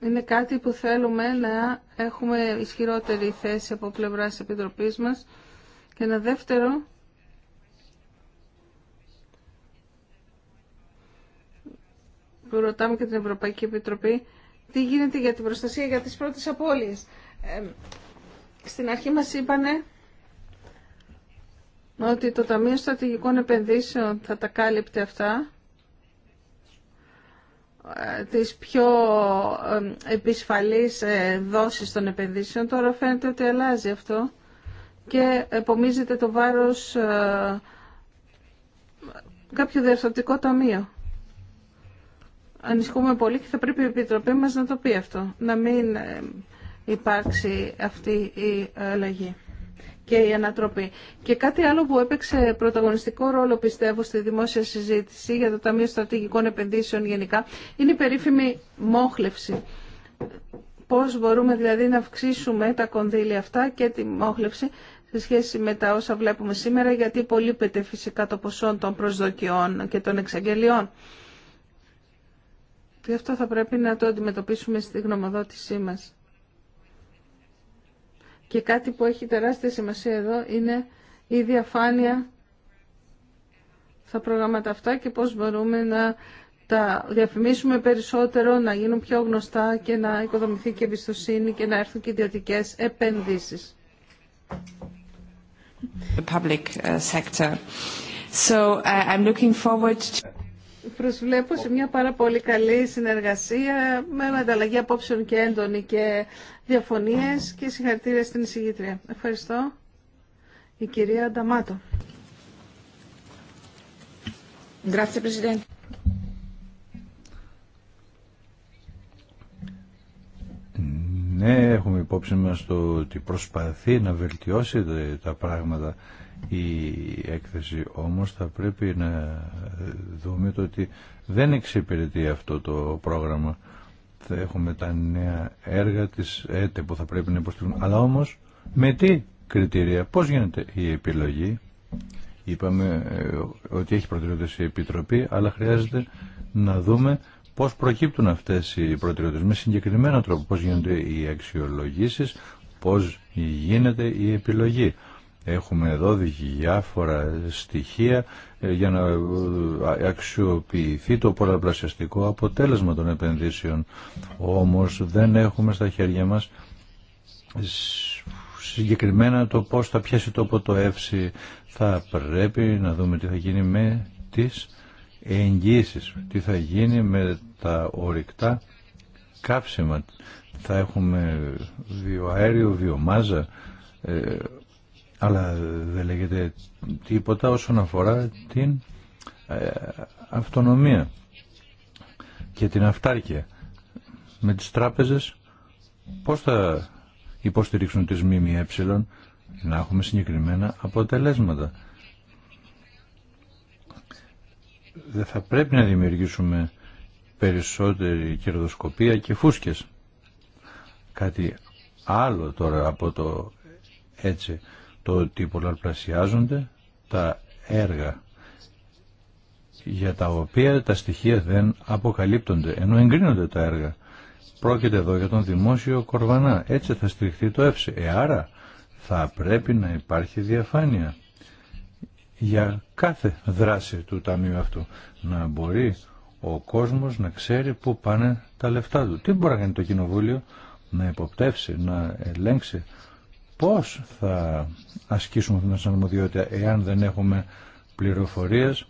είναι κάτι που θέλουμε να έχουμε ισχυρότερη θέση από πλευράς της Επιτροπής μας. Και ένα δεύτερο, που ρωτάμε και την Ευρωπαϊκή Επιτροπή, τι γίνεται για την προστασία για τις πρώτες απώλειες. Ε, στην αρχή μας είπανε ότι το Ταμείο Στρατηγικών Επενδύσεων θα τα κάλυπτε αυτά ε, τις πιο ε, επισφαλής ε, δόσεις των επενδύσεων. Τώρα φαίνεται ότι αλλάζει αυτό και επομίζεται το βάρος κάποιο διαρθρωτικό ταμείο. Ανησυχούμε πολύ και θα πρέπει η Επιτροπή μας να το πει αυτό, να μην υπάρξει αυτή η αλλαγή και η ανατροπή. Και κάτι άλλο που έπαιξε πρωταγωνιστικό ρόλο, πιστεύω, στη δημόσια συζήτηση για το Ταμείο Στρατηγικών Επενδύσεων γενικά, είναι η περίφημη μόχλευση. Πώς μπορούμε δηλαδή να αυξήσουμε τα κονδύλια αυτά και τη μόχλευση σε σχέση με τα όσα βλέπουμε σήμερα, γιατί υπολείπεται φυσικά το ποσό των προσδοκιών και των εξαγγελιών. Γι' αυτό θα πρέπει να το αντιμετωπίσουμε στη γνωμοδότησή μας. Και κάτι που έχει τεράστια σημασία εδώ είναι η διαφάνεια στα προγράμματα αυτά και πώς μπορούμε να τα διαφημίσουμε περισσότερο, να γίνουν πιο γνωστά και να οικοδομηθεί και εμπιστοσύνη και να έρθουν και ιδιωτικέ επενδύσεις προσβλέπω σε μια πάρα πολύ καλή συνεργασία με ανταλλαγή απόψεων και έντονη και διαφωνίες και συγχαρητήρια στην εισηγήτρια. Ευχαριστώ. Η κυρία Νταμάτο. Ναι, έχουμε υπόψη μας το ότι προσπαθεί να βελτιώσει τα πράγματα η έκθεση όμως θα πρέπει να δούμε το ότι δεν εξυπηρετεί αυτό το πρόγραμμα. Θα έχουμε τα νέα έργα της ΕΤΕ που θα πρέπει να υποστηρίζουν. Αλλά όμως με τι κριτήρια, πώς γίνεται η επιλογή. Είπαμε ε, ότι έχει προτεραιότητες η Επιτροπή, αλλά χρειάζεται να δούμε πώς προκύπτουν αυτές οι προτεραιότητες με συγκεκριμένο τρόπο, πώς γίνονται οι αξιολογήσεις, πώς γίνεται η επιλογή. Έχουμε εδώ διάφορα στοιχεία ε, για να ε, ε, αξιοποιηθεί το πολλαπλασιαστικό αποτέλεσμα των επενδύσεων. Όμως δεν έχουμε στα χέρια μας συγκεκριμένα το πώς θα πιάσει τόπο το εύση. Θα πρέπει να δούμε τι θα γίνει με τις εγγύσεις, τι θα γίνει με τα ορυκτά κάψιμα. Θα έχουμε βιοαέριο, βιομάζα, αλλά δεν λέγεται τίποτα όσον αφορά την ε, αυτονομία και την αυτάρκεια με τις τράπεζες πώς θα υποστηρίξουν τις ΜΜΕ να έχουμε συγκεκριμένα αποτελέσματα. Δεν θα πρέπει να δημιουργήσουμε περισσότερη κερδοσκοπία και φούσκες. Κάτι άλλο τώρα από το έτσι το ότι πολλαπλασιάζονται τα έργα για τα οποία τα στοιχεία δεν αποκαλύπτονται, ενώ εγκρίνονται τα έργα. Πρόκειται εδώ για τον δημόσιο κορβανά. Έτσι θα στηριχθεί το ΕΦΣΕ. Ε, άρα θα πρέπει να υπάρχει διαφάνεια για κάθε δράση του ταμείου αυτού. Να μπορεί ο κόσμος να ξέρει πού πάνε τα λεφτά του. Τι μπορεί να κάνει το κοινοβούλιο να υποπτεύσει, να ελέγξει πώς θα ασκήσουμε αυτήν την αρμοδιότητα εάν δεν έχουμε πληροφορίες.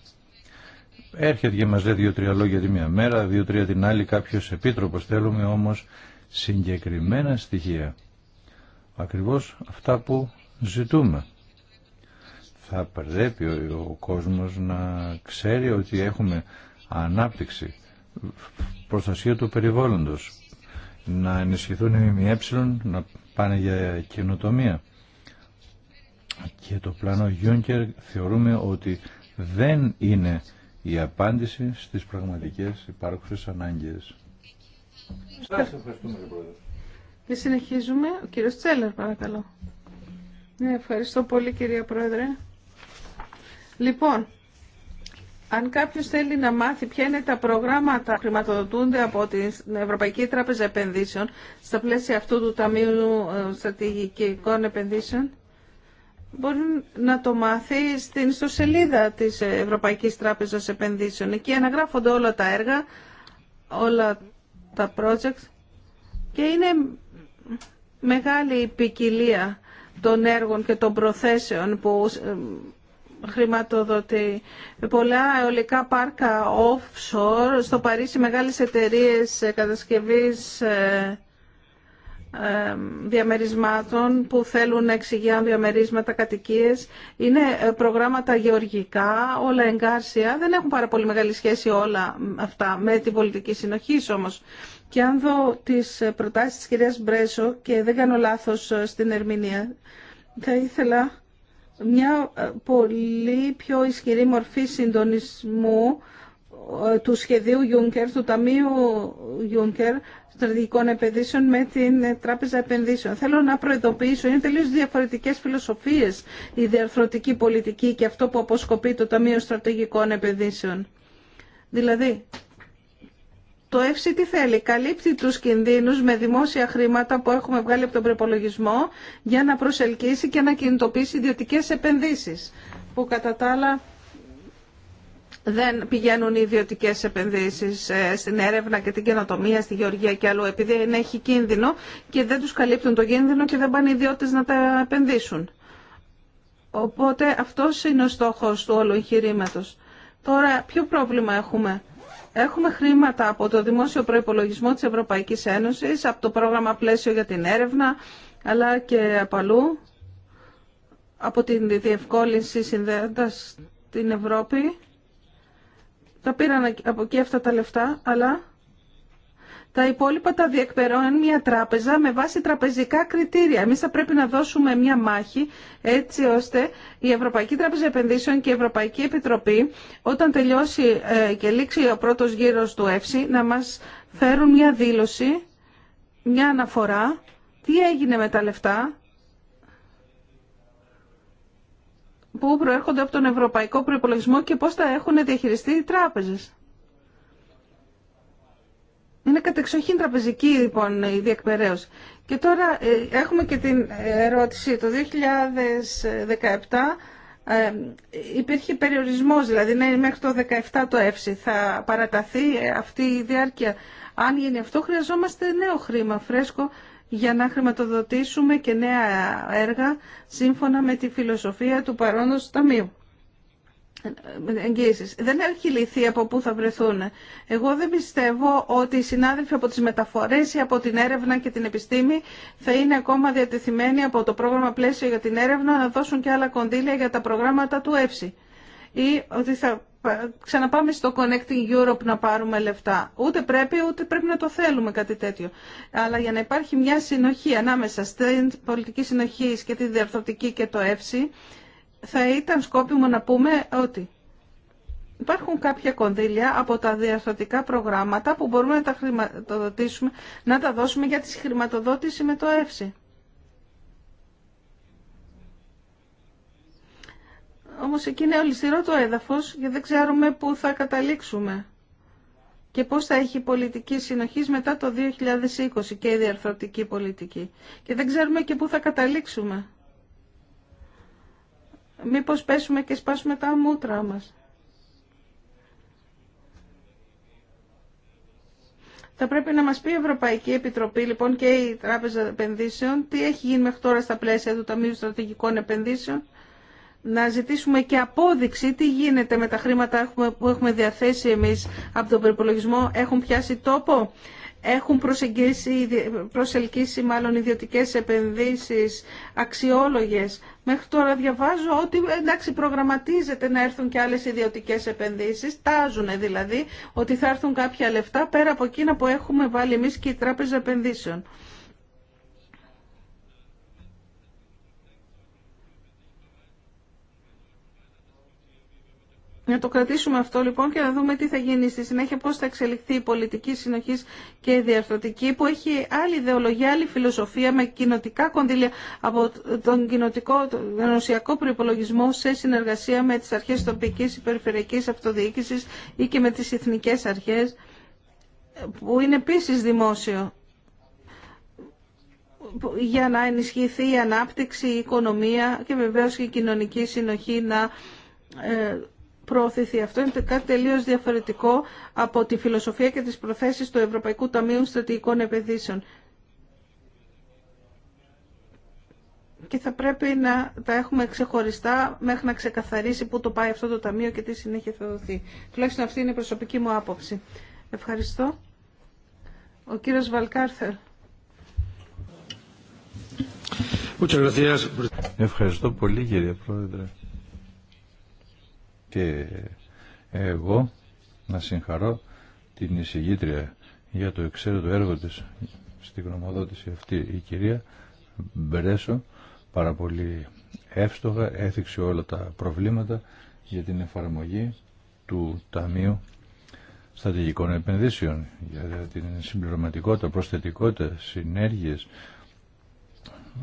Έρχεται και μας λέει δύο-τρία λόγια τη μία μέρα, δύο-τρία την άλλη κάποιος επίτροπος. Θέλουμε όμως συγκεκριμένα στοιχεία. Ακριβώς αυτά που ζητούμε. Θα πρέπει ο, κόσμος να ξέρει ότι έχουμε ανάπτυξη, προστασία του περιβάλλοντος, να ενισχυθούν οι ΜΜΕ, να πάνε για καινοτομία. Και το πλάνο Γιούνκερ θεωρούμε ότι δεν είναι η απάντηση στις πραγματικές υπάρχουσες ανάγκες. Σας ευχαριστούμε, Πρόεδρε. Και συνεχίζουμε. Ο κύριος Τσέλερ, παρακαλώ. Ναι, ευχαριστώ πολύ, κυρία Πρόεδρε. Λοιπόν, αν κάποιος θέλει να μάθει ποια είναι τα προγράμματα που χρηματοδοτούνται από την Ευρωπαϊκή Τράπεζα Επενδύσεων στα πλαίσια αυτού του Ταμείου ε, Στρατηγικών Επενδύσεων, μπορεί να το μάθει στην ιστοσελίδα της Ευρωπαϊκής Τράπεζας Επενδύσεων. Εκεί αναγράφονται όλα τα έργα, όλα τα projects και είναι μεγάλη η ποικιλία των έργων και των προθέσεων που ε, χρηματοδοτεί. Πολλά αεολικά πάρκα offshore, στο Παρίσι μεγάλες εταιρείες ε, κατασκευής ε, ε, διαμερισμάτων που θέλουν εξηγιά διαμερίσματα κατοικίες. Είναι προγράμματα γεωργικά, όλα εγκάρσια. Δεν έχουν πάρα πολύ μεγάλη σχέση όλα αυτά με την πολιτική συνοχή όμως. Και αν δω τις προτάσεις της κυρίας Μπρέσο και δεν κάνω λάθος στην ερμηνεία, θα ήθελα μια ε, πολύ πιο ισχυρή μορφή συντονισμού ε, του σχεδίου Juncker, του Ταμείου Juncker στρατηγικών επενδύσεων με την ε, Τράπεζα Επενδύσεων. Θέλω να προειδοποιήσω, είναι τελείω διαφορετικέ φιλοσοφίε η διαρθρωτική πολιτική και αυτό που αποσκοπεί το Ταμείο Στρατηγικών Επενδύσεων. Δηλαδή, το ΕΦΣΙ τι θέλει, καλύπτει τους κινδύνους με δημόσια χρήματα που έχουμε βγάλει από τον προπολογισμό για να προσελκύσει και να κινητοποιήσει ιδιωτικέ επενδύσεις που κατά τα άλλα δεν πηγαίνουν οι ιδιωτικέ επενδύσει ε, στην έρευνα και την καινοτομία, στη γεωργία και αλλού, επειδή έχει κίνδυνο και δεν του καλύπτουν το κίνδυνο και δεν πάνε οι ιδιώτε να τα επενδύσουν. Οπότε αυτό είναι ο στόχο του όλου εγχειρήματο. Τώρα, ποιο πρόβλημα έχουμε. Έχουμε χρήματα από το Δημόσιο Προϋπολογισμό της Ευρωπαϊκής Ένωσης, από το πρόγραμμα πλαίσιο για την έρευνα, αλλά και από αλλού, από την διευκόλυνση συνδέοντας την Ευρώπη. Τα πήραν από εκεί αυτά τα λεφτά, αλλά τα υπόλοιπα τα διεκπερώνει μια τράπεζα με βάση τραπεζικά κριτήρια. Εμείς θα πρέπει να δώσουμε μια μάχη έτσι ώστε η Ευρωπαϊκή Τράπεζα Επενδύσεων και η Ευρωπαϊκή Επιτροπή όταν τελειώσει ε, και λήξει ο πρώτος γύρος του ΕΦΣΥ να μας φέρουν μια δήλωση, μια αναφορά, τι έγινε με τα λεφτά που προέρχονται από τον Ευρωπαϊκό Προϋπολογισμό και πώς τα έχουν διαχειριστεί οι τράπεζες. Είναι κατεξοχήν τραπεζική λοιπόν η διεκπαιρέωση. Και τώρα ε, έχουμε και την ερώτηση. Το 2017 ε, υπήρχε περιορισμός, δηλαδή ναι, μέχρι το 2017 το ΕΦΣΙ θα παραταθεί ε, αυτή η διάρκεια. Αν γίνει αυτό χρειαζόμαστε νέο χρήμα φρέσκο για να χρηματοδοτήσουμε και νέα έργα σύμφωνα με τη φιλοσοφία του παρόντος ταμείου. Δεν έχει λυθεί από πού θα βρεθούν. Εγώ δεν πιστεύω ότι οι συνάδελφοι από τις μεταφορές ή από την έρευνα και την επιστήμη θα είναι ακόμα διατεθειμένοι από το πρόγραμμα πλαίσιο για την έρευνα να δώσουν και άλλα κονδύλια για τα προγράμματα του ΕΦΣΥ. Ή ότι θα ξαναπάμε στο Connecting Europe να πάρουμε λεφτά. Ούτε πρέπει, ούτε πρέπει να το θέλουμε κάτι τέτοιο. Αλλά για να υπάρχει μια συνοχή ανάμεσα στην πολιτική συνοχή και τη διαρθρωτική και το ΕΦΣΥ, θα ήταν σκόπιμο να πούμε ότι υπάρχουν κάποια κονδύλια από τα διαστατικά προγράμματα που μπορούμε να τα χρηματοδοτήσουμε, να τα δώσουμε για τη χρηματοδότηση με το ΕΦΣΥ. Όμως εκεί είναι ολιστηρό το έδαφος και δεν ξέρουμε πού θα καταλήξουμε και πώς θα έχει η πολιτική συνοχή μετά το 2020 και η διαρθρωτική πολιτική. Και δεν ξέρουμε και πού θα καταλήξουμε μήπως πέσουμε και σπάσουμε τα μούτρα μας. Θα πρέπει να μας πει η Ευρωπαϊκή Επιτροπή λοιπόν και η Τράπεζα Επενδύσεων τι έχει γίνει μέχρι τώρα στα πλαίσια του Ταμείου Στρατηγικών Επενδύσεων να ζητήσουμε και απόδειξη τι γίνεται με τα χρήματα που έχουμε διαθέσει εμείς από τον περιπολογισμό έχουν πιάσει τόπο έχουν προσελκύσει μάλλον ιδιωτικές επενδύσεις αξιόλογες. Μέχρι τώρα διαβάζω ότι εντάξει προγραμματίζεται να έρθουν και άλλες ιδιωτικές επενδύσεις, τάζουν δηλαδή ότι θα έρθουν κάποια λεφτά πέρα από εκείνα που έχουμε βάλει εμείς και η Τράπεζα Επενδύσεων. Να το κρατήσουμε αυτό λοιπόν και να δούμε τι θα γίνει στη συνέχεια, πώς θα εξελιχθεί η πολιτική συνοχή και η διαρθρωτική που έχει άλλη ιδεολογία, άλλη φιλοσοφία με κοινοτικά κονδύλια από τον κοινοτικό γνωσιακό προπολογισμό σε συνεργασία με τις αρχές τοπικής ή περιφερειακής αυτοδιοίκησης ή και με τις εθνικές αρχές που είναι επίση δημόσιο για να ενισχυθεί η ανάπτυξη, η οικονομία και βεβαίως και η κοινωνική συνοχή να ε, προωθηθεί. Αυτό είναι κάτι τελείω διαφορετικό από τη φιλοσοφία και τις προθέσει του Ευρωπαϊκού Ταμείου Στρατηγικών Επενδύσεων. Και θα πρέπει να τα έχουμε ξεχωριστά μέχρι να ξεκαθαρίσει πού το πάει αυτό το ταμείο και τι συνέχεια θα δοθεί. Τουλάχιστον αυτή είναι η προσωπική μου άποψη. Ευχαριστώ. Ο κύριος Βαλκάρθερ. Ευχαριστώ πολύ κύριε Πρόεδρε και εγώ να συγχαρώ την εισηγήτρια για το εξαίρετο έργο της στην γνωμοδότηση αυτή η κυρία Μπερέσο πάρα πολύ εύστοχα έθιξε όλα τα προβλήματα για την εφαρμογή του Ταμείου Στατηγικών Επενδύσεων για την συμπληρωματικότητα, προσθετικότητα, συνέργειες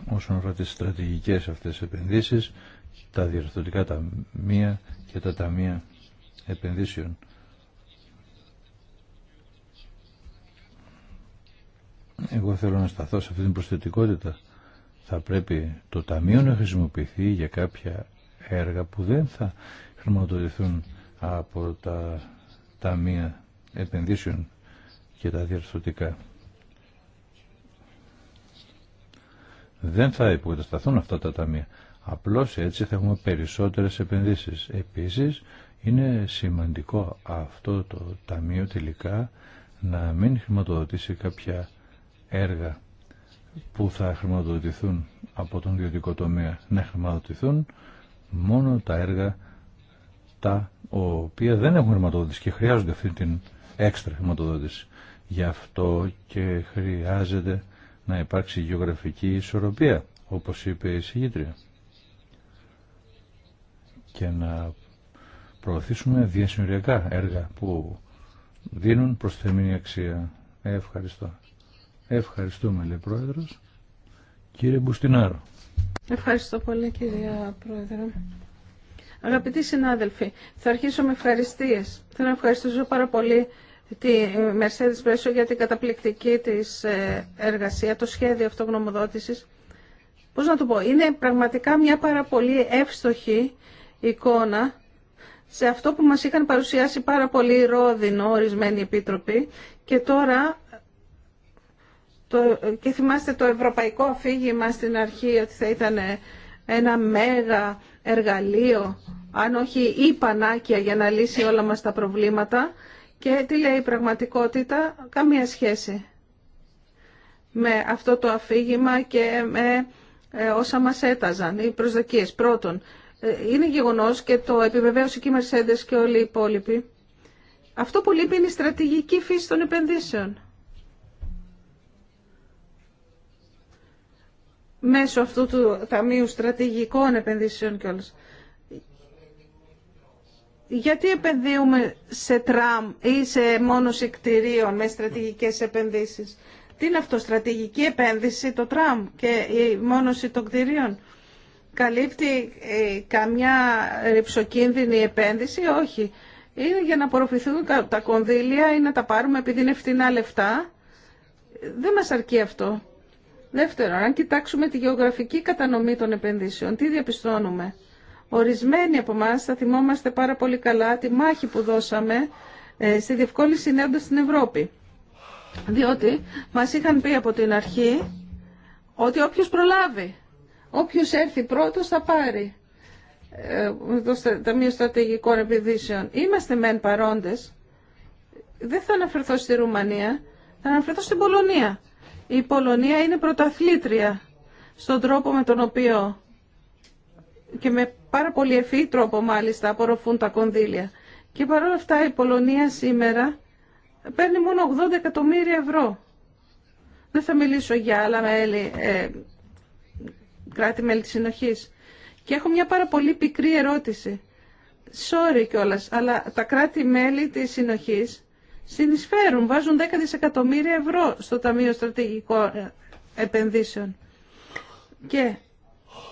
όσον αφορά τις στρατηγικές αυτές επενδύσεις τα τα ταμεία και τα ταμεία επενδύσεων. Εγώ θέλω να σταθώ σε αυτή την προσθετικότητα. Θα πρέπει το ταμείο να χρησιμοποιηθεί για κάποια έργα που δεν θα χρηματοδοτηθούν από τα ταμεία επενδύσεων και τα διαρθρωτικά. Δεν θα υποκατασταθούν αυτά τα ταμεία. Απλώς έτσι θα έχουμε περισσότερες επενδύσεις. Επίσης είναι σημαντικό αυτό το ταμείο τελικά να μην χρηματοδοτήσει κάποια έργα που θα χρηματοδοτηθούν από τον ιδιωτικό τομέα. Να χρηματοδοτηθούν μόνο τα έργα τα οποία δεν έχουν χρηματοδότηση και χρειάζονται αυτή την έξτρα χρηματοδότηση. Γι' αυτό και χρειάζεται να υπάρξει γεωγραφική ισορροπία, όπως είπε η συγκήτρια και να προωθήσουμε διασυνοριακά έργα που δίνουν προς θεμήνη αξία. Ε, ευχαριστώ. Ευχαριστούμε, λέει Πρόεδρος. Κύριε Μπουστινάρο. Ευχαριστώ πολύ, κύριε Πρόεδρε. Αγαπητοί συνάδελφοι, θα αρχίσω με ευχαριστίες. Θέλω να ευχαριστήσω πάρα πολύ τη Mercedes Πρέσο για την καταπληκτική της ε, εργασία, το σχέδιο αυτογνωμοδότησης. Πώς να το πω, είναι πραγματικά μια πάρα πολύ εύστοχη εικόνα σε αυτό που μας είχαν παρουσιάσει πάρα πολύ ρόδινο ορισμένοι επίτροποι και τώρα το, και θυμάστε το ευρωπαϊκό αφήγημα στην αρχή ότι θα ήταν ένα μέγα εργαλείο αν όχι ή πανάκια για να λύσει όλα μας τα προβλήματα και τι λέει η πραγματικότητα, καμία σχέση με αυτό το αφήγημα και με ε, όσα μας έταζαν οι προσδοκίες. Πρώτον, ε, είναι γεγονό και το επιβεβαίωσε και η Μερσέντε και όλοι οι υπόλοιποι. Αυτό που λείπει είναι η στρατηγική φύση των επενδύσεων. Μέσω αυτού του Ταμείου Στρατηγικών Επενδύσεων όλες. Γιατί επενδύουμε σε τραμ ή σε μόνωση κτηρίων με στρατηγικές επενδύσεις. Τι είναι αυτό, στρατηγική επένδυση, το τραμ και η μόνωση των κτηρίων καλύπτει ε, καμιά ρηψοκίνδυνη επένδυση, όχι. Είναι για να απορροφηθούν τα κονδύλια ή να τα πάρουμε επειδή είναι φτηνά λεφτά. Δεν μας αρκεί αυτό. Δεύτερον, αν κοιτάξουμε τη γεωγραφική κατανομή των επενδύσεων, τι διαπιστώνουμε. Ορισμένοι από εμά θα θυμόμαστε πάρα πολύ καλά τη μάχη που δώσαμε ε, στη διευκόλυνση νέοντας στην Ευρώπη. Διότι μας είχαν πει από την αρχή ότι όποιος προλάβει Όποιος έρθει πρώτος θα πάρει ε, το Ταμείο Στρατηγικών επιδίσεων. Είμαστε μεν παρόντες. Δεν θα αναφερθώ στη Ρουμανία, θα αναφερθώ στην Πολωνία. Η Πολωνία είναι πρωταθλήτρια στον τρόπο με τον οποίο και με πάρα πολύ ευφύ τρόπο μάλιστα απορροφούν τα κονδύλια. Και παρόλα αυτά η Πολωνία σήμερα παίρνει μόνο 80 εκατομμύρια ευρώ. Δεν θα μιλήσω για άλλα μέλη ε, κράτη-μέλη της συνοχής. Και έχω μια πάρα πολύ πικρή ερώτηση. Sorry κιόλα, αλλά τα κράτη-μέλη της συνοχής συνεισφέρουν, βάζουν 10 δισεκατομμύρια ευρώ στο Ταμείο Στρατηγικών Επενδύσεων. Και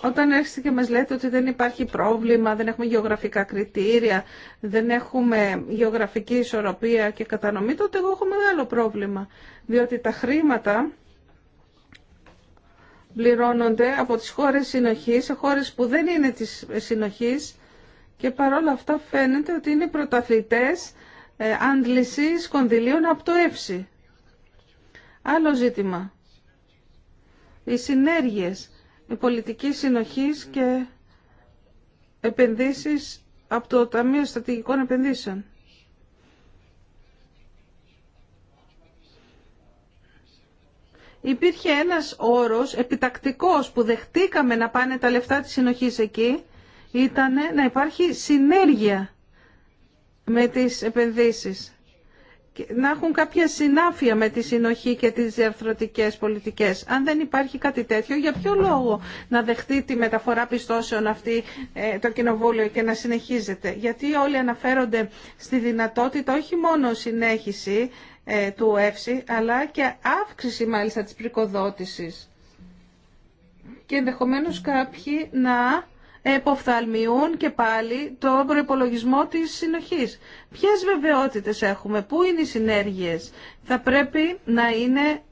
όταν έρχεστε και μας λέτε ότι δεν υπάρχει πρόβλημα, δεν έχουμε γεωγραφικά κριτήρια, δεν έχουμε γεωγραφική ισορροπία και κατανομή, τότε εγώ έχω μεγάλο πρόβλημα. Διότι τα χρήματα πληρώνονται από τις χώρες συνοχής σε χώρες που δεν είναι της συνοχής και παρόλα αυτά φαίνεται ότι είναι πρωταθλητές ε, αντλησής κονδυλίων από το ΕΦΣΥ. Άλλο ζήτημα. Οι συνέργειες πολιτική συνοχής και επενδύσεις από το Ταμείο Στατηγικών Επενδύσεων. υπήρχε ένας όρος επιτακτικός που δεχτήκαμε να πάνε τα λεφτά της συνοχής εκεί, ήταν να υπάρχει συνέργεια με τις επενδύσεις. Να έχουν κάποια συνάφεια με τη συνοχή και τις διαρθρωτικές πολιτικές. Αν δεν υπάρχει κάτι τέτοιο, για ποιο λόγο να δεχτεί τη μεταφορά πιστώσεων αυτή ε, το Κοινοβούλιο και να συνεχίζεται. Γιατί όλοι αναφέρονται στη δυνατότητα όχι μόνο συνέχιση, ε, του ΕΦΣΥ, αλλά και αύξηση μάλιστα της πρικοδότησης. Και ενδεχομένως κάποιοι να εποφθαλμιούν και πάλι το προπολογισμό της συνοχής. Ποιες βεβαιότητες έχουμε, πού είναι οι συνέργειες. Θα πρέπει να είναι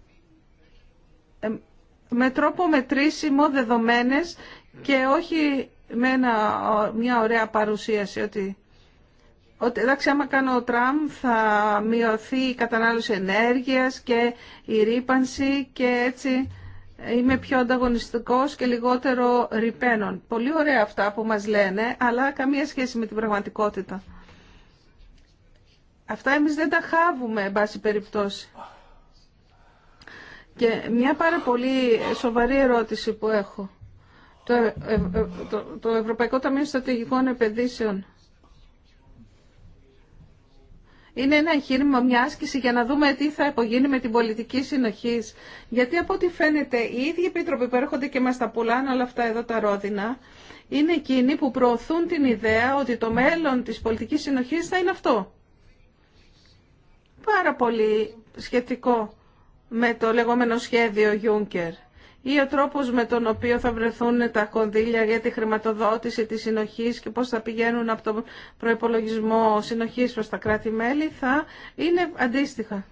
ε, με τρόπο μετρήσιμο δεδομένες και όχι με μια ωραία παρουσίαση ότι ότι εντάξει άμα κάνω τραμ θα μειωθεί η κατανάλωση ενέργειας και η ρήπανση και έτσι είμαι πιο ανταγωνιστικός και λιγότερο ρηπαίνων. Πολύ ωραία αυτά που μας λένε, αλλά καμία σχέση με την πραγματικότητα. Αυτά εμείς δεν τα χάβουμε, εν πάση περιπτώσει. Και μια πάρα πολύ σοβαρή ερώτηση που έχω. Το, ε, ε, ε, το, το Ευρωπαϊκό Ταμείο Στρατηγικών Επενδύσεων είναι ένα εγχείρημα, μια άσκηση για να δούμε τι θα υπογίνει με την πολιτική συνοχή. Γιατί από ό,τι φαίνεται οι ίδιοι επίτροποι που έρχονται και μα τα πουλάνε όλα αυτά εδώ τα ρόδινα, είναι εκείνοι που προωθούν την ιδέα ότι το μέλλον της πολιτικής συνοχής θα είναι αυτό. Πάρα πολύ σχετικό με το λεγόμενο σχέδιο Juncker ή ο τρόπος με τον οποίο θα βρεθούν τα κονδύλια για τη χρηματοδότηση της συνοχής και πώς θα πηγαίνουν από τον προϋπολογισμό συνοχής προς τα κράτη-μέλη θα είναι αντίστοιχα.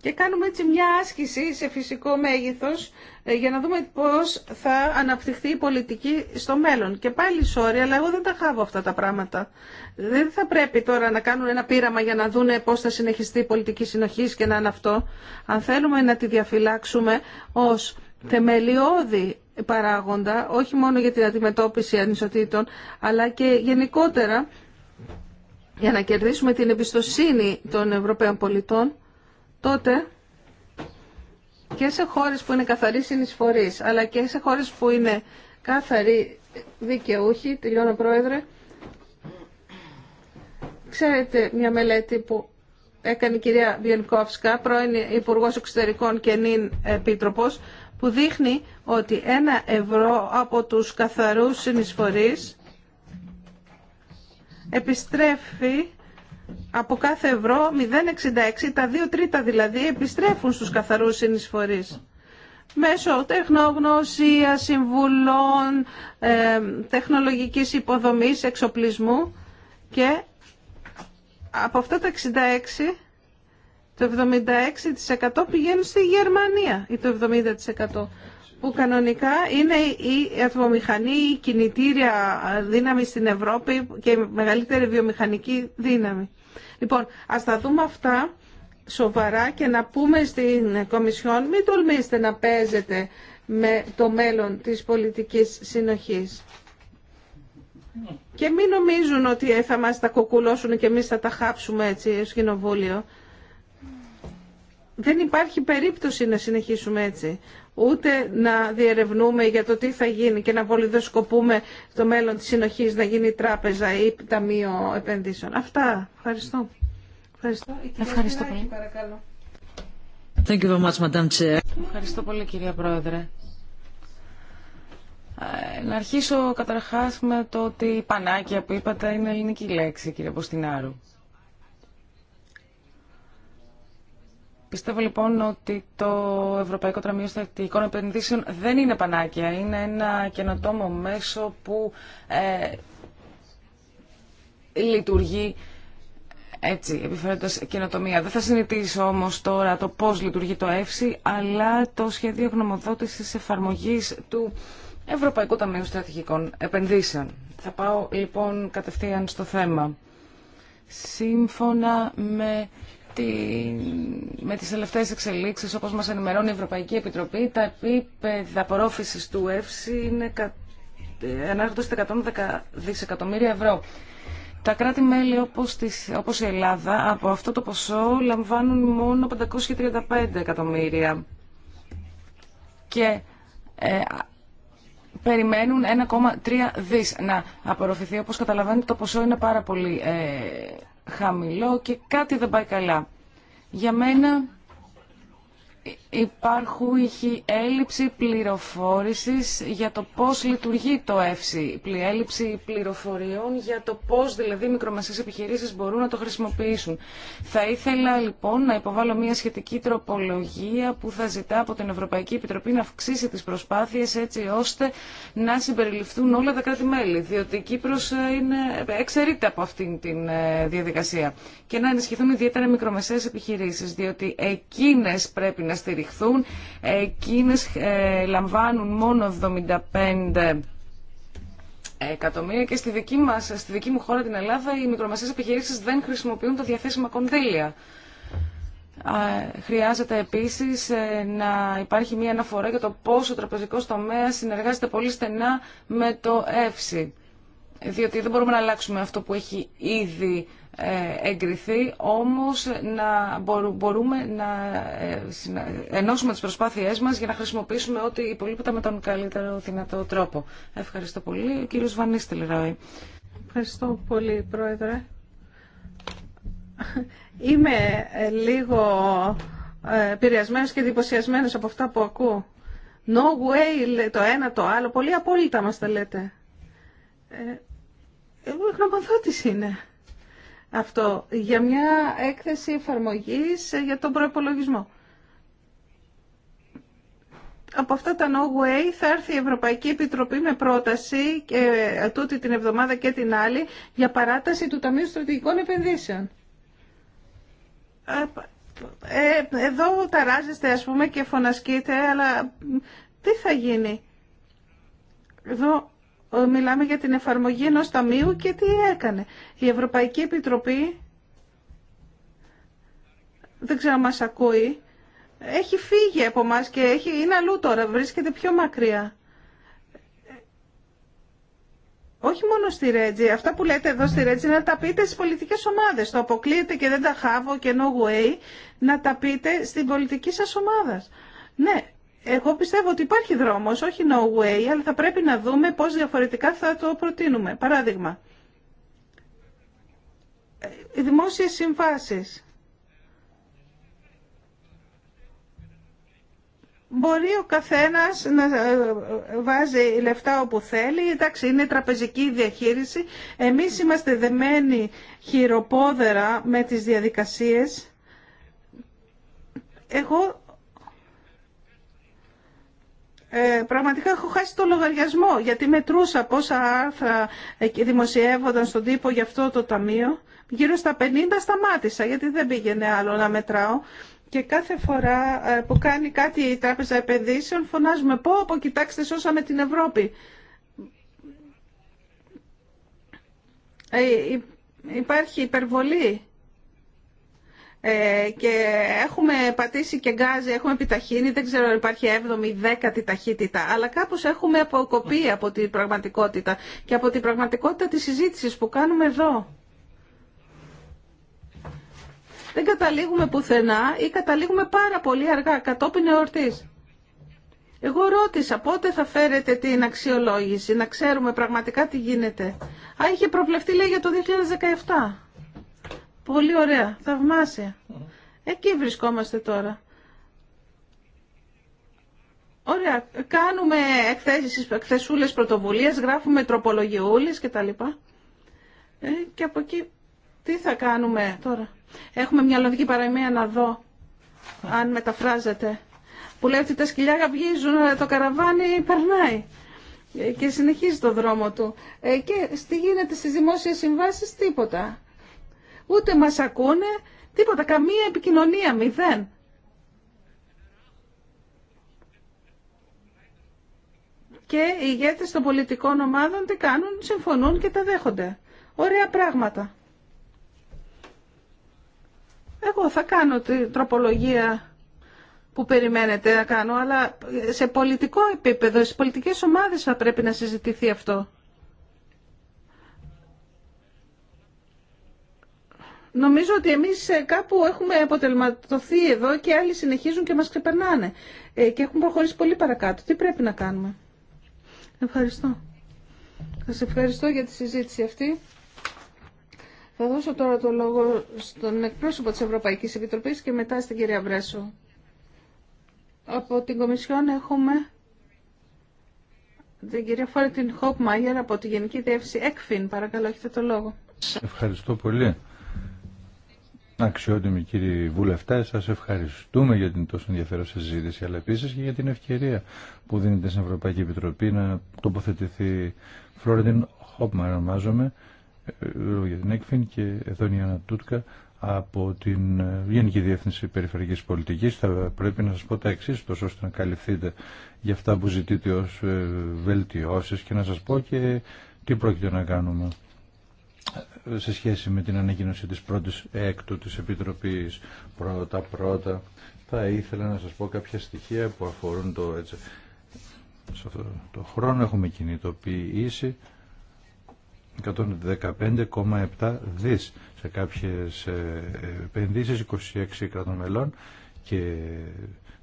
Και κάνουμε έτσι μια άσκηση σε φυσικό μέγεθος ε, για να δούμε πώς θα αναπτυχθεί η πολιτική στο μέλλον. Και πάλι sorry, αλλά εγώ δεν τα χάβω αυτά τα πράγματα. Δεν θα πρέπει τώρα να κάνουν ένα πείραμα για να δούνε πώς θα συνεχιστεί η πολιτική συνοχή και να είναι αυτό. Αν θέλουμε να τη διαφυλάξουμε ως θεμελιώδη παράγοντα, όχι μόνο για την αντιμετώπιση ανισοτήτων, αλλά και γενικότερα για να κερδίσουμε την εμπιστοσύνη των Ευρωπαίων πολιτών, τότε και σε χώρες που είναι καθαροί συνεισφορείς, αλλά και σε χώρες που είναι καθαροί δικαιούχοι, τελειώνω πρόεδρε, ξέρετε μια μελέτη που έκανε η κυρία Βιενκόφσκα, πρώην Υπουργός Εξωτερικών και νυν Επίτροπος, που δείχνει ότι ένα ευρώ από τους καθαρούς συνεισφορείς επιστρέφει από κάθε ευρώ 0,66, τα δύο τρίτα δηλαδή, επιστρέφουν στους καθαρούς συνεισφορείς. Μέσω τεχνογνωσία, συμβουλών, ε, τεχνολογικής υποδομής, εξοπλισμού και από αυτά τα 66, το 76% πηγαίνουν στη Γερμανία ή το 70% που κανονικά είναι η ατμομηχανή, η κινητήρια δύναμη στην Ευρώπη και η μεγαλύτερη βιομηχανική δύναμη. Λοιπόν, α τα δούμε αυτά σοβαρά και να πούμε στην Κομισιόν μην τολμήσετε να παίζετε με το μέλλον της πολιτικής συνοχής. Και μην νομίζουν ότι ε, θα μας τα κοκουλώσουν και εμείς θα τα χάψουμε έτσι ως κοινοβούλιο. Δεν υπάρχει περίπτωση να συνεχίσουμε έτσι ούτε να διερευνούμε για το τι θα γίνει και να πολυδοσκοπούμε το μέλλον της συνοχής να γίνει τράπεζα ή ταμείο επενδύσεων. Αυτά. Ευχαριστώ. Ευχαριστώ. Ευχαριστώ πολύ. Παρακαλώ. Thank you very much, Madam Chair. Ευχαριστώ πολύ, κυρία Πρόεδρε. Ε, να αρχίσω καταρχάς με το ότι η πανάκια που είπατε είναι ελληνική λέξη, κύριε Ποστινάρου. Πιστεύω λοιπόν ότι το Ευρωπαϊκό Τραμείο Στρατηγικών Επενδύσεων δεν είναι πανάκια. Είναι ένα καινοτόμο μέσο που ε, λειτουργεί έτσι, επιφέροντας καινοτομία. Δεν θα συνηθίσω όμως τώρα το πώς λειτουργεί το ΕΦΣΥ, αλλά το σχέδιο γνωμοδότησης εφαρμογής του Ευρωπαϊκού Ταμείου Στρατηγικών Επενδύσεων. Θα πάω λοιπόν κατευθείαν στο θέμα. Σύμφωνα με με τις τελευταίες εξελίξεις, όπως μας ενημερώνει η Ευρωπαϊκή Επιτροπή, τα επίπεδα απορρόφησης του ΕΦΣΗ είναι κα... στα 110 δισεκατομμύρια ευρώ. Τα κράτη-μέλη όπως, όπως η Ελλάδα από αυτό το ποσό λαμβάνουν μόνο 535 εκατομμύρια και ε, περιμένουν 1,3 δις να απορροφηθεί. Όπως καταλαβαίνετε το ποσό είναι πάρα πολύ ε, χαμηλό και κάτι δεν πάει καλά. Για μένα υπάρχει έλλειψη πληροφόρησης για το πώς λειτουργεί το ΕΦΣΥ, έλλειψη πληροφοριών για το πώς δηλαδή μικρομεσαίες επιχειρήσεις μπορούν να το χρησιμοποιήσουν. Θα ήθελα λοιπόν να υποβάλω μια σχετική τροπολογία που θα ζητά από την Ευρωπαϊκή Επιτροπή να αυξήσει τις προσπάθειες έτσι ώστε να συμπεριληφθούν όλα τα κράτη-μέλη, διότι η Κύπρος ε, είναι, εξαιρείται από αυτήν την ε, διαδικασία και να ενισχυθούν ιδιαίτερα μικρομεσαίες επιχειρήσεις, διότι εκείνες πρέπει να στηριχθούν. Εκείνες ε, λαμβάνουν μόνο 75 εκατομμύρια και στη δική, μας, στη δική μου χώρα την Ελλάδα οι μικρομεσαίες επιχειρήσεις δεν χρησιμοποιούν τα διαθέσιμα κονδύλια. Χρειάζεται επίσης ε, να υπάρχει μια αναφορά για το πόσο ο τραπεζικός τομέας συνεργάζεται πολύ στενά με το ΕΦΣΥ διότι δεν μπορούμε να αλλάξουμε αυτό που έχει ήδη ε, εγκριθεί, όμως να μπορούμε να ε, ενώσουμε τις προσπάθειές μας για να χρησιμοποιήσουμε ό,τι υπολείπεται με τον καλύτερο δυνατό τρόπο. Ευχαριστώ πολύ. Ο κύριος Βανίστηλ Ευχαριστώ πολύ, Πρόεδρε. Είμαι ε, λίγο επηρεασμένος και εντυπωσιασμένος από αυτά που ακούω. No way το ένα το άλλο. Πολύ απόλυτα μας τα λέτε. Ε, γνωμοδότηση είναι αυτό για μια έκθεση εφαρμογής ε, για τον προϋπολογισμό. Από αυτά τα No Way θα έρθει η Ευρωπαϊκή Επιτροπή με πρόταση και ε, τούτη την εβδομάδα και την άλλη για παράταση του Ταμείου Στρατηγικών Επενδύσεων. Ε, ε εδώ ταράζεστε ας πούμε και φωνασκείτε, αλλά τι θα γίνει. Εδώ ε, μιλάμε για την εφαρμογή ενός ταμείου και τι έκανε. Η Ευρωπαϊκή Επιτροπή, δεν ξέρω αν μας ακούει, έχει φύγει από εμά και έχει, είναι αλλού τώρα, βρίσκεται πιο μακριά. Όχι μόνο στη Ρέτζη. Αυτά που λέτε εδώ στη Ρέτζη να τα πείτε στις πολιτικές ομάδες. Το αποκλείεται και δεν τα χάβω και no way να τα πείτε στην πολιτική σας ομάδα. Ναι, εγώ πιστεύω ότι υπάρχει δρόμος, όχι no way, αλλά θα πρέπει να δούμε πώς διαφορετικά θα το προτείνουμε. Παράδειγμα, ε, οι δημόσιες συμβάσεις. Μπορεί ο καθένας να ε, βάζει λεφτά όπου θέλει, εντάξει είναι τραπεζική διαχείριση. Εμείς είμαστε δεμένοι χειροπόδερα με τις διαδικασίες. Εγώ ε, πραγματικά έχω χάσει το λογαριασμό γιατί μετρούσα πόσα άρθρα δημοσιεύονταν στον τύπο για αυτό το ταμείο. Γύρω στα 50 σταμάτησα γιατί δεν πήγαινε άλλο να μετράω. Και κάθε φορά ε, που κάνει κάτι η Τράπεζα Επενδύσεων φωνάζουμε πω, πω κοιτάξτε σώσαμε την Ευρώπη. Ε, υπάρχει υπερβολή ε, και έχουμε πατήσει και γκάζι, έχουμε επιταχύνει, δεν ξέρω αν υπάρχει 7η, δέκατη ταχύτητα, αλλά κάπως έχουμε αποκοπεί από την πραγματικότητα και από την πραγματικότητα της συζήτησης που κάνουμε εδώ. Δεν καταλήγουμε πουθενά ή καταλήγουμε πάρα πολύ αργά, κατόπιν εορτής. Εγώ ρώτησα πότε θα φέρετε την αξιολόγηση, να ξέρουμε πραγματικά τι γίνεται. Α, είχε προβλεφτεί λέει για το 2017. Πολύ ωραία, θαυμάσια. Εκεί βρισκόμαστε τώρα. Ωραία, κάνουμε εκθέσεις, εκθεσούλες πρωτοβουλίες, γράφουμε τροπολογιούλες κτλ. Ε, και από εκεί τι θα κάνουμε τώρα. Έχουμε μια λογική παραμία να δω αν μεταφράζεται. Που λέει ότι τα σκυλιά βγίζουν, το καραβάνι περνάει ε, και συνεχίζει το δρόμο του. Ε, και τι γίνεται στις δημόσιες συμβάσεις, τίποτα ούτε μας ακούνε, τίποτα, καμία επικοινωνία, μηδέν. Και οι ηγέτες των πολιτικών ομάδων τι κάνουν, συμφωνούν και τα δέχονται. Ωραία πράγματα. Εγώ θα κάνω την τροπολογία που περιμένετε να κάνω, αλλά σε πολιτικό επίπεδο, στις πολιτικές ομάδες θα πρέπει να συζητηθεί αυτό. Νομίζω ότι εμείς ε, κάπου έχουμε αποτελματωθεί εδώ και άλλοι συνεχίζουν και μας ξεπερνάνε ε, και έχουν προχωρήσει πολύ παρακάτω. Τι πρέπει να κάνουμε. Ευχαριστώ. Σας ευχαριστώ για τη συζήτηση αυτή. Θα δώσω τώρα το λόγο στον εκπρόσωπο της Ευρωπαϊκής Επιτροπής και μετά στην κυρία Βρέσο. Από την Κομισιόν έχουμε την κυρία Φόρετιν Χόπμαγερ από τη Γενική Διεύθυνση ΕΚΦΙΝ. Παρακαλώ, έχετε το λόγο. Ευχαριστώ πολύ. Αξιότιμοι κύριοι βουλευτέ, σα ευχαριστούμε για την τόσο ενδιαφέρουσα συζήτηση, αλλά επίση και για την ευκαιρία που δίνεται στην Ευρωπαϊκή Επιτροπή να τοποθετηθεί. Φλόρεντιν Χόπμα, ονομάζομαι, για την ΕΚΦΙΝ και εδώ είναι η από την ε, Γενική Διεύθυνση Περιφερειακής Πολιτική. Θα πρέπει να σα πω τα εξή, τόσο ώστε να καλυφθείτε για αυτά που ζητείτε ω ε, βελτιώσει και να σα πω και τι πρόκειται να κάνουμε σε σχέση με την ανακοίνωση της πρώτης έκτου της Επιτροπής πρώτα πρώτα θα ήθελα να σας πω κάποια στοιχεία που αφορούν το έτσι σε αυτό το χρόνο έχουμε κινητοποιήσει 115,7 δις σε κάποιες ε, επενδύσεις 26 κρατομελών και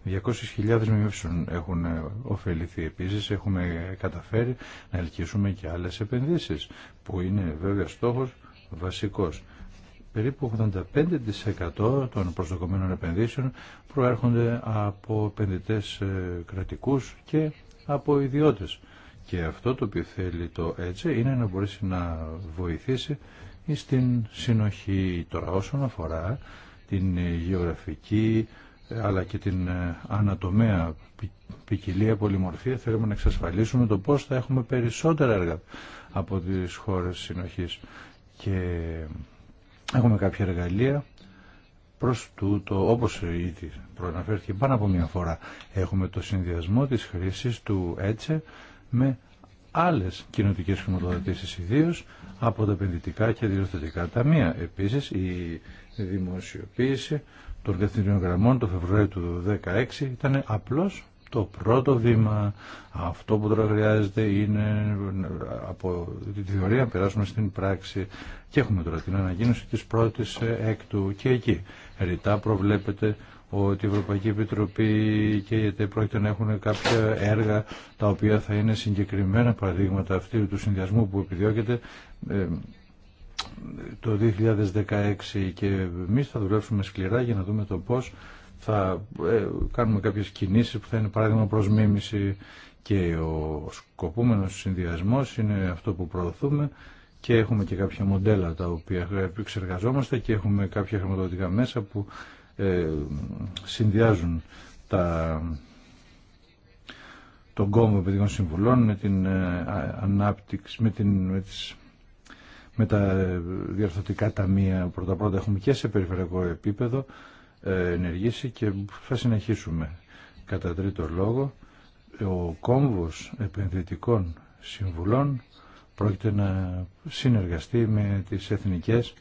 200.000 ΜΜΕ έχουν ε, ωφεληθεί επίσης, έχουμε καταφέρει να ελκύσουμε και άλλες επενδύσεις, που είναι βέβαια στόχος βασικός. Περίπου 85% των προσδοκομένων επενδύσεων προέρχονται από επενδυτές ε, κρατικούς και από ιδιώτες. Και αυτό το οποίο θέλει το έτσι είναι να μπορέσει να βοηθήσει στην συνοχή τώρα όσον αφορά την γεωγραφική ε, αλλά και την ε, ανατομέα ποικιλία, πολυμορφία, θέλουμε να εξασφαλίσουμε το πώς θα έχουμε περισσότερα έργα από τις χώρες συνοχής. Και έχουμε κάποια εργαλεία προς τούτο, όπως ήδη προαναφέρθηκε πάνω από μια φορά, έχουμε το συνδυασμό της χρήσης του έτσε με άλλες κοινωτικές χρηματοδοτήσεις ιδίω από τα επενδυτικά και διορθωτικά ταμεία. Επίσης η δημοσιοποίηση των καθημερινών γραμμών το Φεβρουάριο του 2016 ήταν απλώς το πρώτο βήμα. Αυτό που τώρα χρειάζεται είναι από τη θεωρία να περάσουμε στην πράξη και έχουμε τώρα την ανακοίνωση της πρώτης ε, έκτου και εκεί. Ρητά προβλέπεται ότι η Ευρωπαϊκή Επιτροπή και η ΕΤΕ πρόκειται να έχουν κάποια έργα τα οποία θα είναι συγκεκριμένα παραδείγματα αυτού του συνδυασμού που επιδιώκεται ε, το 2016 και εμεί θα δουλέψουμε σκληρά για να δούμε το πώς θα ε, κάνουμε κάποιες κινήσεις που θα είναι παράδειγμα προς μίμηση και ο σκοπούμενος συνδυασμός είναι αυτό που προωθούμε και έχουμε και κάποια μοντέλα τα οποία εξεργαζόμαστε και έχουμε κάποια χρηματοδοτικά μέσα που ε, συνδυάζουν τα, τον κόμβο παιδικών συμβουλών με την ε, ανάπτυξη, με, την, με τα διαρθωτικά ταμεία πρώτα-πρώτα έχουμε και σε περιφερειακό επίπεδο ε, ενεργήσει και θα συνεχίσουμε. Κατά τρίτο λόγο, ο κόμβος επενδυτικών συμβουλών πρόκειται να συνεργαστεί με τις εθνικές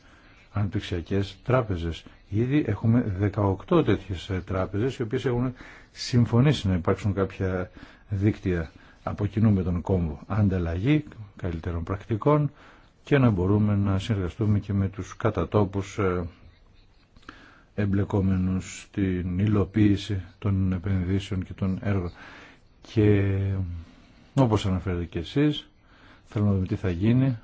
ανεπτυξιακές τράπεζες. Ήδη έχουμε 18 τέτοιες ε, τράπεζες οι οποίες έχουν συμφωνήσει να υπάρξουν κάποια δίκτυα από κοινού τον κόμβο ανταλλαγή καλύτερων πρακτικών, και να μπορούμε να συνεργαστούμε και με τους κατατόπους ε, εμπλεκόμενους στην υλοποίηση των επενδύσεων και των έργων. Και όπως αναφέρετε και εσείς, θέλουμε να δούμε τι θα γίνει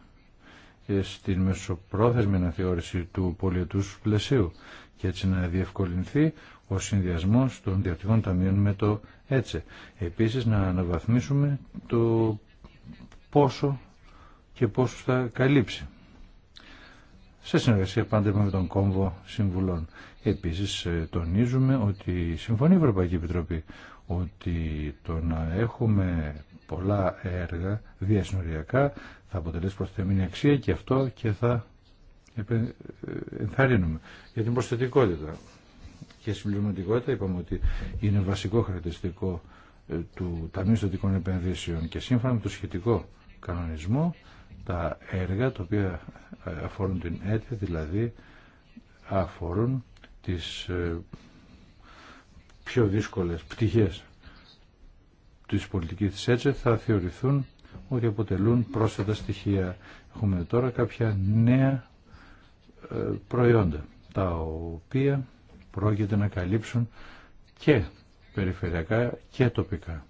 στην μεσοπρόθεσμη αναθεώρηση του πολιετούς πλαισίου και έτσι να διευκολυνθεί ο συνδυασμός των διαρτικών ταμείων με το έτσι. Επίσης να αναβαθμίσουμε το πόσο και πόσους θα καλύψει. Σε συνεργασία πάντα με τον κόμβο συμβουλών. Επίσης ε, τονίζουμε ότι συμφωνεί η Ευρωπαϊκή Επιτροπή ότι το να έχουμε πολλά έργα διασυνοριακά θα αποτελέσει προσθεμένη αξία και αυτό και θα ε, ενθαρρύνουμε για την προσθετικότητα και συμπληρωματικότητα είπαμε ότι είναι βασικό χαρακτηριστικό ε, του Ταμείου Στατικών Επενδύσεων και σύμφωνα με το σχετικό κανονισμό τα έργα τα οποία ε, αφορούν την ΕΤΕ, δηλαδή αφορούν τις ε, πιο δύσκολες πτυχές της πολιτικής της έτσι θα θεωρηθούν ότι αποτελούν πρόσθετα στοιχεία. Έχουμε τώρα κάποια νέα ε, προϊόντα τα οποία πρόκειται να καλύψουν και περιφερειακά και τοπικά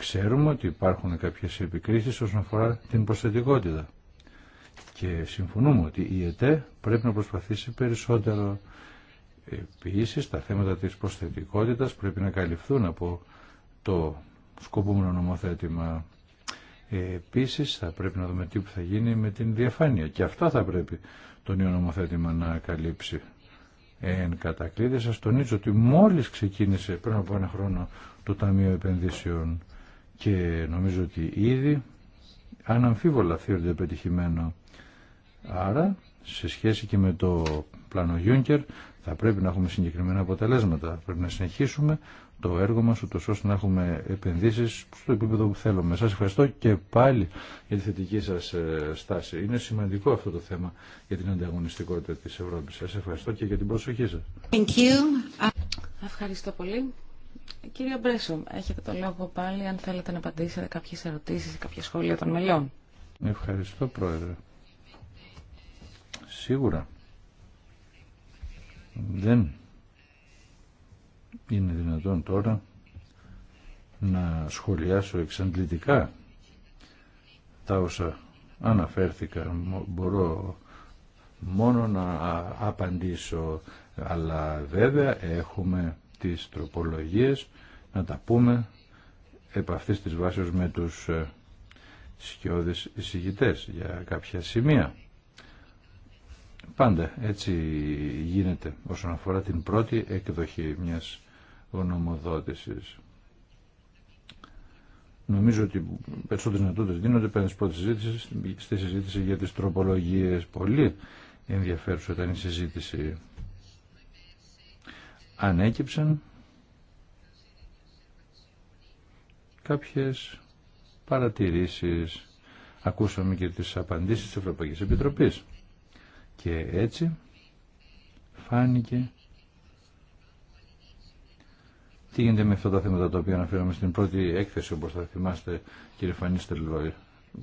Ξέρουμε ότι υπάρχουν κάποιες επικρίσεις όσον αφορά την προσθετικότητα και συμφωνούμε ότι η ΕΤΕ πρέπει να προσπαθήσει περισσότερο. Επίσης, τα θέματα της προσθετικότητας πρέπει να καλυφθούν από το σκοπούμενο νομοθέτημα. Επίσης, θα πρέπει να δούμε τι θα γίνει με την διαφάνεια και αυτά θα πρέπει το νέο νομοθέτημα να καλύψει. Εν κατακλείδη σας τονίζω ότι μόλις ξεκίνησε πριν από ένα χρόνο το Ταμείο Επενδύσεων και νομίζω ότι ήδη αναμφίβολα θεωρείται πετυχημένο. Άρα, σε σχέση και με το πλάνο Juncker, θα πρέπει να έχουμε συγκεκριμένα αποτελέσματα. Πρέπει να συνεχίσουμε το έργο μας, ούτως ώστε να έχουμε επενδύσεις στο επίπεδο που θέλουμε. Σας ευχαριστώ και πάλι για τη θετική σας ε, στάση. Είναι σημαντικό αυτό το θέμα για την ανταγωνιστικότητα της Ευρώπης. Σας ευχαριστώ και για την προσοχή σας. Ευχαριστώ πολύ. Κύριε Μπρέσο, έχετε το λόγο πάλι αν θέλετε να απαντήσετε κάποιες ερωτήσεις ή κάποια σχόλια των μελών. Ευχαριστώ Πρόεδρε. Σίγουρα δεν είναι δυνατόν τώρα να σχολιάσω εξαντλητικά τα όσα αναφέρθηκα. Μπορώ μόνο να απαντήσω αλλά βέβαια έχουμε τις τροπολογίες, να τα πούμε επ' αυτής της βάσης με τους ε, σκιώδεις εισηγητές για κάποια σημεία. Πάντα έτσι γίνεται όσον αφορά την πρώτη εκδοχή μιας γνωμοδότησης. Νομίζω ότι περισσότερες δυνατότητες δίνονται πέραν πρώτη συζήτηση στη συζήτηση για τις τροπολογίες. Πολύ ενδιαφέρουσα ήταν η συζήτηση ανέκυψαν κάποιες παρατηρήσεις. Ακούσαμε και τις απαντήσεις της Ευρωπαϊκής Επιτροπής. Και έτσι φάνηκε τι γίνεται με αυτά τα θέματα τα οποία αναφέραμε στην πρώτη έκθεση, όπως θα θυμάστε κύριε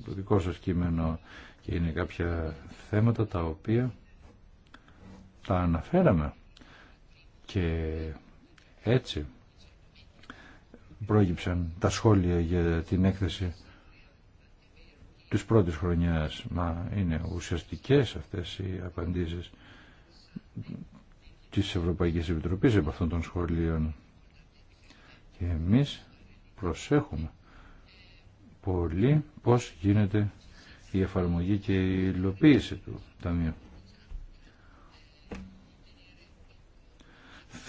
το δικό σας κείμενο και είναι κάποια θέματα τα οποία τα αναφέραμε. Και έτσι πρόκειψαν τα σχόλια για την έκθεση της πρώτης χρονιάς. Μα είναι ουσιαστικές αυτές οι απαντήσεις της Ευρωπαϊκής Επιτροπής από αυτών των σχολείων. Και εμείς προσέχουμε πολύ πώς γίνεται η εφαρμογή και η υλοποίηση του Ταμείου.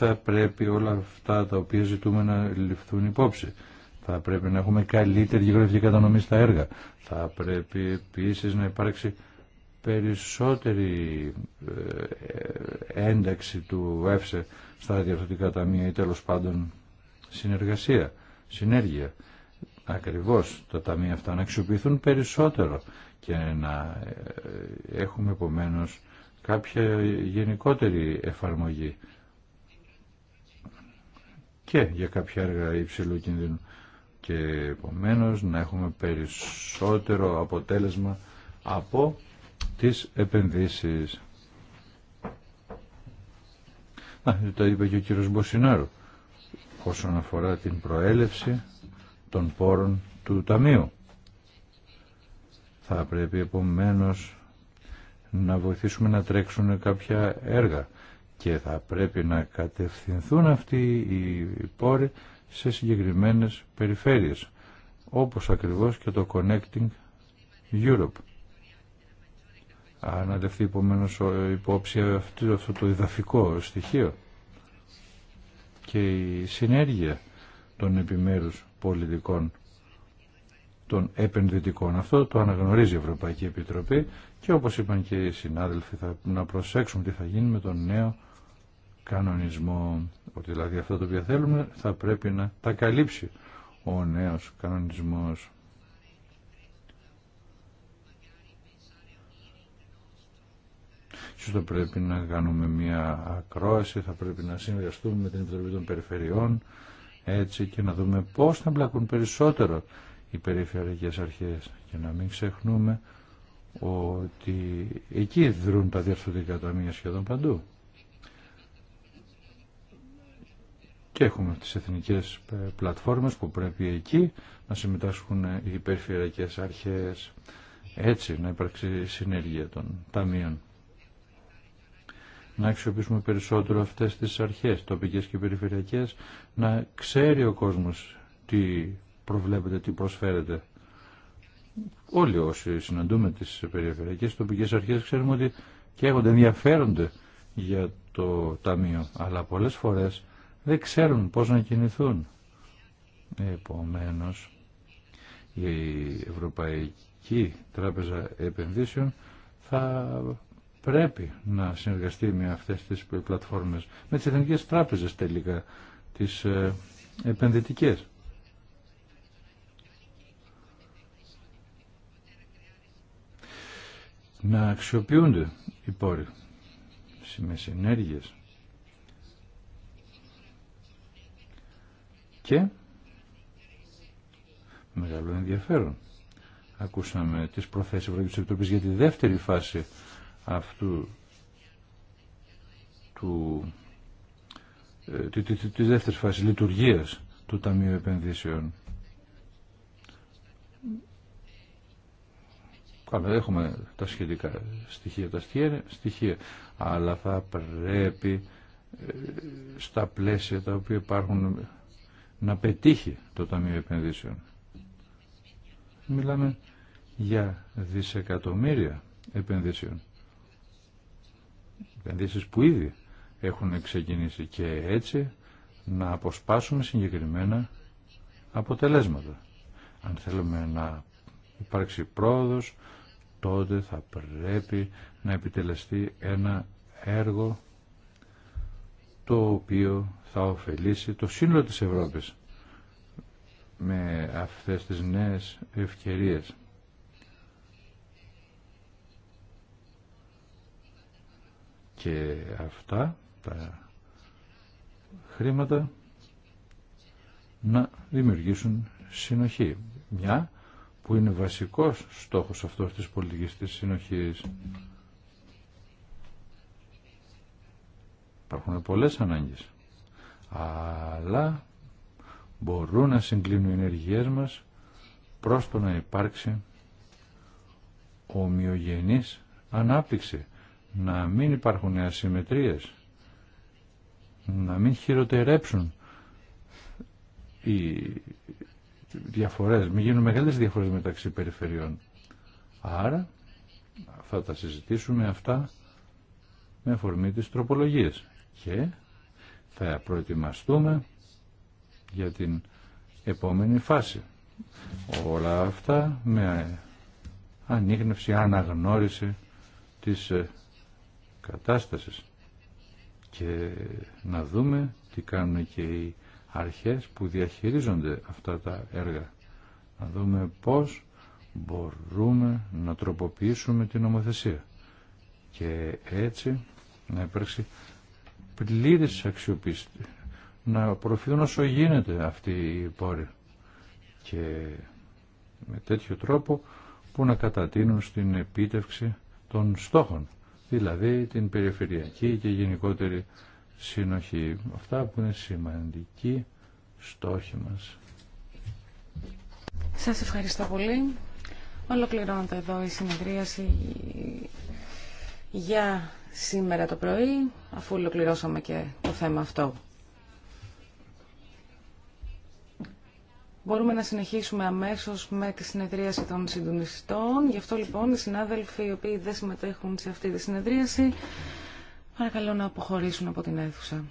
θα πρέπει όλα αυτά τα οποία ζητούμε να ληφθούν υπόψη. Θα πρέπει να έχουμε καλύτερη γεωγραφική κατανομή στα έργα. Θα πρέπει επίσης να υπάρξει περισσότερη ε, ένταξη του ΕΦΣΕ στα διαφορετικά ταμεία ή τέλος πάντων συνεργασία, συνέργεια. Ακριβώς τα ταμεία αυτά να αξιοποιηθούν περισσότερο και να ε, έχουμε επομένως κάποια γενικότερη εφαρμογή και για κάποια έργα υψηλού κινδύνου και επομένως να έχουμε περισσότερο αποτέλεσμα από τις επενδύσεις. Α, το είπε και ο κύριος Μποσινάρο όσον αφορά την προέλευση των πόρων του Ταμείου. Θα πρέπει επομένως να βοηθήσουμε να τρέξουν κάποια έργα και θα πρέπει να κατευθυνθούν αυτοί οι πόροι σε συγκεκριμένες περιφέρειες όπως ακριβώς και το Connecting Europe. Αν αλευθεί υπόψη αυτό, το ειδαφικό στοιχείο και η συνέργεια των επιμέρους πολιτικών των επενδυτικών. Αυτό το αναγνωρίζει η Ευρωπαϊκή Επιτροπή και όπως είπαν και οι συνάδελφοι θα να προσέξουν τι θα γίνει με τον νέο κανονισμό. Ότι δηλαδή αυτό το οποίο θέλουμε θα πρέπει να τα καλύψει ο νέος κανονισμός. Ίσως θα πρέπει να κάνουμε μια ακρόαση, θα πρέπει να συνεργαστούμε με την Επιτροπή των Περιφερειών έτσι και να δούμε πώς θα μπλακούν περισσότερο οι περιφερειακές αρχές και να μην ξεχνούμε ότι εκεί δρούν τα διευθυντικά ταμεία σχεδόν παντού. Και έχουμε τις εθνικές ε, πλατφόρμες που πρέπει εκεί να συμμετάσχουν ε, οι περιφερειακές αρχές έτσι να υπάρξει συνέργεια των ταμείων. Να αξιοποιήσουμε περισσότερο αυτές τις αρχές, τοπικές και περιφερειακές, να ξέρει ο κόσμος τι προβλέπεται, τι προσφέρεται. Όλοι όσοι συναντούμε τις περιφερειακές τοπικές αρχές ξέρουμε ότι και έχονται ενδιαφέρονται για το ταμείο. Αλλά πολλές φορές δεν ξέρουν πώς να κινηθούν. Επομένως, η Ευρωπαϊκή Τράπεζα Επενδύσεων θα πρέπει να συνεργαστεί με αυτές τις πλατφόρμες, με τις εθνικές τράπεζες τελικά, τις ε, επενδυτικές. Να αξιοποιούνται οι πόροι με συνέργειες Και μεγάλο ενδιαφέρον. Ακούσαμε τις προθέσεις Ευρωπαϊκής Επιτροπής για τη δεύτερη φάση αυτού του, ε, τη, της δεύτερης φάσης λειτουργίας του Ταμείου Επενδύσεων. Καλά, έχουμε τα σχετικά στοιχεία, τα στοιχεία, στοιχεία, αλλά θα πρέπει ε, στα πλαίσια τα οποία υπάρχουν να πετύχει το Ταμείο Επενδύσεων. Μιλάμε για δισεκατομμύρια επενδύσεων. Επενδύσεις που ήδη έχουν ξεκινήσει και έτσι να αποσπάσουμε συγκεκριμένα αποτελέσματα. Αν θέλουμε να υπάρξει πρόοδος, τότε θα πρέπει να επιτελεστεί ένα έργο το οποίο θα ωφελήσει το σύνολο της Ευρώπης με αυτές τις νέες ευκαιρίες. Και αυτά τα χρήματα να δημιουργήσουν συνοχή. Μια που είναι βασικός στόχος αυτός της πολιτικής της συνοχής. Υπάρχουν πολλές ανάγκες. Αλλά μπορούν να συγκλίνουν οι ενεργειές μας προς το να υπάρξει ομοιογενής ανάπτυξη. Να μην υπάρχουν ασυμμετρίες. Να μην χειροτερέψουν οι διαφορές. Μην γίνουν μεγάλες διαφορές μεταξύ περιφερειών. Άρα θα τα συζητήσουμε αυτά με αφορμή της τροπολογίας και θα προετοιμαστούμε για την επόμενη φάση. Όλα αυτά με ανείχνευση, αναγνώριση της ε, κατάστασης και να δούμε τι κάνουν και οι αρχές που διαχειρίζονται αυτά τα έργα. Να δούμε πώς μπορούμε να τροποποιήσουμε την νομοθεσία και έτσι να υπάρξει πλήρη αξιοπίστη να προφύγουν όσο γίνεται αυτή η πόρη. και με τέτοιο τρόπο που να κατατείνουν στην επίτευξη των στόχων δηλαδή την περιφερειακή και γενικότερη συνοχή αυτά που είναι σημαντικοί στόχοι μας Σας ευχαριστώ πολύ Ολοκληρώνεται εδώ η συνεδρίαση για σήμερα το πρωί, αφού ολοκληρώσαμε και το θέμα αυτό. Μπορούμε να συνεχίσουμε αμέσως με τη συνεδρίαση των συντονιστών. Γι' αυτό λοιπόν οι συνάδελφοι οι οποίοι δεν συμμετέχουν σε αυτή τη συνεδρίαση παρακαλώ να αποχωρήσουν από την αίθουσα.